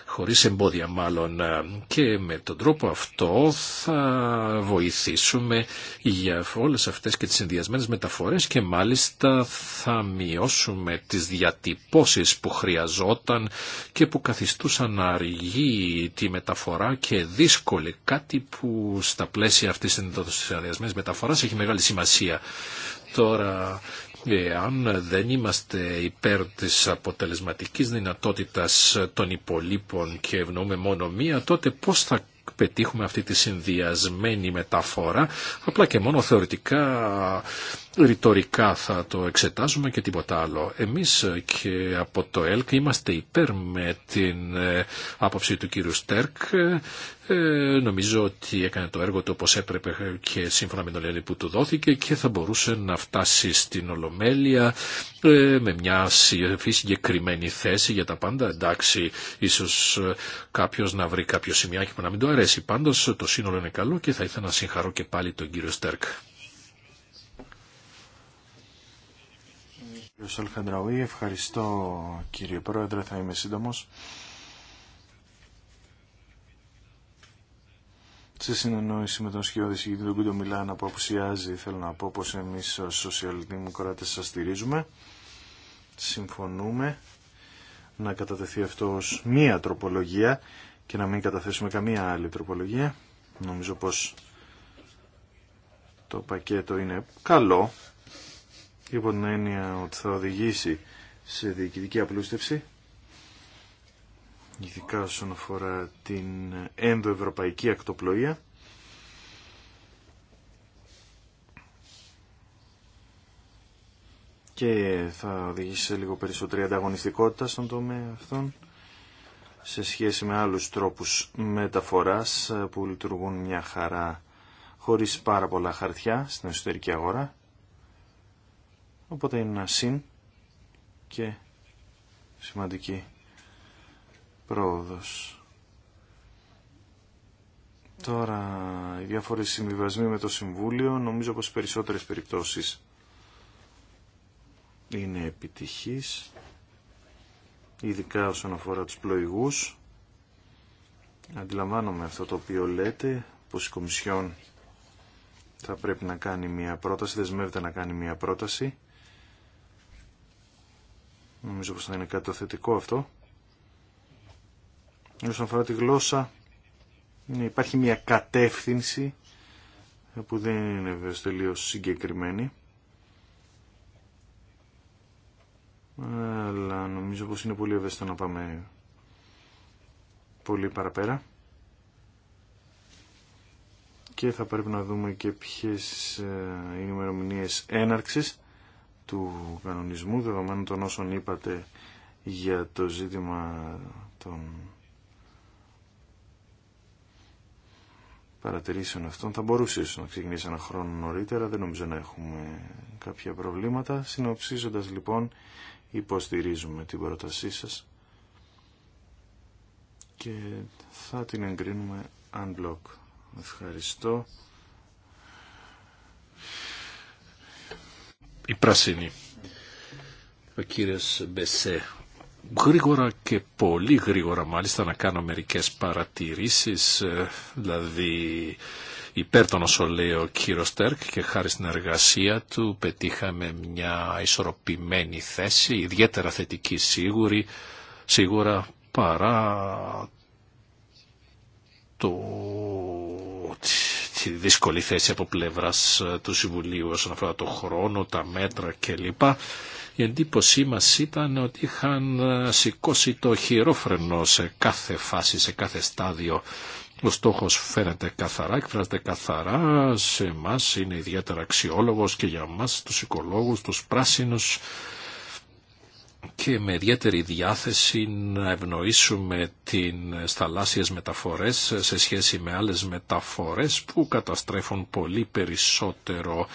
χωρίς εμπόδια μάλλον. Και με τον τρόπο αυτό θα βοηθήσουμε για όλες αυτές και τις συνδυασμένες μεταφορές και μάλιστα θα μειώσουμε τις διατυπώσεις που χρειαζόταν και που καθιστούσαν αργή τη μεταφορά και δύσκολη κάτι που στα πλαίσια αυτής της συνδυασμένης μεταφοράς έχει μεγάλη σημασία. Τώρα Εάν δεν είμαστε υπέρ της αποτελεσματικής δυνατότητας των υπολείπων και ευνοούμε μόνο μία, τότε πώς θα πετύχουμε αυτή τη συνδυασμένη μεταφορά, απλά και μόνο θεωρητικά ρητορικά θα το εξετάζουμε και τίποτα άλλο. Εμείς και από το ΕΛΚ είμαστε υπέρ με την ε, άποψη του κύριου Στέρκ. Ε, νομίζω ότι έκανε το έργο του όπως έπρεπε και σύμφωνα με τον Λέλη που του δόθηκε και θα μπορούσε να φτάσει στην Ολομέλεια ε, με μια συγκεκριμένη θέση για τα πάντα. Εντάξει, ίσως κάποιος να βρει κάποιο σημειάκι που να μην το αρέσει. Πάντως το σύνολο είναι καλό και θα ήθελα να συγχαρώ και πάλι τον κύριο Στέρκ. Κύριος ευχαριστώ κύριε Πρόεδρε, θα είμαι σύντομος. Σε συνεννόηση με τον σχεδόν Συγκητή τον Κούντο Μιλάνα που απουσιάζει, θέλω να πω πως εμείς ως Σοσιαλδημοκράτε σας στηρίζουμε. Συμφωνούμε να κατατεθεί αυτό ως μία τροπολογία και να μην καταθέσουμε καμία άλλη τροπολογία. Νομίζω πως το πακέτο είναι καλό, και υπό λοιπόν την έννοια ότι θα οδηγήσει σε διοικητική απλούστευση ειδικά όσον αφορά την ενδοευρωπαϊκή ακτοπλοεία και θα οδηγήσει σε λίγο περισσότερη ανταγωνιστικότητα στον τομέα αυτών σε σχέση με άλλους τρόπους μεταφοράς ε, που λειτουργούν μια χαρά χωρίς πάρα πολλά χαρτιά στην εσωτερική αγορά Οπότε είναι ένα συν και σημαντική πρόοδος. Τώρα, οι διάφοροι συμβιβασμοί με το Συμβούλιο, νομίζω πως οι περισσότερες περιπτώσεις είναι επιτυχής, ειδικά όσον αφορά τους πλοηγούς. Αντιλαμβάνομαι αυτό το οποίο λέτε, πως η Κομισιόν θα πρέπει να κάνει μια πρόταση, δεσμεύεται να κάνει μια πρόταση Νομίζω πως θα είναι κάτι θετικό αυτό. Όσον αφορά τη γλώσσα, ναι, υπάρχει μια κατεύθυνση που δεν είναι βέβαια τελείω συγκεκριμένη. Αλλά νομίζω πως είναι πολύ ευαίσθητο να πάμε πολύ παραπέρα. Και θα πρέπει να δούμε και ποιες είναι οι ημερομηνίε έναρξης του κανονισμού δεδομένου των όσων είπατε για το ζήτημα των παρατηρήσεων αυτών θα μπορούσε να ξεκινήσει ένα χρόνο νωρίτερα δεν νομίζω να έχουμε κάποια προβλήματα συνοψίζοντας λοιπόν υποστηρίζουμε την πρότασή σας και θα την εγκρίνουμε unblock ευχαριστώ η πράσινη. Ο κύριος Μπεσέ. Γρήγορα και πολύ γρήγορα μάλιστα να κάνω μερικές παρατηρήσεις, ε, δηλαδή υπέρ των όσων λέει ο κύριο Τέρκ και χάρη στην εργασία του πετύχαμε μια ισορροπημένη θέση, ιδιαίτερα θετική σίγουρη, σίγουρα παρά το στη δύσκολη θέση από πλευράς ε, του Συμβουλίου όσον αφορά το χρόνο, τα μέτρα κλπ. Η εντύπωσή μας ήταν ότι είχαν ε, σηκώσει το χειρόφρενο σε κάθε φάση, σε κάθε στάδιο. Ο στόχος φαίνεται καθαρά, εκφράζεται καθαρά, σε εμά είναι ιδιαίτερα αξιόλογος και για μας τους οικολόγους, τους πράσινους και με ιδιαίτερη διάθεση να ευνοήσουμε την θαλάσσιες μεταφορές σε σχέση με άλλες μεταφορές που καταστρέφουν πολύ περισσότερο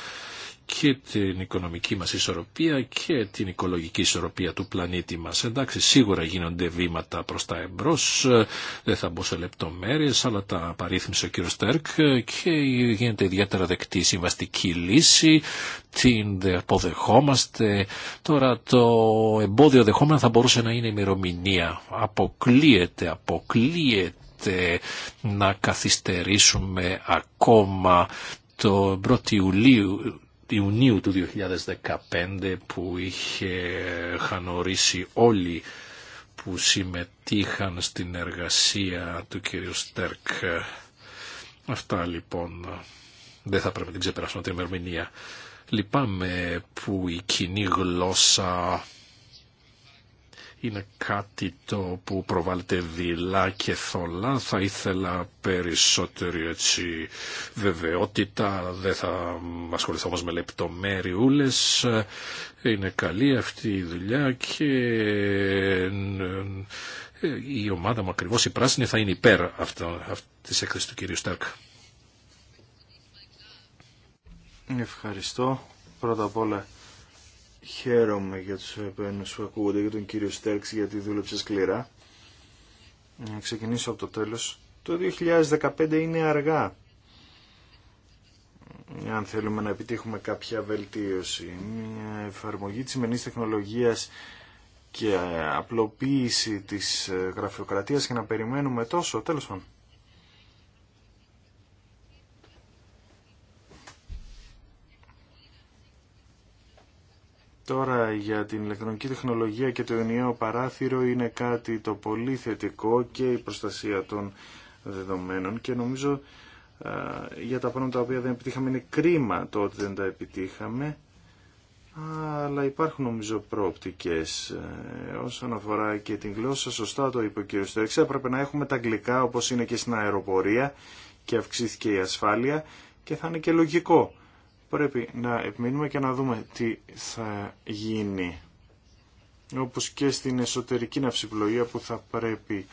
και την οικονομική μας ισορροπία και την οικολογική ισορροπία του πλανήτη μας. Εντάξει, σίγουρα γίνονται βήματα προς τα εμπρός, δεν θα μπω σε λεπτομέρειες, αλλά τα παρήθμισε ο κύριος Τέρκ και γίνεται ιδιαίτερα δεκτή η συμβαστική λύση, την αποδεχόμαστε. Τώρα το εμπόδιο δεχόμενο θα μπορούσε να είναι η ημερομηνία. Αποκλείεται, αποκλείεται να καθυστερήσουμε ακόμα το 1η Ιουλίου Ιουνίου του 2015 που είχε χανορίσει όλοι που συμμετείχαν στην εργασία του κυρίου Στέρκ. Αυτά λοιπόν δεν θα πρέπει να την ξεπεράσουμε την ημερομηνία. Λυπάμαι που η κοινή γλώσσα είναι κάτι το που προβάλλεται δειλά και θολά. Θα ήθελα περισσότερη έτσι βεβαιότητα, δεν θα ασχοληθώ όμως με λεπτομέριούλες. Είναι καλή αυτή η δουλειά και ε, η ομάδα μου ακριβώς η πράσινη θα είναι υπέρ αυτή της έκθεσης του κυρίου Στέρκ. Ευχαριστώ. Πρώτα απ' όλα Χαίρομαι για τους επένους που ακούγονται για τον κύριο Στέρξη γιατί δούλεψε σκληρά. Να ξεκινήσω από το τέλος. Το 2015 είναι αργά. Αν θέλουμε να επιτύχουμε κάποια βελτίωση. Μια εφαρμογή της σημερινής τεχνολογίας και απλοποίηση της γραφειοκρατίας και να περιμένουμε τόσο, τέλος πάντων. Τώρα για την ηλεκτρονική τεχνολογία και το ενιαίο παράθυρο είναι κάτι το πολύ θετικό και η προστασία των δεδομένων και νομίζω για τα πράγματα τα οποία δεν επιτύχαμε είναι κρίμα το ότι δεν τα επιτύχαμε αλλά υπάρχουν νομίζω προοπτικές ε, όσον αφορά και την γλώσσα σωστά το είπε ο κ. Στέξα έπρεπε να έχουμε τα αγγλικά όπως είναι και στην αεροπορία και αυξήθηκε η ασφάλεια και θα είναι και λογικό πρέπει να επιμείνουμε και να δούμε τι θα γίνει. Όπως και στην εσωτερική ναυσιπλογία που θα πρέπει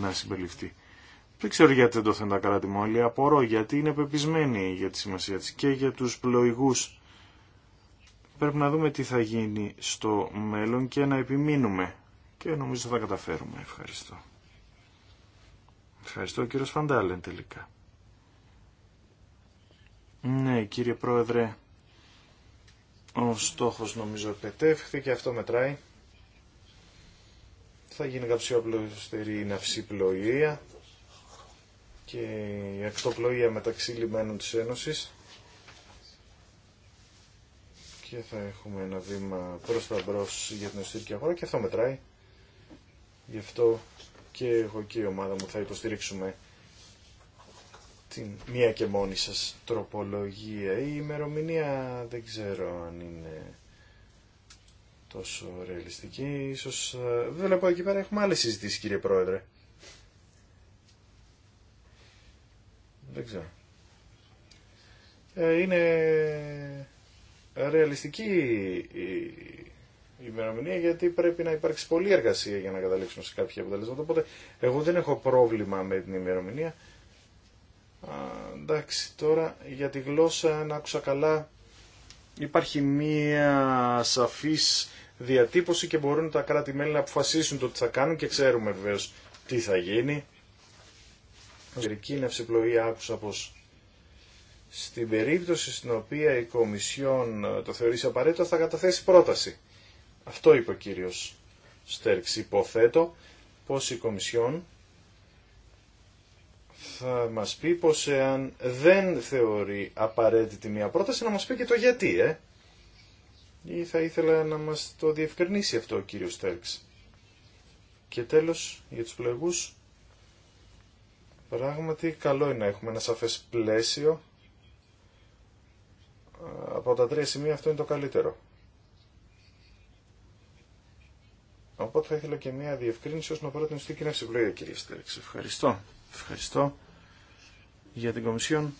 να συμπεριληφθεί. Δεν ξέρω γιατί δεν το θέλουν τα κράτη μου Απορώ γιατί είναι πεπισμένη για τη σημασία της και για τους πλοηγούς. Πρέπει να δούμε τι θα γίνει στο μέλλον και να επιμείνουμε. Και νομίζω θα καταφέρουμε. Ευχαριστώ. Ευχαριστώ κύριο Φαντάλεν τελικά. Ναι, κύριε Πρόεδρε, ο στόχος νομίζω επετεύχθη και αυτό μετράει. Θα γίνει καψιόπλωστερη ναυσιπλοεία και η ακτοπλοεία μεταξύ λιμένων της Ένωσης και θα έχουμε ένα βήμα προς τα μπρος για την εσωτερική αγορά και αυτό μετράει. Γι' αυτό και εγώ και η ομάδα μου θα υποστηρίξουμε την μία και μόνη σας τροπολογία. Η ημερομηνία δεν ξέρω αν είναι τόσο ρεαλιστική. Ίσως ε, βλέπω εκεί πέρα έχουμε άλλες συζητήσεις κύριε Πρόεδρε. Δεν ξέρω. Ε, είναι ρεαλιστική η ημερομηνία γιατί πρέπει να υπάρξει πολλή εργασία για να καταλήξουμε σε κάποια αποτελέσματα. Οπότε εγώ δεν έχω πρόβλημα με την ημερομηνία εντάξει, τώρα για τη γλώσσα, αν άκουσα καλά, υπάρχει μία σαφής διατύπωση και μπορούν τα κράτη-μέλη να αποφασίσουν το τι θα κάνουν και ξέρουμε βεβαίω τι θα γίνει. άκουσα στην περίπτωση στην οποία η Κομισιόν ε, το θεωρήσει απαραίτητο θα καταθέσει πρόταση. Αυτό είπε ο κύριος Στέρξ. Υποθέτω πως η Κομισιόν θα μας πει πως εάν δεν θεωρεί απαραίτητη μια πρόταση να μας πει και το γιατί, ε. Ή θα ήθελα να μας το διευκρινίσει αυτό ο κύριος Στέρξ. Και τέλος, για τους πλεγούς, πράγματι καλό είναι να έχουμε ένα σαφές πλαίσιο. Από τα τρία σημεία αυτό είναι το καλύτερο. Οπότε θα ήθελα και μια διευκρίνηση ώστε να την στην κοινή ευλογία, κύριε Στέρξ. Ευχαριστώ. Ευχαριστώ για την Κομισιόν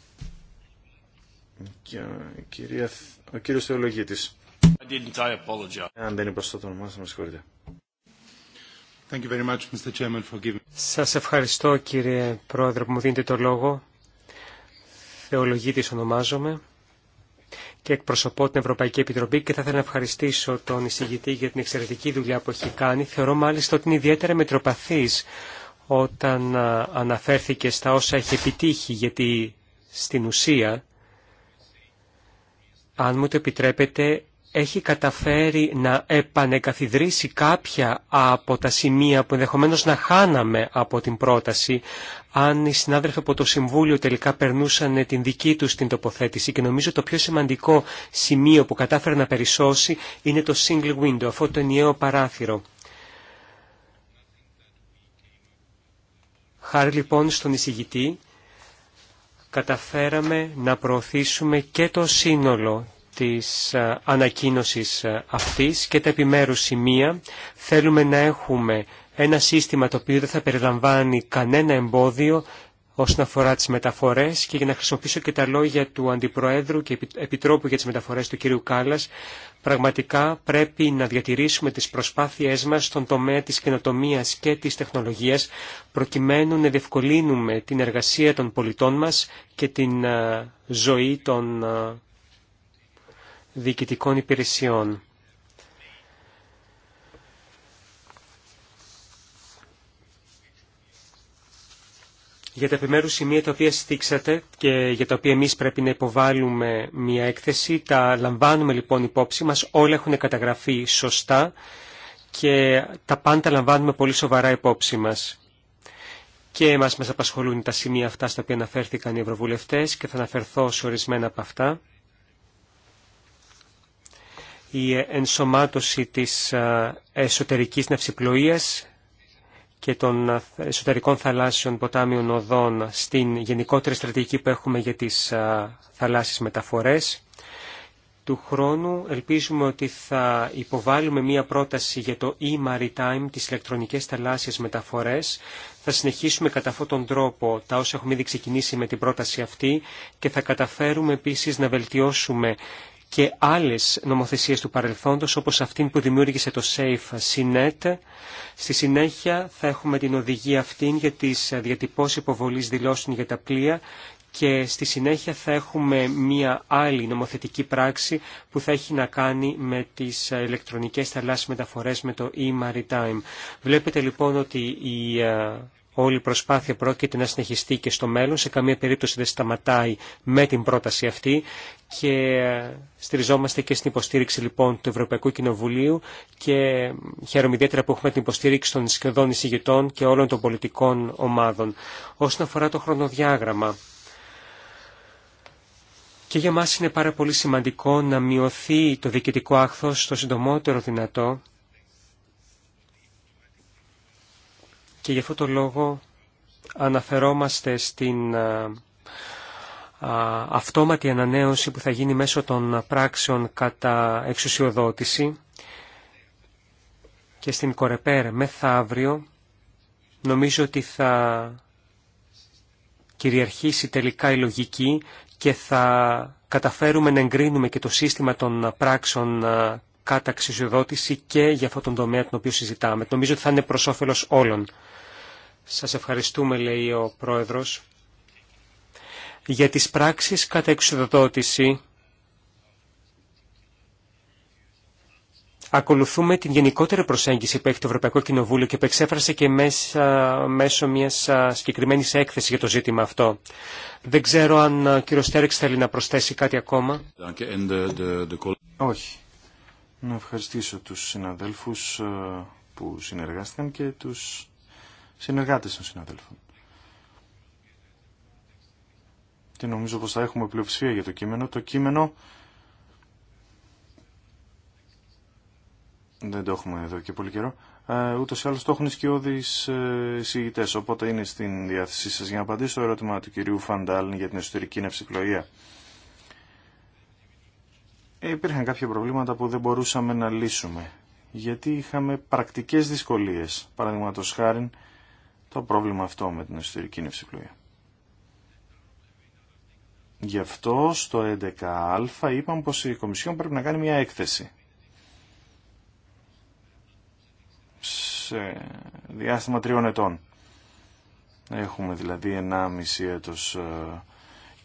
και ο, ε, κυρία, ο κύριος Θεολογίτης. Αν δεν υποστώ το όνομά σας, με συγχωρείτε. Thank you very much, Mr. Chairman, for giving... Σας ευχαριστώ κύριε Πρόεδρε που μου δίνετε το λόγο. Θεολογίτης ονομάζομαι και εκπροσωπώ την Ευρωπαϊκή Επιτροπή και θα ήθελα να ευχαριστήσω τον εισηγητή για την εξαιρετική δουλειά που έχει κάνει. Θεωρώ μάλιστα ότι είναι ιδιαίτερα μετροπαθής όταν αναφέρθηκε στα όσα έχει επιτύχει, γιατί στην ουσία, αν μου το επιτρέπετε, έχει καταφέρει να επανεκαθιδρύσει κάποια από τα σημεία που ενδεχομένως να χάναμε από την πρόταση, αν οι συνάδελφοι από το Συμβούλιο τελικά περνούσαν την δική τους την τοποθέτηση. Και νομίζω το πιο σημαντικό σημείο που κατάφερε να περισσώσει είναι το single window, αυτό το ενιαίο παράθυρο. Χάρη λοιπόν στον εισηγητή, καταφέραμε να προωθήσουμε και το σύνολο της ε, ανακοίνωσης ε, αυτής και τα επιμέρους σημεία. Θέλουμε να έχουμε ένα σύστημα το οποίο δεν θα περιλαμβάνει κανένα εμπόδιο όσον αφορά τις μεταφορές και για να χρησιμοποιήσω και τα λόγια του Αντιπροέδρου και Επιτρόπου για τις μεταφορές του κυρίου Κάλλας, πραγματικά πρέπει να διατηρήσουμε τις προσπάθειές μας στον τομέα της καινοτομία και της τεχνολογίας, προκειμένου να διευκολύνουμε την εργασία των πολιτών μας και την ε, ζωή των ε, διοικητικών υπηρεσιών. για τα επιμέρους σημεία τα οποία στήξατε και για τα οποία εμείς πρέπει να υποβάλουμε μια έκθεση. Τα λαμβάνουμε λοιπόν υπόψη μας, όλα έχουν καταγραφεί σωστά και τα πάντα λαμβάνουμε πολύ σοβαρά υπόψη μας. Και εμάς μας απασχολούν τα σημεία αυτά στα οποία αναφέρθηκαν οι ευρωβουλευτές και θα αναφερθώ σε ορισμένα από αυτά. Η ενσωμάτωση της ε, εσωτερικής ναυσιπλοείας και των εσωτερικών θαλάσσιων ποτάμιων οδών στην γενικότερη στρατηγική που έχουμε για τις θαλάσσιες μεταφορές. Του χρόνου ελπίζουμε ότι θα υποβάλουμε μία πρόταση για το e-maritime, τις ηλεκτρονικές θαλάσσιες μεταφορές. Θα συνεχίσουμε κατά αυτόν τον τρόπο τα όσα έχουμε ήδη ξεκινήσει με την πρόταση αυτή και θα καταφέρουμε επίσης να βελτιώσουμε και άλλες νομοθεσίες του παρελθόντος όπως αυτή που δημιούργησε το SAFE Sinet. Στη συνέχεια θα έχουμε την οδηγία αυτή για τις διατυπώσεις υποβολής δηλώσεων για τα πλοία και στη συνέχεια θα έχουμε μία άλλη νομοθετική πράξη που θα έχει να κάνει με τις ηλεκτρονικές θαλάσσιες μεταφορές με το e-maritime. Βλέπετε λοιπόν ότι η ε, Όλη η προσπάθεια πρόκειται να συνεχιστεί και στο μέλλον, σε καμία περίπτωση δεν σταματάει με την πρόταση αυτή και ε, στηριζόμαστε και στην υποστήριξη λοιπόν του Ευρωπαϊκού Κοινοβουλίου και ε, χαίρομαι ιδιαίτερα που έχουμε την υποστήριξη των σχεδόν εισηγητών και όλων των πολιτικών ομάδων. Όσον αφορά το χρονοδιάγραμμα, και για μας είναι πάρα πολύ σημαντικό να μειωθεί το διοικητικό άχθος στο συντομότερο δυνατό και γι' αυτό το λόγο αναφερόμαστε στην αυτόματη ανανέωση που θα γίνει μέσω των πράξεων κατά εξουσιοδότηση και στην Κορεπέρ μεθαύριο νομίζω ότι θα κυριαρχήσει τελικά η λογική και θα καταφέρουμε να εγκρίνουμε και το σύστημα των πράξεων καταξιοδότηση και για αυτόν τον τομέα τον οποίο συζητάμε. Νομίζω ότι θα είναι προς όφελος όλων. Σας ευχαριστούμε, λέει ο Πρόεδρος. Για τις πράξεις κατά ακολουθούμε την γενικότερη προσέγγιση που έχει το Ευρωπαϊκό Κοινοβούλιο και που εξέφρασε και μέσα, μέσω μιας συγκεκριμένης έκθεσης για το ζήτημα αυτό. Δεν ξέρω αν ο Στέρεξ θέλει να προσθέσει κάτι ακόμα. Όχι. Να ευχαριστήσω τους συναδέλφους ε, που συνεργάστηκαν και τους συνεργάτες των συναδέλφων. Και νομίζω πως θα έχουμε πλειοψηφία για το κείμενο. Το κείμενο δεν το έχουμε εδώ και πολύ καιρό. Ε, ούτως ή άλλως το έχουν σκιώδεις ε, εισηγητές, οπότε είναι στην διάθεσή σας για να απαντήσω το ερώτημα του κυρίου Φαντάλν για την εσωτερική ναυσιπλοεία υπήρχαν κάποια προβλήματα που δεν μπορούσαμε να λύσουμε, γιατί είχαμε πρακτικές δυσκολίες, παραδείγματο χάρη το πρόβλημα αυτό με την εσωτερική ναυσιπλοεία. Γι' αυτό στο 11α είπαμε πως η Κομισιόν πρέπει να κάνει μια έκθεση. Σε διάστημα τριών ετών. Έχουμε δηλαδή 1,5 έτος ε,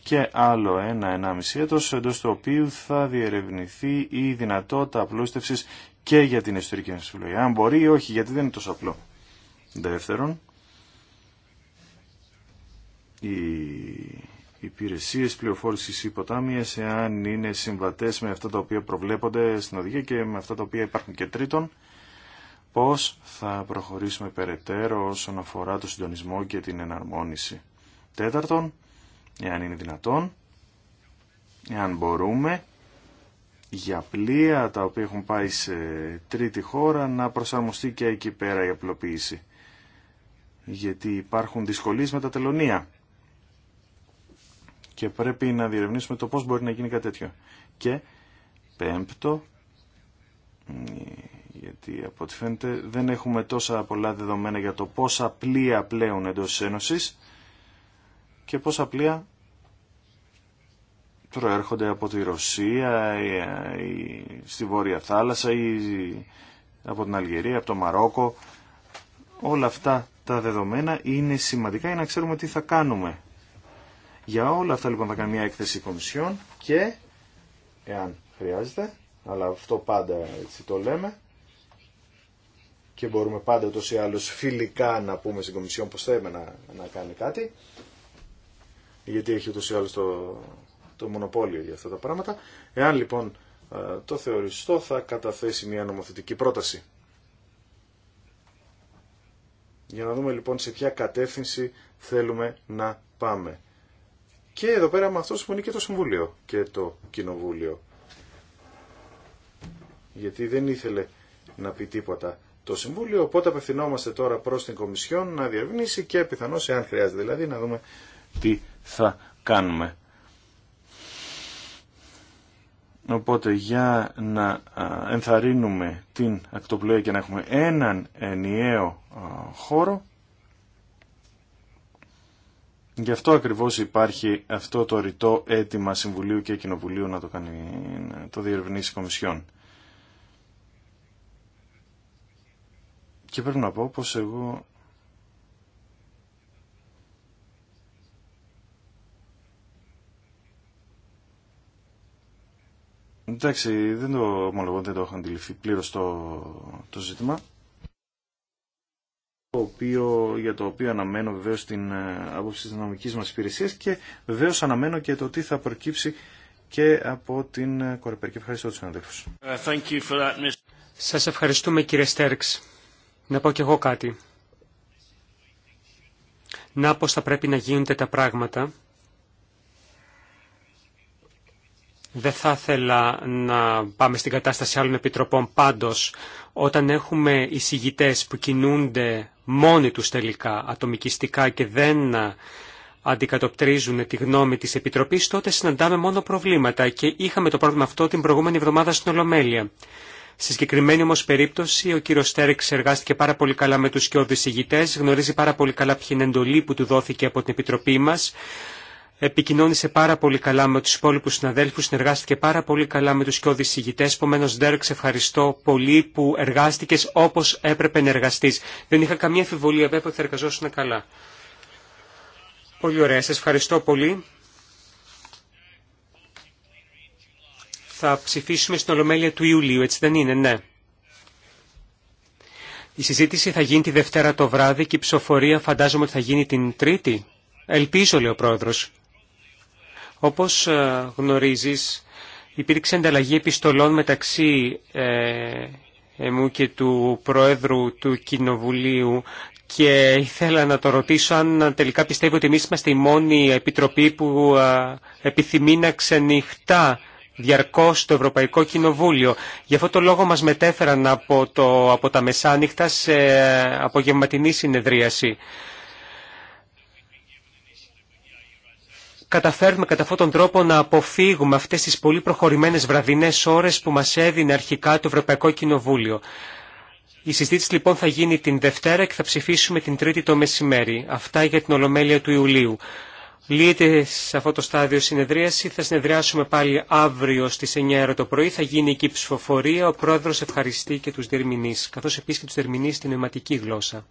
και άλλο ένα 1,5 έτος εντός του οποίου θα διερευνηθεί η δυνατότητα απλούστευσης και για την ιστορική νοσηλεία. Αν μπορεί ή όχι, γιατί δεν είναι τόσο απλό. Δεύτερον, οι υπηρεσίες πληροφόρησης υποτάμιας, εάν είναι συμβατές με αυτά τα οποία προβλέπονται στην οδηγία και με αυτά τα οποία υπάρχουν και τρίτον, πώς θα προχωρήσουμε περαιτέρω όσον αφορά το συντονισμό και την εναρμόνιση. Τέταρτον, εάν είναι δυνατόν, εάν μπορούμε, για πλοία τα οποία έχουν πάει σε τρίτη χώρα να προσαρμοστεί και εκεί πέρα η απλοποίηση. Γιατί υπάρχουν δυσκολίες με τα τελωνία και πρέπει να διερευνήσουμε το πώς μπορεί να γίνει κάτι τέτοιο. Και πέμπτο, γιατί από ό,τι φαίνεται δεν έχουμε τόσα πολλά δεδομένα για το πόσα πλοία πλέουν εντός της Ένωσης και πόσα πλοία προέρχονται από τη Ρωσία ή στη Βόρεια Θάλασσα ή από την Αλγερία, από το Μαρόκο. Όλα αυτά τα δεδομένα είναι σημαντικά για να ξέρουμε τι θα κάνουμε. Για όλα αυτά λοιπόν θα κάνει μια έκθεση Κομισιόν και εάν χρειάζεται, αλλά αυτό πάντα έτσι το λέμε και μπορούμε πάντα ούτως ή άλλως φιλικά να πούμε στην Κομισιόν πως θέλουμε να, να κάνει κάτι γιατί έχει ούτως ή άλλως το, το μονοπόλιο για αυτά τα πράγματα. Εάν λοιπόν το θεωρηστώ θα καταθέσει μια νομοθετική πρόταση. Για να δούμε λοιπόν σε ποια κατεύθυνση θέλουμε να πάμε. Και εδώ πέρα με αυτό συμφωνεί και το Συμβούλιο και το Κοινοβούλιο. Γιατί δεν ήθελε να πει τίποτα το Συμβούλιο, οπότε απευθυνόμαστε τώρα προς την Κομισιόν να διαρευνήσει και πιθανώς, εάν χρειάζεται δηλαδή, να δούμε τι θα κάνουμε. Οπότε για να ενθαρρύνουμε την ακτοπλοεία και να έχουμε έναν ενιαίο χώρο, γι' αυτό ακριβώς υπάρχει αυτό το ρητό αίτημα Συμβουλίου και Κοινοβουλίου να το, κάνει, να το διερευνήσει η Κομισιόν. Και πρέπει να πω πως εγώ Εντάξει, δεν το ομολογώ, δεν το έχω αντιληφθεί πλήρω το, το ζήτημα. Το οποίο, για το οποίο αναμένω βεβαίω την ε, άποψη τη νομική μας υπηρεσία και βεβαίω αναμένω και το τι θα προκύψει και από την ε, Κορεπέρ. ευχαριστώ του συναδέλφους. Ε, Σας ευχαριστούμε κύριε Στέρξ. Να πω κι εγώ κάτι. Να πώς θα πρέπει να γίνονται τα πράγματα Δεν θα ήθελα να πάμε στην κατάσταση άλλων επιτροπών. Πάντως, όταν έχουμε εισηγητέ που κινούνται μόνοι τους τελικά, ατομικιστικά και δεν αντικατοπτρίζουν τη γνώμη της Επιτροπής, τότε συναντάμε μόνο προβλήματα και είχαμε το πρόβλημα αυτό την προηγούμενη εβδομάδα στην Ολομέλεια. Στη συγκεκριμένη όμω περίπτωση, ο κύριο Στέρεξ εργάστηκε πάρα πολύ καλά με του και εισηγητέ, γνωρίζει πάρα πολύ καλά ποιοι είναι εντολή που του δόθηκε από την Επιτροπή μα επικοινώνησε πάρα πολύ καλά με τους υπόλοιπους συναδέλφους, συνεργάστηκε πάρα πολύ καλά με τους και ηγητές. Επομένω, Ντέρεξ, ευχαριστώ πολύ που εργάστηκες όπως έπρεπε να εργαστείς. Δεν είχα καμία αφιβολία, βέβαια ότι θα εργαζόσουν καλά. Πολύ ωραία, σας ευχαριστώ πολύ. Θα ψηφίσουμε στην Ολομέλεια του Ιουλίου, έτσι δεν είναι, ναι. Η συζήτηση θα γίνει τη Δευτέρα το βράδυ και η ψηφοφορία φαντάζομαι ότι θα γίνει την Τρίτη. Ελπίζω, λέει ο Πρόεδρος. Όπως ε, γνωρίζεις, υπήρξε ανταλλαγή επιστολών μεταξύ ε, ε, μου και του Προέδρου του Κοινοβουλίου και ήθελα να το ρωτήσω αν τελικά πιστεύω ότι εμείς είμαστε η μόνη επιτροπή που επιθυμεί να ξενυχτά διαρκώς το Ευρωπαϊκό Κοινοβούλιο. Γι' αυτό το λόγο μας μετέφεραν από, το, από τα μεσάνυχτα σε απογευματινή συνεδρίαση. καταφέρουμε κατά αυτόν τον τρόπο να αποφύγουμε αυτές τις πολύ προχωρημένες βραδινές ώρες που μας έδινε αρχικά το Ευρωπαϊκό Κοινοβούλιο. Η συζήτηση λοιπόν θα γίνει την Δευτέρα και θα ψηφίσουμε την Τρίτη το μεσημέρι. Αυτά για την Ολομέλεια του Ιουλίου. Λύεται σε αυτό το στάδιο συνεδρίαση. Θα συνεδριάσουμε πάλι αύριο στι 9 το πρωί. Θα γίνει εκεί η ψηφοφορία. Ο πρόεδρο ευχαριστεί και του Δερμηνεί, καθώ επίση και του Δερμηνεί στην νοηματική γλώσσα.